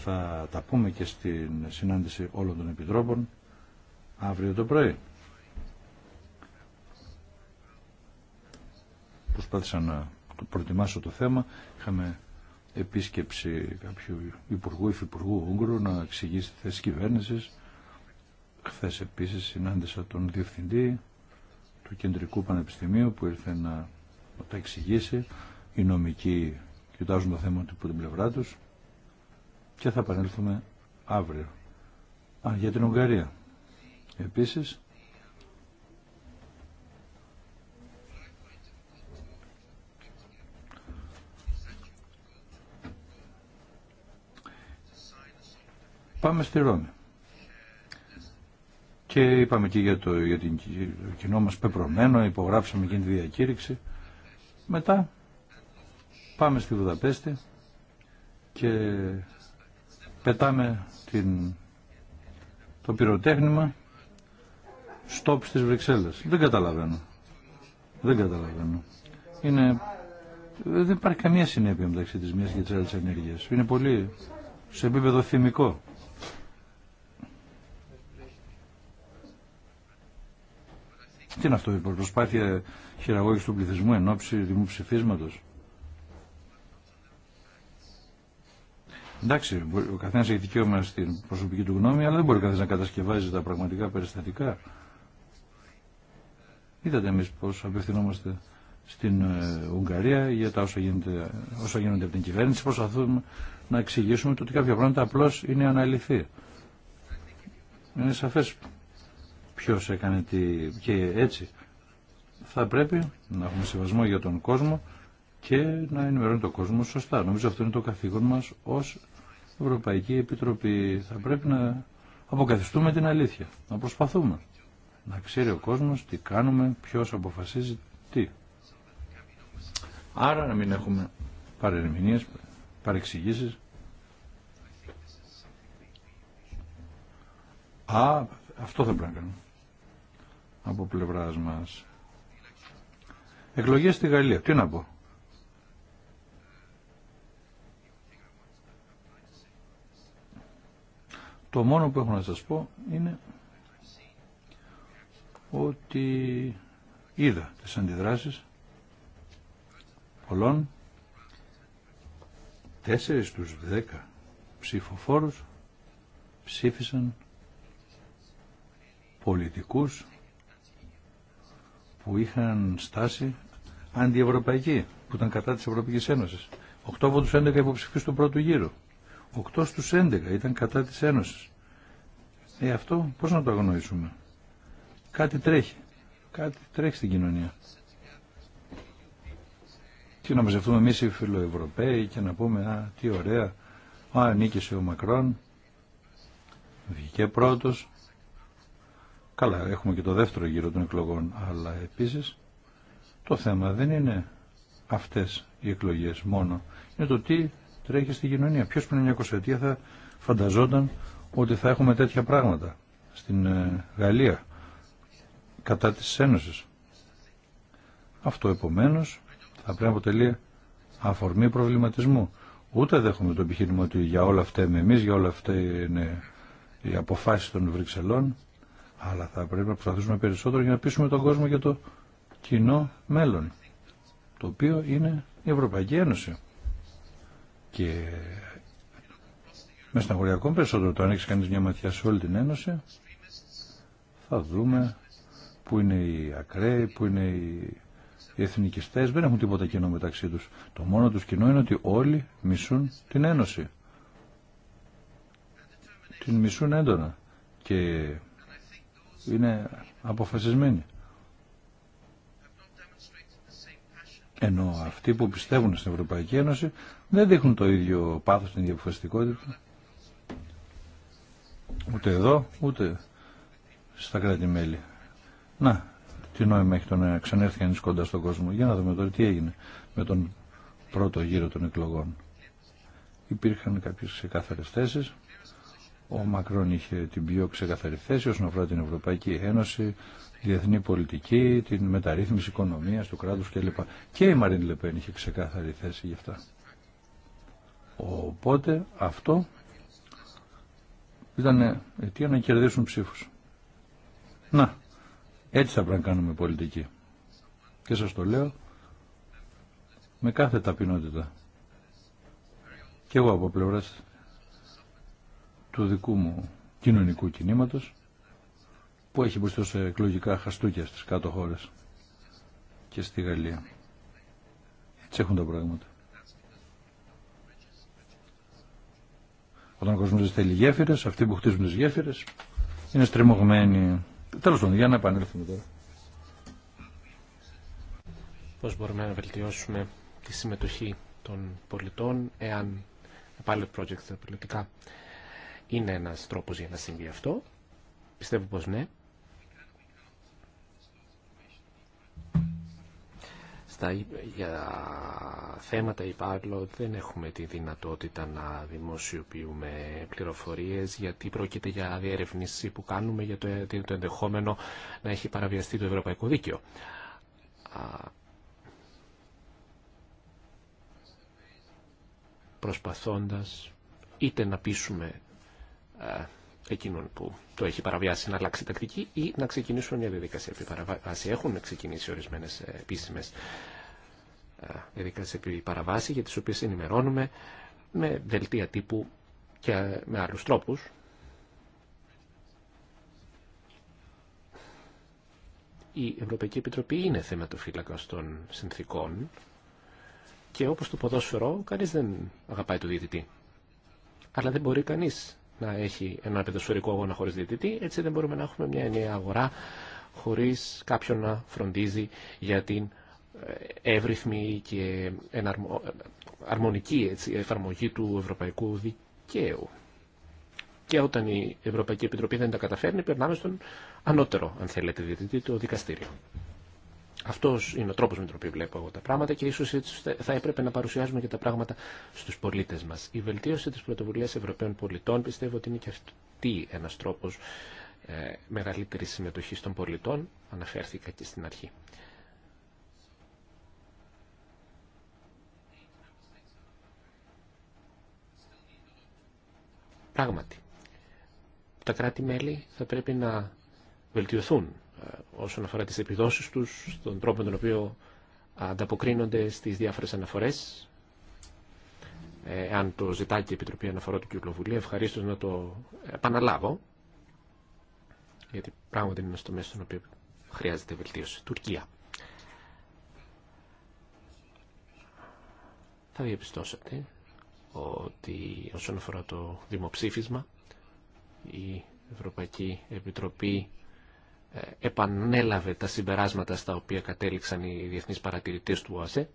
S3: θα τα πούμε και στην συνάντηση όλων των επιτρόπων αύριο το πρωί. Προσπάθησα να προετοιμάσω το θέμα. Είχαμε επίσκεψη κάποιου υπουργού, υφυπουργού Ούγγρου να εξηγήσει τη θέση κυβέρνηση. Χθε επίση συνάντησα τον διευθυντή του Κεντρικού Πανεπιστημίου που ήρθε να τα εξηγήσει. Οι νομικοί κοιτάζουν το θέμα από την πλευρά του και θα επανέλθουμε αύριο. Α, για την Ουγγαρία. Επίσης, πάμε στη Ρώμη. Και είπαμε και για το, για την, κοινό μας πεπρωμένο, υπογράψαμε εκείνη τη διακήρυξη. Μετά πάμε στη Βουδαπέστη και πετάμε την, το πυροτέχνημα στόπ στις Βρυξέλλες. Δεν καταλαβαίνω. Δεν καταλαβαίνω. Είναι, δεν υπάρχει καμία συνέπεια μεταξύ της μιας και της άλλης ενέργειας. Είναι πολύ σε επίπεδο θυμικό. Τι είναι αυτό η προσπάθεια χειραγώγηση του πληθυσμού εν ώψη δημοψηφίσματος. Εντάξει, ο καθένα έχει δικαίωμα στην προσωπική του γνώμη, αλλά δεν μπορεί καθένα να κατασκευάζει τα πραγματικά περιστατικά. Είδατε εμεί πώ απευθυνόμαστε στην ε, Ουγγαρία για τα όσα, γίνεται, όσα γίνονται από την κυβέρνηση. Προσπαθούμε να εξηγήσουμε το ότι κάποια πράγματα απλώ είναι αναλυθή. Είναι σαφέ ποιο έκανε τι και έτσι. Θα πρέπει να έχουμε σεβασμό για τον κόσμο και να ενημερώνει το κόσμο σωστά. Νομίζω αυτό είναι το καθήκον μας ως Ευρωπαϊκή Επιτροπή. Θα πρέπει να αποκαθιστούμε την αλήθεια, να προσπαθούμε. Να ξέρει ο κόσμος τι κάνουμε, ποιος αποφασίζει τι. Άρα να μην έχουμε παρερμηνίες, παρεξηγήσεις. Α, αυτό θα πρέπει να κάνουμε από πλευράς μας. Εκλογές στη Γαλλία, τι να πω. Το μόνο που έχω να σας πω είναι ότι είδα τις αντιδράσεις πολλών τέσσερις στους δέκα ψηφοφόρους ψήφισαν πολιτικούς που είχαν στάση αντιευρωπαϊκή, που ήταν κατά της Ευρωπαϊκής Ένωσης. Οκτώ από τους 11 υποψηφίους του πρώτου γύρου. Οκτώ στους 11 ήταν κατά της Ένωσης. Ε, αυτό πώς να το αγνοήσουμε. Κάτι τρέχει. Κάτι τρέχει στην κοινωνία. Και να μαζευτούμε εμείς οι φιλοευρωπαίοι και να πούμε «Α, τι ωραία, α, νίκησε ο Μακρόν, βγήκε πρώτος». Καλά, έχουμε και το δεύτερο γύρο των εκλογών, αλλά επίσης το θέμα δεν είναι αυτές οι εκλογές μόνο. Είναι το τι τρέχει στην κοινωνία. Ποιο πριν 900 ετία θα φανταζόταν ότι θα έχουμε τέτοια πράγματα στην ε, Γαλλία κατά τη Ένωση. Αυτό επομένω θα πρέπει να αποτελεί αφορμή προβληματισμού. Ούτε δέχομαι το επιχείρημα ότι για όλα αυτά είμαι εμεί, για όλα αυτά είναι οι αποφάσει των Βρυξελών, αλλά θα πρέπει να προσπαθήσουμε περισσότερο για να πείσουμε τον κόσμο για το κοινό μέλλον, το οποίο είναι η Ευρωπαϊκή Ένωση. Και με στα ακόμη περισσότερο το έχει κάνει μια ματιά σε όλη την Ένωση. Θα δούμε που είναι οι ακραίοι, που είναι οι οι εθνικιστές δεν έχουν τίποτα κοινό μεταξύ τους. Το μόνο τους κοινό είναι ότι όλοι μισούν την Ένωση. Την μισούν έντονα και είναι αποφασισμένοι. Ενώ αυτοί που πιστεύουν στην Ευρωπαϊκή Ένωση δεν δείχνουν το ίδιο πάθος, την διαφορετικότητα. Ούτε εδώ, ούτε στα κράτη-μέλη. Να, τι νόημα έχει το να ξανέρθει κανείς κοντά στον κόσμο. Για να δούμε τώρα τι έγινε με τον πρώτο γύρο των εκλογών. Υπήρχαν κάποιες ξεκάθαρες θέσεις. Ο Μακρόν είχε την πιο ξεκαθαρή θέση όσον αφορά την Ευρωπαϊκή Ένωση, η διεθνή πολιτική, την μεταρρύθμιση οικονομίας του κράτους κλπ. Και η Μαρίν Λεπέν είχε ξεκάθαρη θέση γι' αυτά. Οπότε αυτό ήταν αιτία να κερδίσουν ψήφους. Να, έτσι θα πρέπει να κάνουμε πολιτική. Και σας το λέω με κάθε ταπεινότητα. Και εγώ από πλευράς του δικού μου κοινωνικού κινήματος που έχει μπροστά σε εκλογικά χαστούκια στις κάτω χώρες και στη Γαλλία. Έτσι έχουν τα πράγματα. Όταν ο κόσμος θέλει γέφυρες, αυτοί που χτίζουν τις γέφυρες είναι στριμωγμένοι. Τέλος πάντων, για να επανέλθουμε τώρα.
S4: Πώς μπορούμε να βελτιώσουμε τη συμμετοχή των πολιτών εάν το project πολιτικά είναι ένας τρόπος για να συμβεί αυτό. Πιστεύω πως ναι. στα, για θέματα υπάλληλο δεν έχουμε τη δυνατότητα να δημοσιοποιούμε πληροφορίες γιατί πρόκειται για διερευνήσεις που κάνουμε για το, ε, το ενδεχόμενο να έχει παραβιαστεί το ευρωπαϊκό δίκαιο. Προσπαθώντας είτε να πείσουμε ε, εκείνων που το έχει παραβιάσει να αλλάξει τακτική ή να ξεκινήσουν μια διαδικασία επί παραβάση. Έχουν ξεκινήσει ορισμένε ε, επίσημε διαδικασίε επί παραβάση για τι οποίε ενημερώνουμε με δελτία τύπου και ε, με άλλου τρόπου. Η Ευρωπαϊκή Επιτροπή είναι θέματοφύλακα των συνθήκων και όπως το ποδόσφαιρο, κανείς δεν αγαπάει το διαιτητή. Αλλά δεν μπορεί κανείς να έχει ένα παιδοσφαιρικό αγώνα χωρίς διαιτητή, έτσι δεν μπορούμε να έχουμε μια ενιαία αγορά χωρίς κάποιον να φροντίζει για την ε, εύρυθμη και αρμονική έτσι, εφαρμογή του ευρωπαϊκού δικαίου. Και όταν η Ευρωπαϊκή Επιτροπή δεν τα καταφέρνει, περνάμε στον ανώτερο, αν θέλετε, διαιτητή, το δικαστήριο. Αυτός είναι ο τρόπος με τον οποίο βλέπω εγώ τα πράγματα και ίσως έτσι θα έπρεπε να παρουσιάζουμε και τα πράγματα στους πολίτε μας. Η βελτίωση της πρωτοβουλία Ευρωπαίων πολιτών πιστεύω ότι είναι και αυτή ένας τρόπος ε, μεγαλύτερης συμμετοχής των πολιτών. Αναφέρθηκα και στην αρχή. Πράγματι, τα κράτη-μέλη θα πρέπει να βελτιωθούν ε, όσον αφορά τις επιδόσεις τους, τον τρόπο τον οποίο ανταποκρίνονται στις διάφορες αναφορές. Ε, αν το ζητάει και η Επιτροπή Αναφορά του Κοινοβουλίου, ευχαρίστως να το επαναλάβω, γιατί πράγματι είναι στο μέσο στον οποίο χρειάζεται βελτίωση. Τουρκία. Θα διαπιστώσετε ότι όσον αφορά το δημοψήφισμα, η Ευρωπαϊκή Επιτροπή επανέλαβε τα συμπεράσματα στα οποία κατέληξαν οι διεθνείς παρατηρητές του ΟΑΣΕ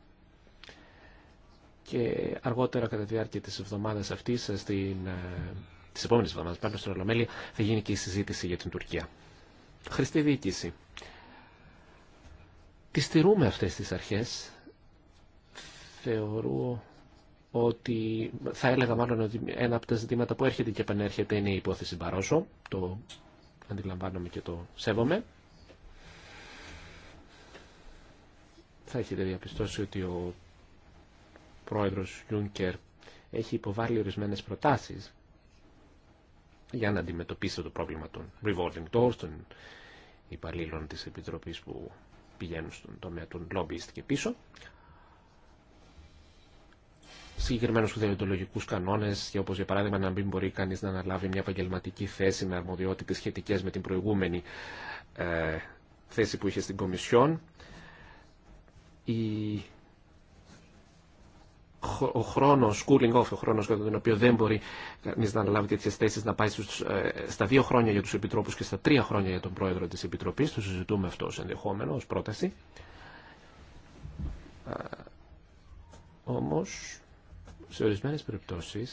S4: και αργότερα κατά τη διάρκεια της εβδομάδας αυτής, στην, ε, της επόμενης εβδομάδας, πάνω στην Ολομέλεια, θα γίνει και η συζήτηση για την Τουρκία. Χρηστή διοίκηση. Τι στηρούμε αυτές τις αρχές. Θεωρώ ότι θα έλεγα μάλλον ότι ένα από τα ζητήματα που έρχεται και επανέρχεται είναι η υπόθεση Μπαρόσο, το αντιλαμβάνομαι και το σέβομαι. Θα έχετε διαπιστώσει ότι ο πρόεδρος Γιούνκερ έχει υποβάλει ορισμένες προτάσεις για να αντιμετωπίσει το πρόβλημα των revolving doors, των υπαλλήλων της Επιτροπής που πηγαίνουν στον τομέα των lobbyist και πίσω συγκεκριμένου κανόνες κανόνε, όπω για παράδειγμα να μην μπορεί κανεί να αναλάβει μια επαγγελματική θέση με αρμοδιότητε σχετικέ με την προηγούμενη ε, θέση που είχε στην Κομισιόν. Η... Ο χρόνο cooling off, ο χρόνο κατά τον οποίο δεν μπορεί κανεί να αναλάβει τέτοιε θέσει, να πάει ε, στα δύο χρόνια για του επιτρόπου και στα τρία χρόνια για τον πρόεδρο τη Επιτροπή. Το συζητούμε αυτό ω ενδεχόμενο, ω πρόταση. Ε, Όμω σε ορισμένε περιπτώσει,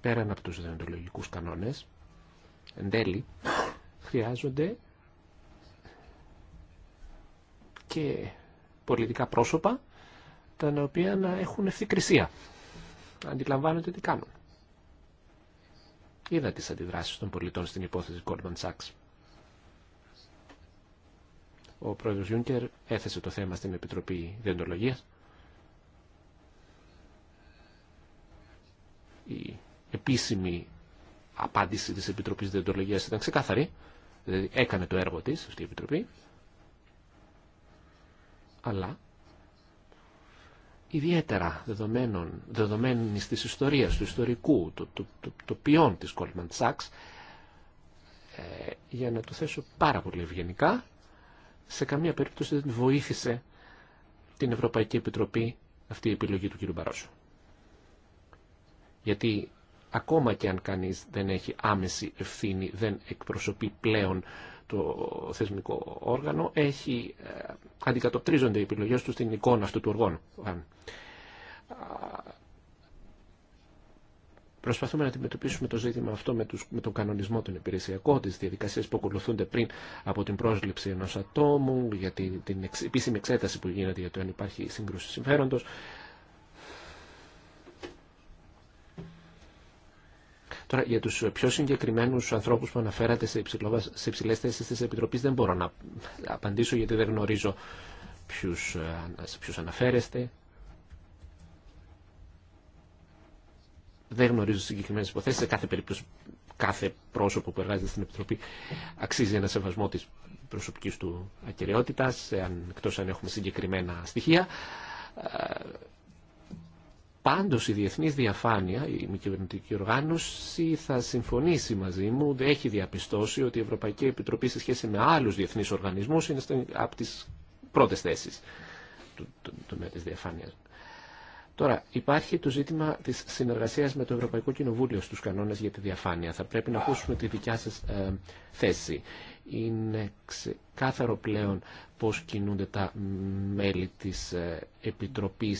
S4: πέραν από του δεοντολογικούς κανόνες, εν τέλει, χρειάζονται και πολιτικά πρόσωπα τα οποία να έχουν ευθυκρισία. Αντιλαμβάνονται τι κάνουν. Είδα τις αντιδράσεις των πολιτών στην υπόθεση Goldman Sachs. Ο πρόεδρος Γιούνκερ έθεσε το θέμα στην Επιτροπή Διοντολογίας η επίσημη απάντηση της Επιτροπής Διοντολογίας ήταν ξεκάθαρη, δηλαδή έκανε το έργο της αυτή η Επιτροπή, αλλά ιδιαίτερα δεδομένων, δεδομένης της ιστορίας, του ιστορικού, του, του, του, τοπιών της Goldman Sachs, ε, για να το θέσω πάρα πολύ ευγενικά, σε καμία περίπτωση δεν βοήθησε την Ευρωπαϊκή Επιτροπή αυτή η επιλογή του κ. Μπαρόσου. Γιατί ακόμα και αν κανείς δεν έχει άμεση ευθύνη, δεν εκπροσωπεί πλέον το θεσμικό όργανο, έχει, ε, αντικατοπτρίζονται οι επιλογές του στην εικόνα αυτού του οργάνου. Προσπαθούμε να αντιμετωπίσουμε το ζήτημα αυτό με, τους, με τον κανονισμό των υπηρεσιακών, τις διαδικασίες που ακολουθούνται πριν από την πρόσληψη ενός ατόμου, για την, την επίσημη εξέταση που γίνεται για το αν υπάρχει σύγκρουση συμφέροντος. Τώρα, για τους πιο συγκεκριμένους ανθρώπους που αναφέρατε σε, υψηλό, σε υψηλές θέσεις της Επιτροπής δεν μπορώ να απαντήσω γιατί δεν γνωρίζω ποιους, ε, σε ποιους αναφέρεστε. Δεν γνωρίζω συγκεκριμένες υποθέσεις. Σε κάθε περίπτωση, κάθε πρόσωπο που εργάζεται στην Επιτροπή αξίζει ένα σεβασμό της προσωπικής του ακαιρεότητας, αν, εκτός αν έχουμε συγκεκριμένα στοιχεία. Ε, Πάντως η διεθνής διαφάνεια, η μη κυβερνητική οργάνωση θα συμφωνήσει μαζί μου, έχει διαπιστώσει ότι η Ευρωπαϊκή Επιτροπή σε σχέση με άλλους διεθνείς οργανισμούς είναι από τις πρώτες θέσεις του τομέα της διαφάνειας. Τώρα, υπάρχει το ζήτημα τη συνεργασία με το Ευρωπαϊκό Κοινοβούλιο στου κανόνε για τη διαφάνεια. Θα πρέπει να ακούσουμε τη δικιά σα ε, θέση. Είναι ξεκάθαρο πλέον πώ κινούνται τα μέλη τη ε, Επιτροπή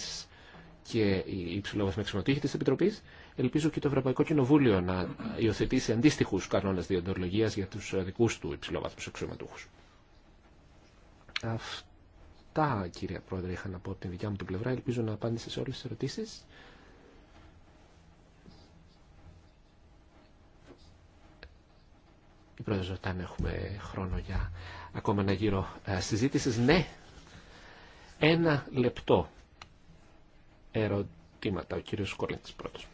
S4: και η υψηλόβαθμη αξιωματούχη τη Επιτροπή. Ελπίζω και το Ευρωπαϊκό Κοινοβούλιο να υιοθετήσει αντίστοιχου κανόνε διοντολογία για τους δικούς του υψηλόβαθμου αξιωματούχου. Αυτά, κύριε Πρόεδρε, είχα να πω από την δικιά μου την πλευρά. Ελπίζω να απάντησε σε όλε τι ερωτήσει. Η Πρόεδρος να έχουμε χρόνο για ακόμα ένα γύρο ε, συζήτηση. Ναι, ένα λεπτό ερωτήματα. Ο κύριος Κόλλιντς πρώτος.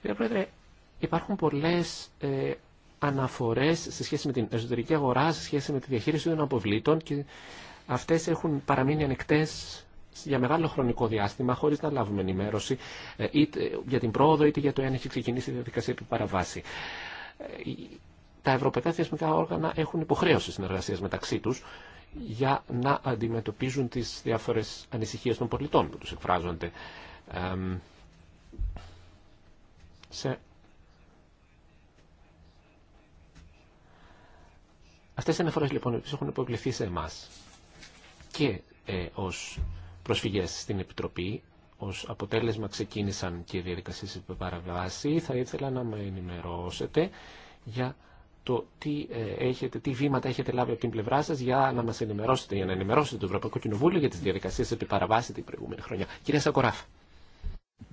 S4: Κύριε Πρόεδρε, υπάρχουν πολλές ε, αναφορές σε σχέση με την εσωτερική αγορά, σε σχέση με τη διαχείριση των αποβλήτων και αυτές έχουν παραμείνει ανεκτές για μεγάλο χρονικό διάστημα, χωρίς να λάβουμε ενημέρωση ε, είτε για την πρόοδο είτε για το εάν έχει ξεκινήσει η διαδικασία του παραβάση. Ε, τα ευρωπαϊκά θεσμικά όργανα έχουν υποχρέωση συνεργασίας μεταξύ τους για να αντιμετωπίζουν τις διάφορες ανησυχίες των πολιτών που τους εκφράζονται σε Αυτές οι αναφορές λοιπόν έχουν υποβληθεί σε εμάς και ε, ως προσφυγές στην Επιτροπή. Ως αποτέλεσμα ξεκίνησαν και οι διαδικασίες επιπαραβάση. Θα ήθελα να με ενημερώσετε για το τι, ε, έχετε, τι βήματα έχετε λάβει από την πλευρά σας για να μας ενημερώσετε, για να ενημερώσετε το Ευρωπαϊκό Κοινοβούλιο για τις διαδικασίες που παραβάση την προηγούμενη χρονιά. Κυρία Σακοράφ.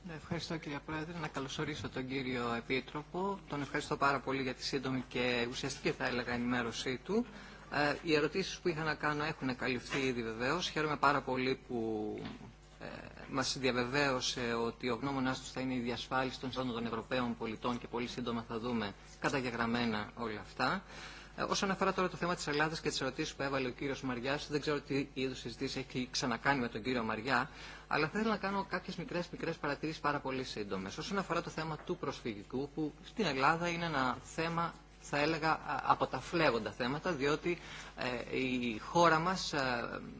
S1: Ναι, ευχαριστώ κύριε Πρόεδρε. Να καλωσορίσω τον κύριο Επίτροπο. Τον ευχαριστώ πάρα πολύ για τη σύντομη και ουσιαστική θα έλεγα ενημέρωσή του. Ε, οι ερωτήσεις που είχα να κάνω έχουν καλυφθεί ήδη βεβαίως. Χαίρομαι πάρα πολύ που μας διαβεβαίωσε ότι ο γνώμονάς τους θα είναι η διασφάλιση των των Ευρωπαίων πολιτών και πολύ σύντομα θα δούμε καταγεγραμμένα όλα αυτά. Ε, όσον αφορά τώρα το θέμα τη Ελλάδα και τι ερωτήσει που έβαλε ο κύριο Μαριά, δεν ξέρω τι είδου συζήτηση έχει ξανακάνει με τον κύριο Μαριά, αλλά θέλω να κάνω κάποιε μικρέ μικρές παρατηρήσει πάρα πολύ σύντομε. Όσον αφορά το θέμα του προσφυγικού, που στην Ελλάδα είναι ένα θέμα θα έλεγα, από τα φλέγοντα θέματα, διότι ε, η χώρα μας ε,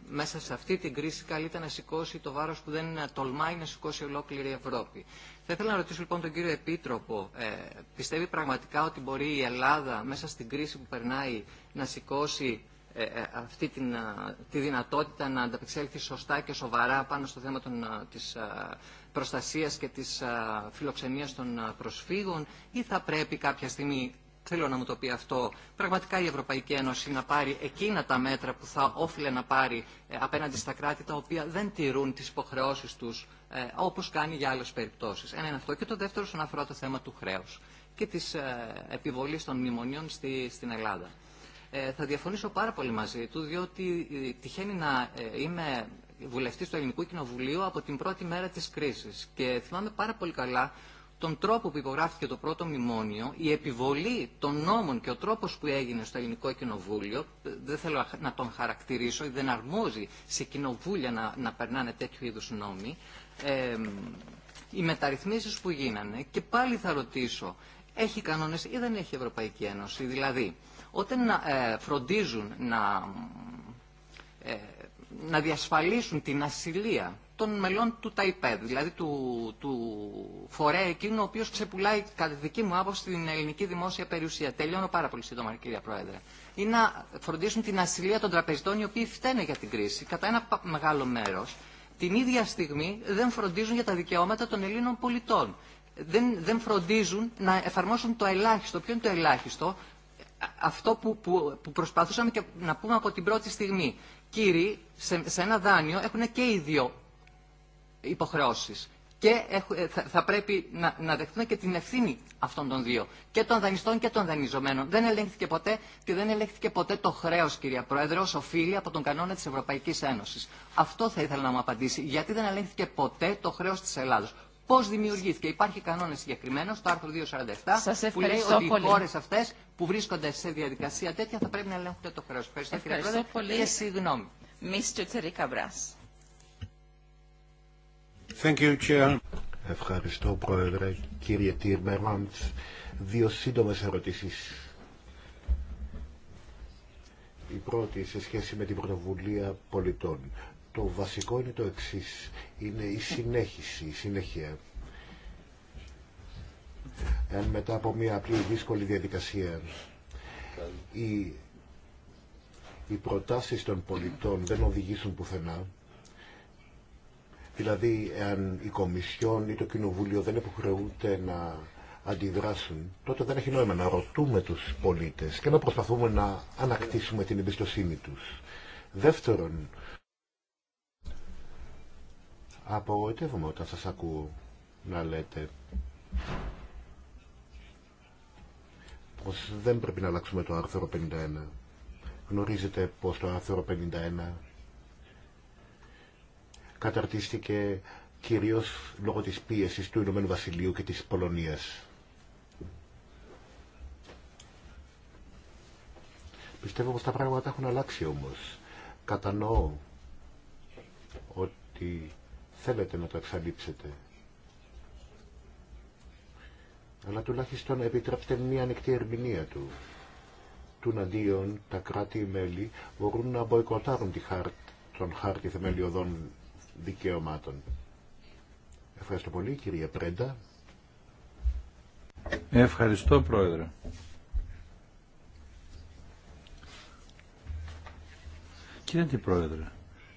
S1: μέσα σε αυτή την κρίση καλείται να σηκώσει το βάρος που δεν ε, τολμάει να σηκώσει ολόκληρη η Ευρώπη. Θα ήθελα να ρωτήσω λοιπόν τον κύριο Επίτροπο, πιστεύει πραγματικά ότι μπορεί η Ελλάδα μέσα στην κρίση που περνάει να σηκώσει αυτή την, τη δυνατότητα να ανταπεξέλθει σωστά και σοβαρά πάνω στο θέμα των, της προστασίας και της φιλοξενίας των προσφύγων ή θα πρέπει κάποια στιγμή θέλω να μου το πει αυτό, πραγματικά η Ευρωπαϊκή Ένωση να πάρει εκείνα τα μέτρα που θα όφιλε να πάρει ε, απέναντι στα κράτη τα οποία δεν τηρούν τις υποχρεώσεις τους, ε, όπως κάνει για άλλες περιπτώσεις. Ένα είναι αυτό. Και το δεύτερο, όσον αφορά το θέμα του χρέους και της ε, επιβολής των μνημονίων στη, στην Ελλάδα. θα διαφωνήσω πάρα πολύ μαζί του, διότι τυχαίνει να είμαι βουλευτής του Ελληνικού Κοινοβουλίου από την πρώτη μέρα της κρίσης. Και θυμάμαι πάρα πολύ καλά τον τρόπο που υπογράφηκε το πρώτο μνημόνιο, η επιβολή των νόμων και ο τρόπος που έγινε στο ελληνικό κοινοβούλιο, δεν θέλω να τον χαρακτηρίσω, δεν αρμόζει σε κοινοβούλια να, να περνάνε τέτοιου είδους νόμοι, ε, οι μεταρρυθμίσεις που γίνανε, και πάλι θα ρωτήσω, έχει κανόνες ή δεν έχει Ευρωπαϊκή Ένωση, δηλαδή, όταν ε, φροντίζουν να, ε, να διασφαλίσουν την ασυλία των μελών του ΤΑΙΠΕΔ, δηλαδή του, του φορέα εκείνου ο οποίος ξεπουλάει κατά δική μου άποψη την ελληνική δημόσια περιουσία. Τελειώνω πάρα πολύ σύντομα κυρία Πρόεδρε. Ή να φροντίσουν την ασυλία των τραπεζιτών οι οποίοι φταίνε για την κρίση κατά ένα μεγάλο μέρος. Την ίδια στιγμή δεν φροντίζουν για τα δικαιώματα των Ελλήνων πολιτών. Δεν, δεν φροντίζουν να εφαρμόσουν το ελάχιστο. Ποιο είναι το ελάχιστο, αυτό που, που, που προσπαθούσαμε και να πούμε από την πρώτη στιγμή. Κύριοι, σε, σε ένα δάνειο έχουν και οι δύο υποχρεώσεις. Και ε, θα πρέπει να δεχτούμε και την ευθύνη αυτών των δύο. Και των δανειστών και των δανειζομένων. Δεν ελέγχθηκε ποτέ και δεν ελέγχθηκε ποτέ το χρέο, κυρία Πρόεδρε, ω οφείλει από τον κανόνα τη Ευρωπαϊκή Ένωση. Αυτό θα ήθελα να μου απαντήσει. Γιατί δεν ελέγχθηκε ποτέ το χρέο τη Ελλάδο. Πώ δημιουργήθηκε. Υπάρχει κανόνα συγκεκριμένο το άρθρο 247 που λέει ότι οι χώρε αυτέ που βρίσκονται σε διαδικασία τέτοια θα πρέπει να ελέγχουν το χρέο. Ευχαριστώ, ευχαριστώ κύριε Πρόεδρε. Και ε, συγγνώμη.
S2: Ευχαριστώ, Πρόεδρε. Κύριε Τιρμερμαντς, δύο σύντομες ερωτήσεις. Η πρώτη σε σχέση με την πρωτοβουλία πολιτών. Το βασικό είναι το εξής. Είναι η συνέχιση, η συνέχεια. Εάν μετά από μια απλή δύσκολη διαδικασία οι, οι προτάσεις των πολιτών δεν οδηγήσουν πουθενά, Δηλαδή, εάν η Κομισιόν ή το Κοινοβούλιο δεν υποχρεούνται να αντιδράσουν, τότε δεν έχει νόημα να ρωτούμε τους πολίτες και να προσπαθούμε να ανακτήσουμε την εμπιστοσύνη τους. Δεύτερον, απογοητεύομαι όταν σας ακούω να λέτε πως δεν πρέπει να αλλάξουμε το άρθρο 51. Γνωρίζετε πως το άρθρο 51 καταρτίστηκε κυρίως λόγω της πίεσης του Ηνωμένου Βασιλείου και της Πολωνίας. Πιστεύω πως τα πράγματα έχουν αλλάξει όμως. Κατανοώ ότι θέλετε να το εξαλείψετε. Αλλά τουλάχιστον επιτρέψτε μια ανοιχτή ερμηνεία του. Τουν αντίον τα κράτη-μέλη μπορούν να μποϊκοτάρουν τη χάρτη, τον χάρτη θεμελιωδών δικαιωμάτων. Ευχαριστώ πολύ κυρία Πρέντα.
S3: Ευχαριστώ πρόεδρε. Κύριε πρόεδρε,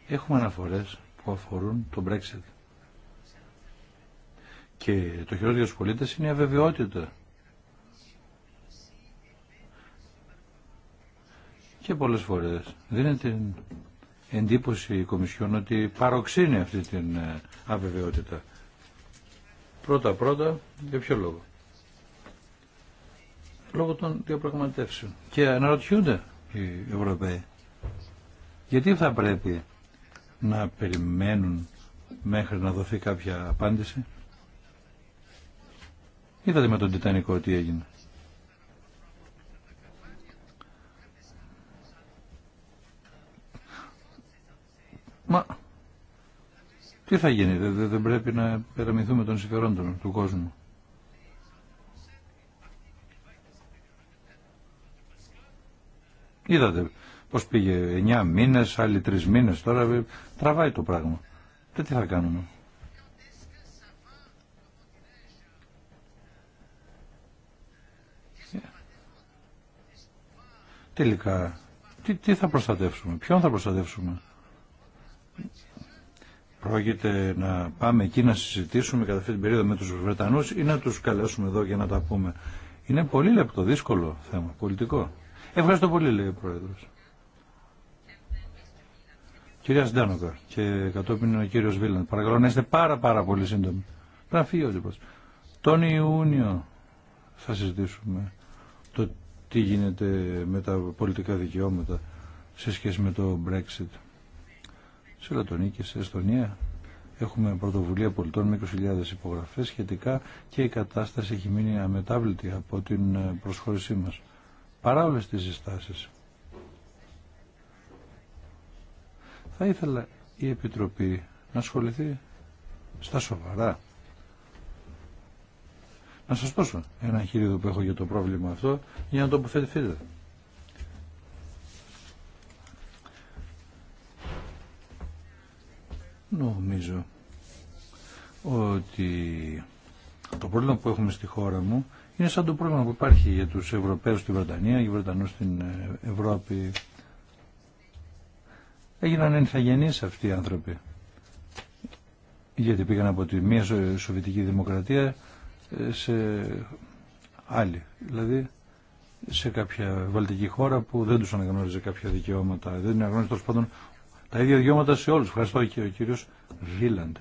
S3: έχουμε αναφορές που αφορούν τον Brexit. Και το χειρότερο για τους πολίτες είναι η αβεβαιότητα. Και πολλές φορές δίνεται εντύπωση η Κομισιόν ότι παροξύνει αυτή την ε, αβεβαιότητα. Πρώτα-πρώτα, για ποιο λόγο. Λόγω των διαπραγματεύσεων. Και αναρωτιούνται οι Ευρωπαίοι. Γιατί θα πρέπει να περιμένουν μέχρι να δοθεί κάποια απάντηση. Είδατε με τον Τιτανικό τι έγινε. Μα τι θα γίνει, δεν, πρέπει να περαμηθούμε των συμφερόντων του κόσμου. Είδατε πώς πήγε 9 μήνες, άλλοι 3 μήνες, τώρα τραβάει το πράγμα. τι θα κάνουμε. Τελικά, τι, τι θα προστατεύσουμε, ποιον θα προστατεύσουμε. Πρόκειται να πάμε εκεί να συζητήσουμε κατά αυτή την περίοδο με τους Βρετανούς ή να τους καλέσουμε εδώ για να τα πούμε. Είναι πολύ λεπτό, δύσκολο θέμα, πολιτικό. Ευχαριστώ πολύ, λέει ο Πρόεδρος. Κυρία Σντάνοκα και κατόπιν ο κύριος Βίλαντ Παρακαλώ να είστε πάρα πάρα πολύ σύντομοι. Πρέπει να φύγει ο Τον Ιούνιο θα συζητήσουμε το τι γίνεται με τα πολιτικά δικαιώματα σε σχέση με το Brexit σε Λατονίκη, σε Εστονία έχουμε πρωτοβουλία πολιτών με 20.000 υπογραφέ σχετικά και η κατάσταση έχει μείνει αμετάβλητη από την ε, προσχώρησή μα. Παρά όλε τι συστάσει, Θα ήθελα η Επιτροπή να ασχοληθεί στα σοβαρά. Να σας δώσω ένα χειρίδο που έχω για το πρόβλημα αυτό για να το αποφετηθείτε. Νομίζω ότι το πρόβλημα που έχουμε στη χώρα μου είναι σαν το πρόβλημα που υπάρχει για τους Ευρωπαίους στη Βρετανία και Βρετανούς στην ε, Ευρώπη. Έγιναν ενθαγενείς αυτοί οι άνθρωποι. Γιατί πήγαν από τη μία σοβιτική Δημοκρατία ε, σε άλλη. Δηλαδή σε κάποια βαλτική χώρα που δεν τους αναγνώριζε κάποια δικαιώματα. Δεν αναγνώριζε τόσο πάντων τα ίδια διώματα σε όλους. Ευχαριστώ και ο κύριος Βίλαντ.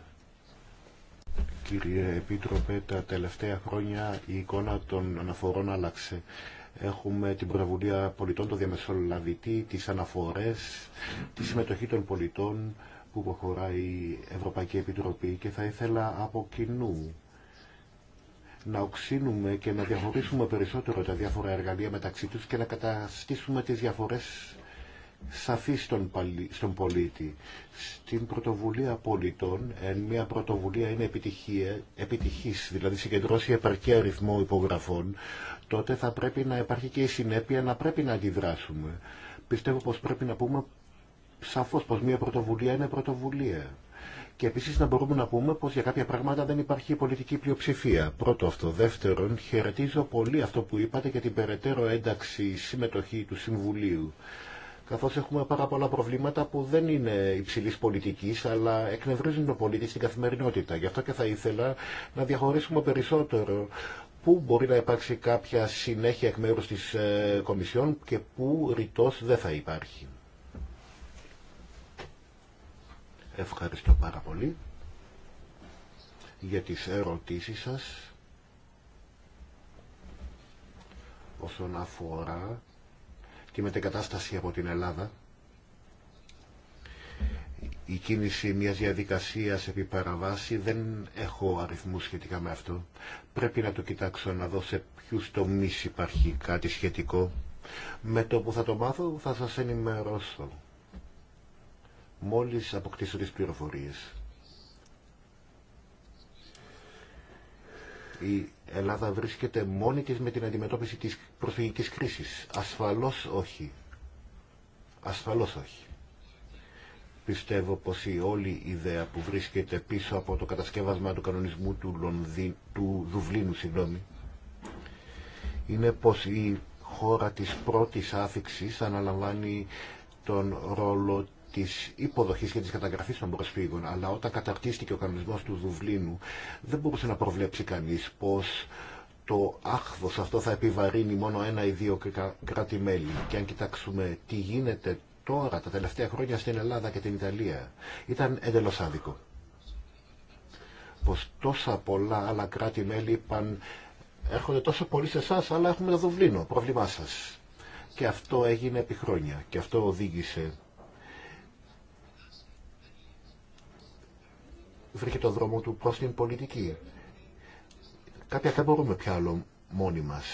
S2: Κύριε Επίτροπε, τα τελευταία χρόνια η εικόνα των αναφορών άλλαξε. Έχουμε την πρωτοβουλία πολιτών, το διαμεσολαβητή, τις αναφορές, τη συμμετοχή των πολιτών που προχωράει η Ευρωπαϊκή Επιτροπή και θα ήθελα από κοινού να οξύνουμε και να διαχωρίσουμε περισσότερο τα διάφορα εργαλεία μεταξύ τους και να καταστήσουμε τις διαφορές σαφή στον, στον πολίτη. Στην πρωτοβουλία πολιτών, εν μια πρωτοβουλία είναι επιτυχία, επιτυχής, δηλαδή συγκεντρώσει επαρκή αριθμό υπογραφών, τότε θα πρέπει να υπάρχει και η συνέπεια να πρέπει να αντιδράσουμε. Πιστεύω πως πρέπει να πούμε σαφώς πως μια πρωτοβουλία είναι πρωτοβουλία. Και επίση να μπορούμε να πούμε πω για κάποια πράγματα δεν υπάρχει πολιτική πλειοψηφία. Πρώτο αυτό. Δεύτερον, χαιρετίζω πολύ αυτό που είπατε για την περαιτέρω ένταξη συμμετοχή του Συμβουλίου καθώς έχουμε πάρα πολλά προβλήματα που δεν είναι υψηλής πολιτικής, αλλά εκνευρίζουν το πολίτη στην καθημερινότητα. Γι' αυτό και θα ήθελα να διαχωρίσουμε περισσότερο πού μπορεί να υπάρξει κάποια συνέχεια εκ μέρους της ε, Κομισιόν και πού ρητός δεν θα υπάρχει. Ευχαριστώ πάρα πολύ για τις ερωτήσεις σας όσον αφορά τη μετεγκατάσταση από την Ελλάδα η κίνηση μιας διαδικασίας επί παραβάση δεν έχω αριθμούς σχετικά με αυτό. Πρέπει να το κοιτάξω να δω σε ποιους τομείς υπάρχει κάτι σχετικό. Με το που θα το μάθω θα σας ενημερώσω. Μόλις αποκτήσω τις πληροφορίες. η Ελλάδα βρίσκεται μόνη της με την αντιμετώπιση της προσφυγικής κρίσης. Ασφαλώς όχι. Ασφαλώς όχι. Πιστεύω πως η όλη ιδέα που βρίσκεται πίσω από το κατασκεύασμα του κανονισμού του, Λονδι... του Δουβλίνου συγγνώμη, είναι πως η χώρα της πρώτης άφηξης αναλαμβάνει τον ρόλο Τη υποδοχή και τη καταγραφή των προσφύγων, αλλά όταν καταρτίστηκε ο κανονισμό του Δουβλίνου δεν μπορούσε να προβλέψει κανείς πως το άχθος αυτό θα επιβαρύνει μόνο ένα ή δύο κράτη-μέλη. Και αν κοιτάξουμε τι γίνεται τώρα τα τελευταία χρόνια στην Ελλάδα και την Ιταλία, ήταν εντελώς άδικο. Πως τόσα πολλά άλλα κράτη-μέλη είπαν έρχονται τόσο πολλοί σε εσά, αλλά έχουμε το Δουβλίνο, πρόβλημά σας. Και αυτό έγινε επί χρόνια και αυτό οδήγησε βρήκε το δρόμο του προς την πολιτική. Κάποια δεν μπορούμε πια άλλο μόνοι μας.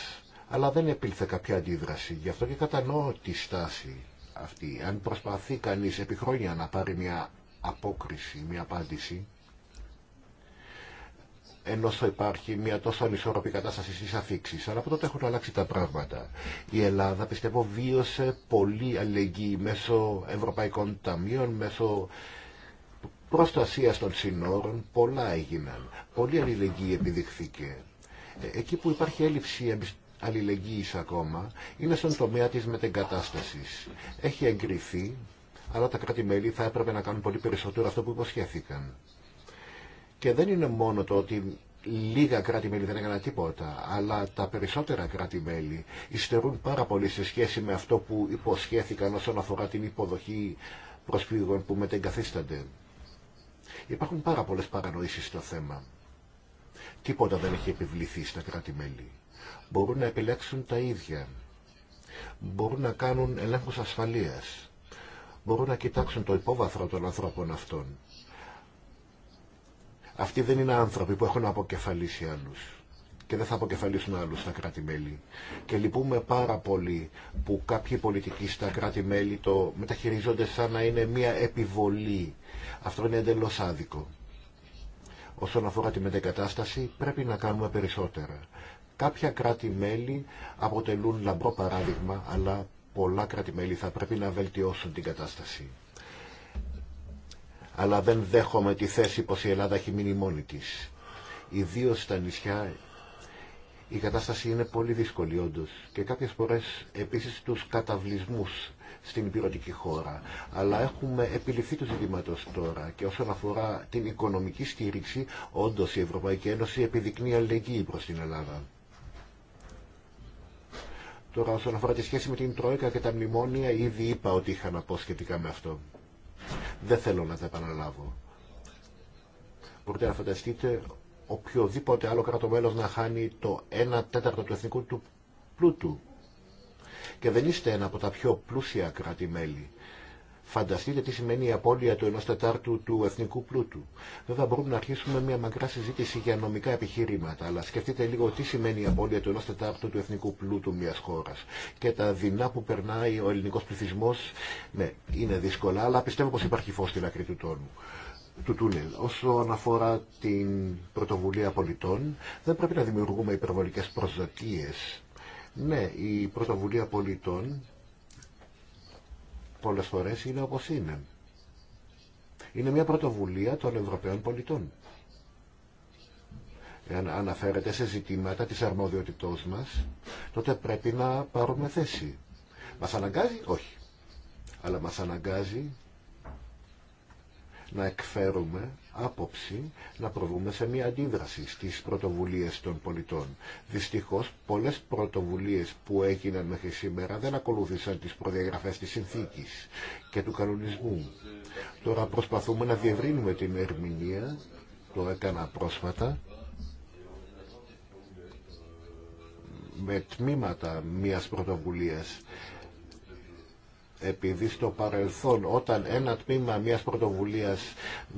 S2: Αλλά δεν επήλθε κάποια αντίδραση. Γι' αυτό και κατανοώ τη στάση αυτή. Αν προσπαθεί κανείς επί χρόνια να πάρει μια απόκριση, μια απάντηση, ενώ υπάρχει μια τόσο ανισόρροπη κατάσταση στις αφήξεις. Αλλά από τότε έχουν αλλάξει τα πράγματα. Η Ελλάδα, πιστεύω, βίωσε πολύ αλληλεγγύη μέσω ευρωπαϊκών ταμείων, μέσω προστασίας των συνόρων πολλά έγιναν, Πολύ αλληλεγγύη επιδειχθήκε. Ε, εκεί που υπάρχει έλλειψη αλληλεγγύης ακόμα είναι στον τομέα της μετεγκατάστασης. Έχει εγκριθεί, αλλά τα κράτη-μέλη θα έπρεπε να κάνουν πολύ περισσότερο αυτό που υποσχέθηκαν. Και δεν είναι μόνο το ότι λίγα κράτη-μέλη δεν έκαναν τίποτα, αλλά τα περισσότερα κράτη-μέλη υστερούν πάρα πολύ σε σχέση με αυτό που υποσχέθηκαν όσον αφορά την υποδοχή προσφύγων που μετεγκαθίστανται. Υπάρχουν πάρα πολλές παρανοήσεις στο θέμα. Τίποτα δεν έχει επιβληθεί στα κράτη-μέλη. Μπορούν να επιλέξουν τα ίδια. Μπορούν να κάνουν ελέγχους ασφαλείας. Μπορούν να κοιτάξουν το υπόβαθρο των ανθρώπων αυτών. Αυτοί δεν είναι άνθρωποι που έχουν αποκεφαλίσει άλλους και δεν θα αποκεφαλίσουν άλλου στα κράτη-μέλη. Και λυπούμε πάρα πολύ που κάποιοι πολιτικοί στα κράτη-μέλη το μεταχειρίζονται σαν να είναι μια επιβολή αυτό είναι εντελώ άδικο. Όσον αφορά τη μετεκατάσταση, πρέπει να κάνουμε περισσότερα. Κάποια κράτη-μέλη αποτελούν λαμπρό παράδειγμα, αλλά πολλά κράτη-μέλη θα πρέπει να βελτιώσουν την κατάσταση. Αλλά δεν δέχομαι τη θέση πως η Ελλάδα έχει μείνει μόνη της. Ιδίως στα νησιά η κατάσταση είναι πολύ δύσκολη όντως και κάποιες φορές επίσης τους καταβλισμούς στην υπηρετική χώρα. Αλλά έχουμε επιληφθεί του ζητήματο τώρα και όσον αφορά την οικονομική στήριξη, όντω η Ευρωπαϊκή Ένωση επιδεικνύει αλληλεγγύη προ την Ελλάδα. Τώρα, όσον αφορά τη σχέση με την Τρόικα και τα μνημόνια, ήδη είπα ότι είχα να πω σχετικά με αυτό. Δεν θέλω να τα επαναλάβω. Μπορείτε να φανταστείτε οποιοδήποτε άλλο κράτο μέλος να χάνει το 1 τέταρτο του εθνικού του πλούτου και δεν είστε ένα από τα πιο πλούσια κράτη-μέλη. Φανταστείτε τι σημαίνει η απώλεια του ενός τετάρτου του εθνικού πλούτου. Βέβαια μπορούμε να αρχίσουμε μια μακρά συζήτηση για νομικά επιχειρήματα, αλλά σκεφτείτε λίγο τι σημαίνει η απώλεια του ενός τετάρτου του εθνικού πλούτου μιας χώρας. Και τα δεινά που περνάει ο ελληνικός πληθυσμός, ναι, είναι δύσκολα, αλλά πιστεύω πως υπάρχει φως στην άκρη του τόνου του τούνελ. Όσον αφορά την πρωτοβουλία πολιτών, δεν πρέπει να δημιουργούμε υπερβολικές προσδοκίες ναι, η πρωτοβουλία πολιτών πολλές φορές είναι όπως είναι. Είναι μια πρωτοβουλία των Ευρωπαίων πολιτών. Εάν αναφέρεται σε ζητήματα της αρμοδιότητός μας, τότε πρέπει να πάρουμε θέση. Μας αναγκάζει? Όχι. Αλλά μας αναγκάζει να εκφέρουμε άποψη να προβούμε σε μια αντίδραση στις πρωτοβουλίες των πολιτών. Δυστυχώς, πολλές πρωτοβουλίες που έγιναν μέχρι σήμερα δεν ακολούθησαν τις προδιαγραφές της συνθήκης και του κανονισμού. Τώρα προσπαθούμε να διευρύνουμε την ερμηνεία, το έκανα πρόσφατα, με τμήματα μιας πρωτοβουλίας επειδή στο παρελθόν όταν ένα τμήμα μιας πρωτοβουλίας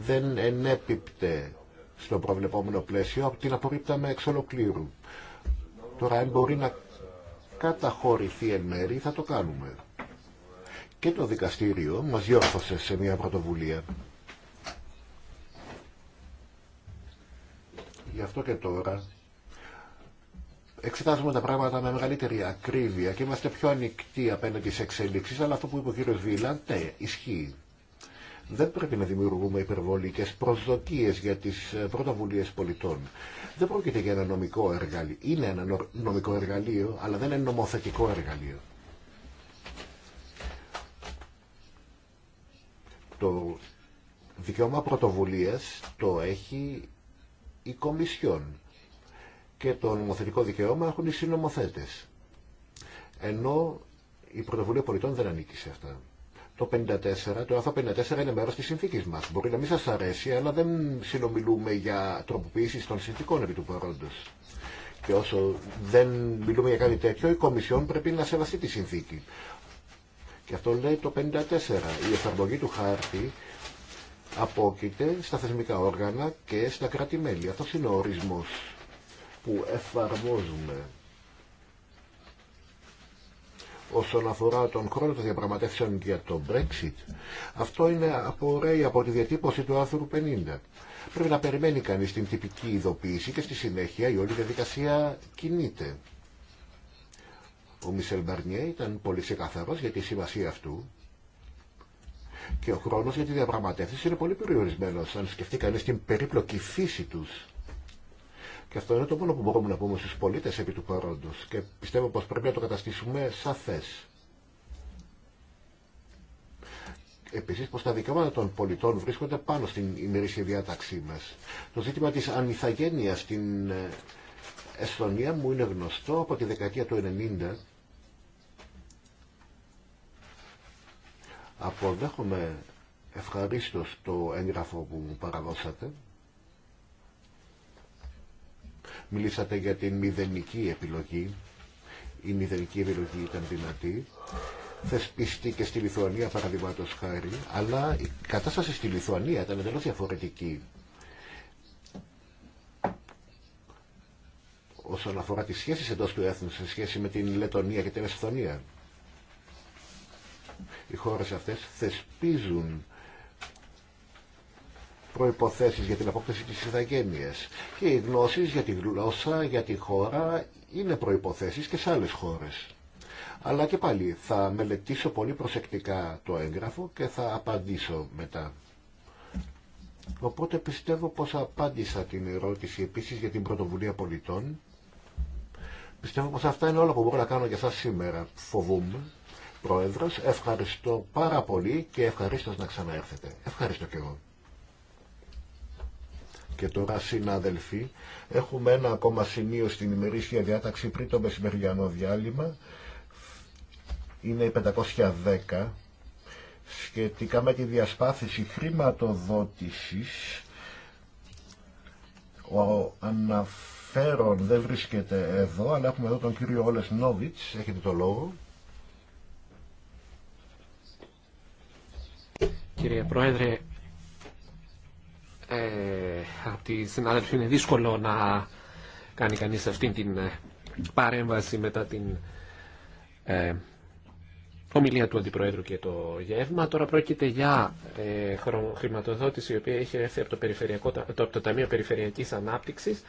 S2: δεν ενέπιπτε στο προβλεπόμενο πλαίσιο, την απορρίπταμε εξ ολοκλήρου. Τώρα, αν μπορεί να καταχωρηθεί εν μέρη, θα το κάνουμε. Και το δικαστήριο μας διόρθωσε σε μια πρωτοβουλία. Γι' αυτό και τώρα εξετάζουμε τα πράγματα με μεγαλύτερη ακρίβεια και είμαστε πιο ανοιχτοί απέναντι σε εξέλιξεις, αλλά αυτό που είπε ο κύριος Βίλαντ, ναι, ισχύει. Δεν πρέπει να δημιουργούμε υπερβολικές προσδοκίες για τις ε, πρωτοβουλίες πολιτών. Δεν πρόκειται για ένα νομικό εργαλείο. Είναι ένα νομικό εργαλείο, αλλά δεν είναι νομοθετικό εργαλείο. Το δικαίωμα πρωτοβουλίας το έχει η Κομισιόν και το νομοθετικό δικαίωμα έχουν οι σύνομοθέτε. Ενώ η πρωτοβουλία πολιτών δεν ανήκει σε αυτά. Το 54, το άρθρο 54 είναι μέρο τη συνθήκη μα. Μπορεί να μην σα αρέσει, αλλά δεν συνομιλούμε για τροποποίηση των συνθήκων επί του παρόντο. Και όσο δεν μιλούμε για κάτι τέτοιο, η Κομισιόν πρέπει να σεβαστεί τη συνθήκη. Και αυτό λέει το 54. Η εφαρμογή του χάρτη απόκειται στα θεσμικά όργανα και στα κράτη-μέλη. Αυτό είναι ο ορισμός που εφαρμόζουμε. Όσον αφορά τον χρόνο των διαπραγματεύσεων για το Brexit, αυτό είναι απορρέει από τη διατύπωση του άρθρου 50. Πρέπει να περιμένει κανείς την τυπική ειδοποίηση και στη συνέχεια η όλη διαδικασία κινείται. Ο Μισελ Μπαρνιέ ήταν πολύ ξεκαθαρός για τη σημασία αυτού και ο χρόνος για τη διαπραγματεύσεις είναι πολύ περιορισμένος αν σκεφτεί κανείς την περίπλοκη φύση τους. Και αυτό είναι το μόνο που μπορούμε να πούμε στους πολίτες επί του παρόντος και πιστεύω πως πρέπει να το καταστήσουμε σαφές. Επίσης πως τα δικαιώματα των πολιτών βρίσκονται πάνω στην ημερήσια διάταξή μας. Το ζήτημα της ανηθαγένειας στην ε, Εστονία μου είναι γνωστό από τη δεκαετία του 90. Αποδέχομαι ευχαρίστως το έγγραφο που μου παραδώσατε. Μιλήσατε για την μηδενική επιλογή. Η μηδενική επιλογή ήταν δυνατή. και στη Λιθουανία, παραδείγματο χάρη, αλλά η κατάσταση στη Λιθουανία ήταν εντελώ διαφορετική. όσον αφορά τις σχέσεις εντός του έθνους σε σχέση με την Λετωνία και την Εσθονία. Οι χώρες αυτές θεσπίζουν προϋποθέσεις για την απόκτηση της Ιθαγένειας και οι γνώσεις για τη γλώσσα, για τη χώρα είναι προϋποθέσεις και σε άλλες χώρες. Αλλά και πάλι θα μελετήσω πολύ προσεκτικά το έγγραφο και θα απαντήσω μετά. Οπότε πιστεύω πως απάντησα την ερώτηση επίσης για την πρωτοβουλία πολιτών. Πιστεύω πως αυτά είναι όλα που μπορώ να κάνω για σας σήμερα. Φοβούμαι. Πρόεδρος, ευχαριστώ πάρα πολύ και ευχαρίστως να ξαναέρθετε. Ευχαριστώ και εγώ. Και τώρα, συναδελφοί, έχουμε ένα ακόμα σημείο στην ημερήσια διάταξη πριν το μεσημεριανό διάλειμμα. Είναι η 510 σχετικά με τη διασπάθηση χρηματοδότησης. Ο αναφέρον δεν βρίσκεται εδώ, αλλά έχουμε εδώ τον κύριο Όλες Νόβιτς. Έχετε το λόγο.
S4: Κύριε Πρόεδρε, ε, από τη συνάδελφη είναι δύσκολο να κάνει κανείς αυτή την ε, παρέμβαση μετά την ε, ομιλία του Αντιπροέδρου και το γεύμα. Τώρα πρόκειται για ε, χρηματοδότηση η οποία έχει έρθει από το, περιφερειακό, το, το Ταμείο Περιφερειακής Ανάπτυξης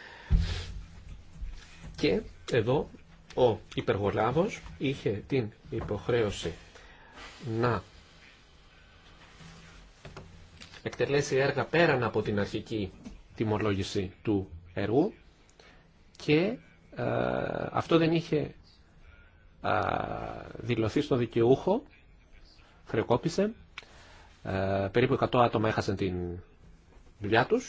S4: και εδώ ο υπεργολάβος είχε την υποχρέωση να εκτελέσει έργα πέραν από την αρχική τιμολόγηση του έργου και ε, αυτό δεν είχε ε, δηλωθεί στον δικαιούχο, χρεοκόπησε. Ε, περίπου 100 άτομα έχασαν την δουλειά τους.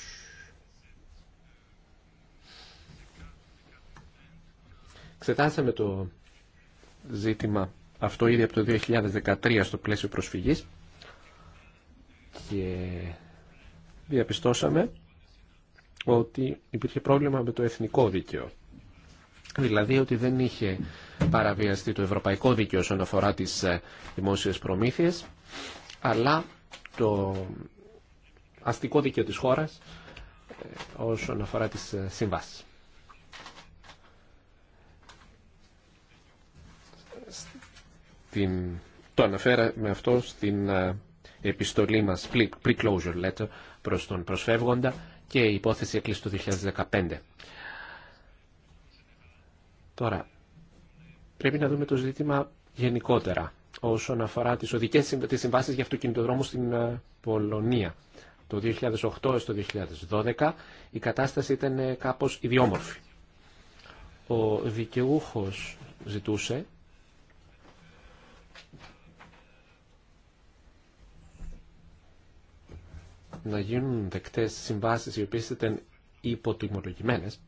S4: Ξετάσαμε το ζήτημα αυτό ήδη από το 2013 στο πλαίσιο προσφυγής και διαπιστώσαμε ότι υπήρχε πρόβλημα με το εθνικό δίκαιο. Δηλαδή ότι δεν είχε παραβιαστεί το ευρωπαϊκό δίκαιο όσον αφορά τις ε, δημόσιες προμήθειες, αλλά το αστικό δίκαιο της χώρας ε, όσον αφορά τις ε, συμβάσεις. Το αναφέραμε αυτό στην επιστολή μας pre-closure letter προς τον προσφεύγοντα και η υπόθεση έκλεισε το 2015. Τώρα, πρέπει να δούμε το ζήτημα γενικότερα όσον αφορά τις οδικές τις συμβάσεις για αυτοκινητοδρόμους στην ε, Πολωνία. Το 2008 έως το 2012 η κατάσταση ήταν ε, κάπως ιδιόμορφη. Ο δικαιούχος ζητούσε να γίνουν δεκτές συμβάσεις οι οποίες ήταν υποτιμολογημένες.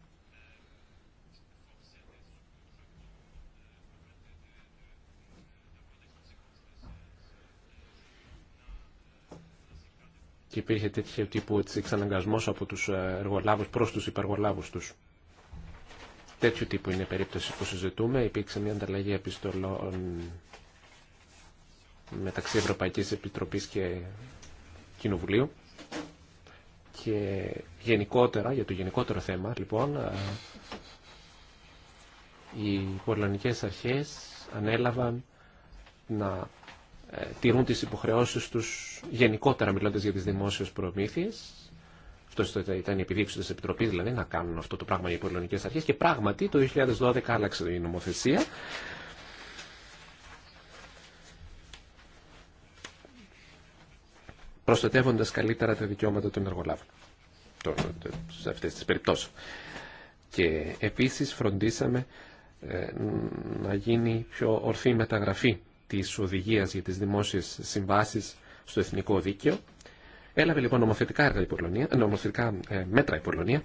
S4: Και υπήρχε τέτοιο τύπου εξαναγκασμός από τους ε, εργολάβους προς τους υπεργολάβους τους. Τέτοιου τύπου είναι η περίπτωση που συζητούμε. Υπήρξε μια ανταλλαγή επιστολών μεταξύ Ευρωπαϊκής Επιτροπής και Κοινοβουλίου. Και γενικότερα, για το γενικότερο θέμα, λοιπόν, οι πολωνικές αρχές ανέλαβαν να ε, τηρούν τις υποχρεώσεις τους γενικότερα μιλώντας για τις δημόσιες προμήθειες. Αυτό ήταν η επιδείξη της Επιτροπής, δηλαδή, να κάνουν αυτό το πράγμα οι πολωνικές αρχές. Και πράγματι, το 2012 άλλαξε η νομοθεσία Προστατεύοντα καλύτερα τα δικαιώματα των εργολάβων σε αυτές τις περιπτώσεις. Και επίσης φροντίσαμε ε, να γίνει πιο ορθή μεταγραφή της οδηγία για τις δημόσιες συμβάσεις στο εθνικό δίκαιο. Έλαβε λοιπόν νομοθετικά, ε, νομοθετικά ε, μέτρα η Πολωνία,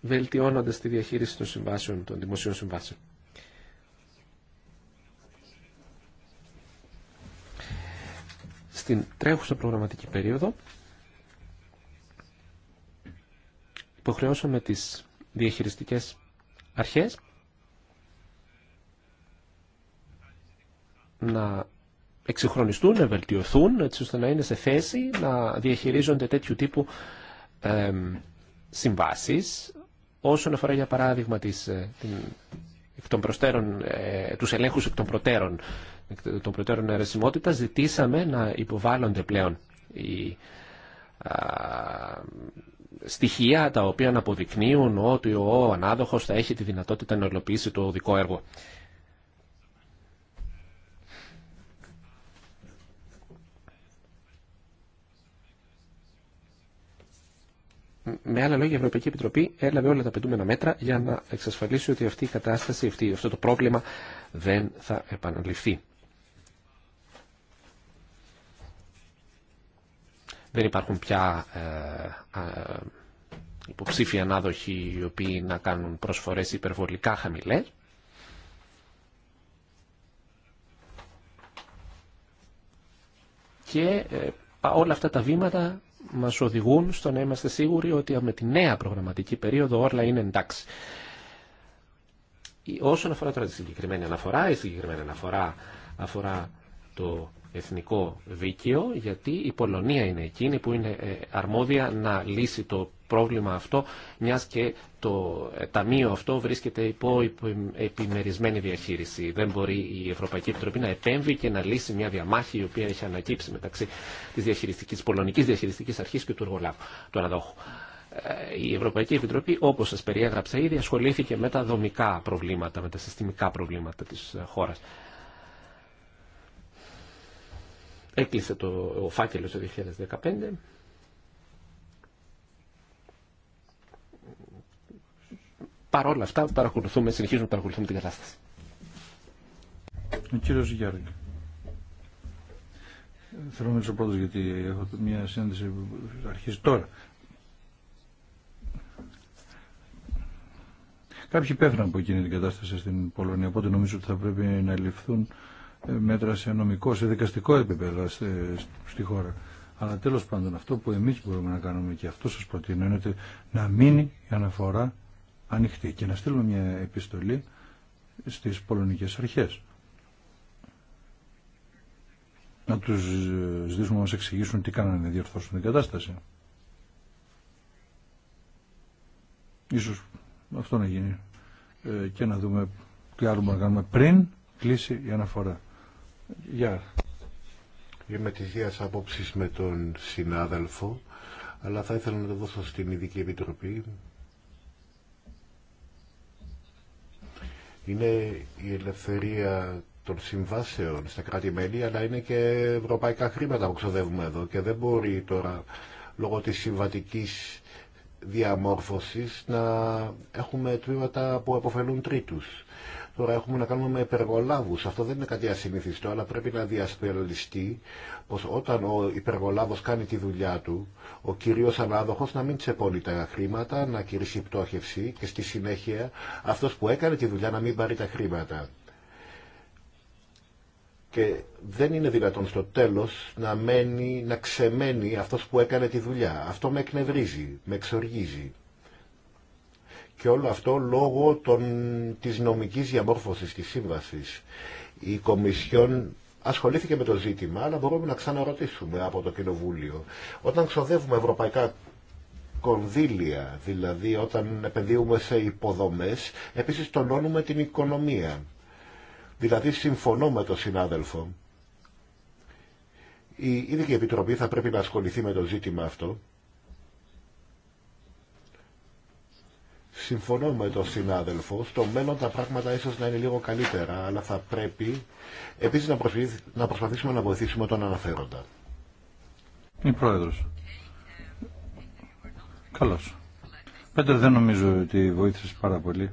S4: βελτιώνοντας τη διαχείριση των των δημοσίων συμβάσεων. στην τρέχουσα προγραμματική περίοδο υποχρεώσαμε τις διαχειριστικές αρχές να εξυγχρονιστούν, να βελτιωθούν, έτσι ώστε να είναι σε θέση να διαχειρίζονται τέτοιου τύπου ε, συμβάσεις. Όσον αφορά για παράδειγμα τις, ε, των προστέρων, ε, τους ελέγχους εκ των προτέρων, εκ προτέρων ζητήσαμε να υποβάλλονται πλέον οι στοιχεία τα οποία να αποδεικνύουν ότι ο ανάδοχος θα έχει τη δυνατότητα να ολοποιήσει το δικό έργο. με άλλα λόγια, η Ευρωπαϊκή Επιτροπή έλαβε όλα τα πετούμενα μέτρα για να εξασφαλίσει ότι αυτή η κατάσταση, αυτή, αυτό το πρόβλημα δεν θα επαναληφθεί. Δεν υπάρχουν πια ε, ε, υποψήφοι ανάδοχοι οι οποίοι να κάνουν προσφορές υπερβολικά χαμηλές. Και ε, όλα αυτά τα βήματα μας οδηγούν στο να είμαστε σίγουροι ότι με τη νέα προγραμματική περίοδο όλα είναι εντάξει. Όσον αφορά τώρα τη συγκεκριμένη αναφορά, η συγκεκριμένη αναφορά αφορά το εθνικό δίκαιο, γιατί η Πολωνία είναι εκείνη που είναι ε, αρμόδια να λύσει το πρόβλημα αυτό, μιας και το ε, ταμείο αυτό βρίσκεται υπό ε, επιμερισμένη διαχείριση. Δεν μπορεί η Ευρωπαϊκή Επιτροπή να επέμβει και να λύσει μια διαμάχη η οποία έχει ανακύψει μεταξύ της διαχειριστικής, της πολωνικής διαχειριστικής αρχής και του εργολάβου, του αναδόχου. Η Ευρωπαϊκή Επιτροπή, όπως σας περιέγραψα ήδη, ασχολήθηκε με τα δομικά προβλήματα, με τα συστημικά προβλήματα της χώρας έκλεισε το, ο φάκελος το 2015 παρόλα αυτά παρακολουθούμε, συνεχίζουμε να παρακολουθούμε την κατάσταση. Ο
S3: κύριος Γιώργη. Θέλω να μιλήσω πρώτος γιατί έχω μια σύνδεση που αρχίζει τώρα. Κάποιοι πέφτουν από εκείνη την κατάσταση στην Πολωνία, οπότε νομίζω ότι θα πρέπει να ληφθούν μέτρα σε νομικό, σε δικαστικό επίπεδο στη χώρα. Αλλά τέλο πάντων αυτό που εμείς μπορούμε να κάνουμε και αυτό σας προτείνω είναι ότι να μείνει η αναφορά ανοιχτή και να στείλουμε μια επιστολή στις πολωνικές αρχές. Να του ζητήσουμε να μα εξηγήσουν τι κάνανε να διορθώσουν την κατάσταση. Ίσως αυτό να γίνει ε, και να δούμε τι άλλο μπορούμε να κάνουμε πριν κλείσει η
S2: αναφορά. Γεια. Είμαι τη ίδια άποψη με τον συνάδελφο, αλλά θα ήθελα να το δώσω στην Ειδική Επιτροπή. Είναι η ελευθερία των συμβάσεων στα κράτη-μέλη, αλλά είναι και ευρωπαϊκά χρήματα που ξοδεύουμε εδώ και δεν μπορεί τώρα λόγω της συμβατικής διαμόρφωσης να έχουμε τμήματα που αποφελούν τρίτους. Τώρα έχουμε να κάνουμε με υπεργολάβους. Αυτό δεν είναι κάτι ασυνήθιστο, αλλά πρέπει να διασπεραλιστεί πως όταν ο υπεργολάβος κάνει τη δουλειά του, ο κύριος ανάδοχος να μην τσεπώνει τα χρήματα, να κηρύσει πτώχευση και στη συνέχεια αυτός που έκανε τη δουλειά να μην πάρει τα χρήματα. Και δεν είναι δυνατόν στο τέλος να μένει, να ξεμένει αυτός που έκανε τη δουλειά. Αυτό με εκνευρίζει, με εξοργίζει. Και όλο αυτό λόγω των, της νομικής διαμόρφωσης της σύμβασης. Η Κομισιόν ασχολήθηκε με το ζήτημα, αλλά μπορούμε να ξαναρωτήσουμε από το Κοινοβούλιο. Όταν ξοδεύουμε ευρωπαϊκά κονδύλια, δηλαδή όταν επενδύουμε σε υποδομές, επίσης τονώνουμε την οικονομία. Δηλαδή συμφωνώ με τον συνάδελφο. Η ίδια Επιτροπή θα πρέπει να ασχοληθεί με το ζήτημα αυτό Συμφωνώ με τον συνάδελφο. Στο μέλλον τα πράγματα ίσως να είναι λίγο καλύτερα, αλλά θα πρέπει επίσης να προσπαθήσουμε να βοηθήσουμε τον αναφέροντα.
S3: Η Πρόεδρος. Καλώς. Πέτρο, δεν νομίζω ότι βοήθησε πάρα πολύ,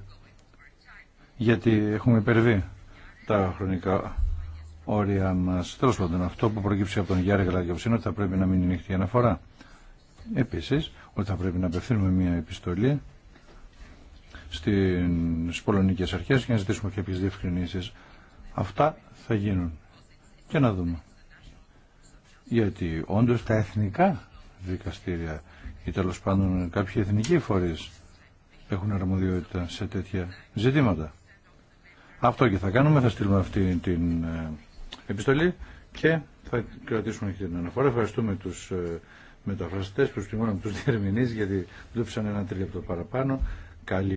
S3: γιατί έχουμε υπερβεί τα χρονικά όρια μας. Τέλος πάντων, αυτό που προκύψει από τον Γιάννη Γαλαδιοψή είναι ότι θα πρέπει να μείνει ανοιχτή αναφορά. Επίσης, ότι θα πρέπει να απευθύνουμε μια επιστολή στις πολωνικές αρχές για να ζητήσουμε κάποιες διευκρινήσεις. Αυτά θα γίνουν. Και να δούμε. Γιατί όντως τα εθνικά δικαστήρια ή τέλος πάντων κάποιοι εθνικοί φορείς έχουν αρμοδιότητα σε τέτοια ζητήματα. Αυτό και θα κάνουμε, θα στείλουμε αυτή την ε, επιστολή και θα κρατήσουμε και την αναφορά. Ευχαριστούμε τους ε, μεταφραστές, που τιμόνων, τους διερμηνείς γιατί δούψαν ένα τρίλεπτο παραπάνω.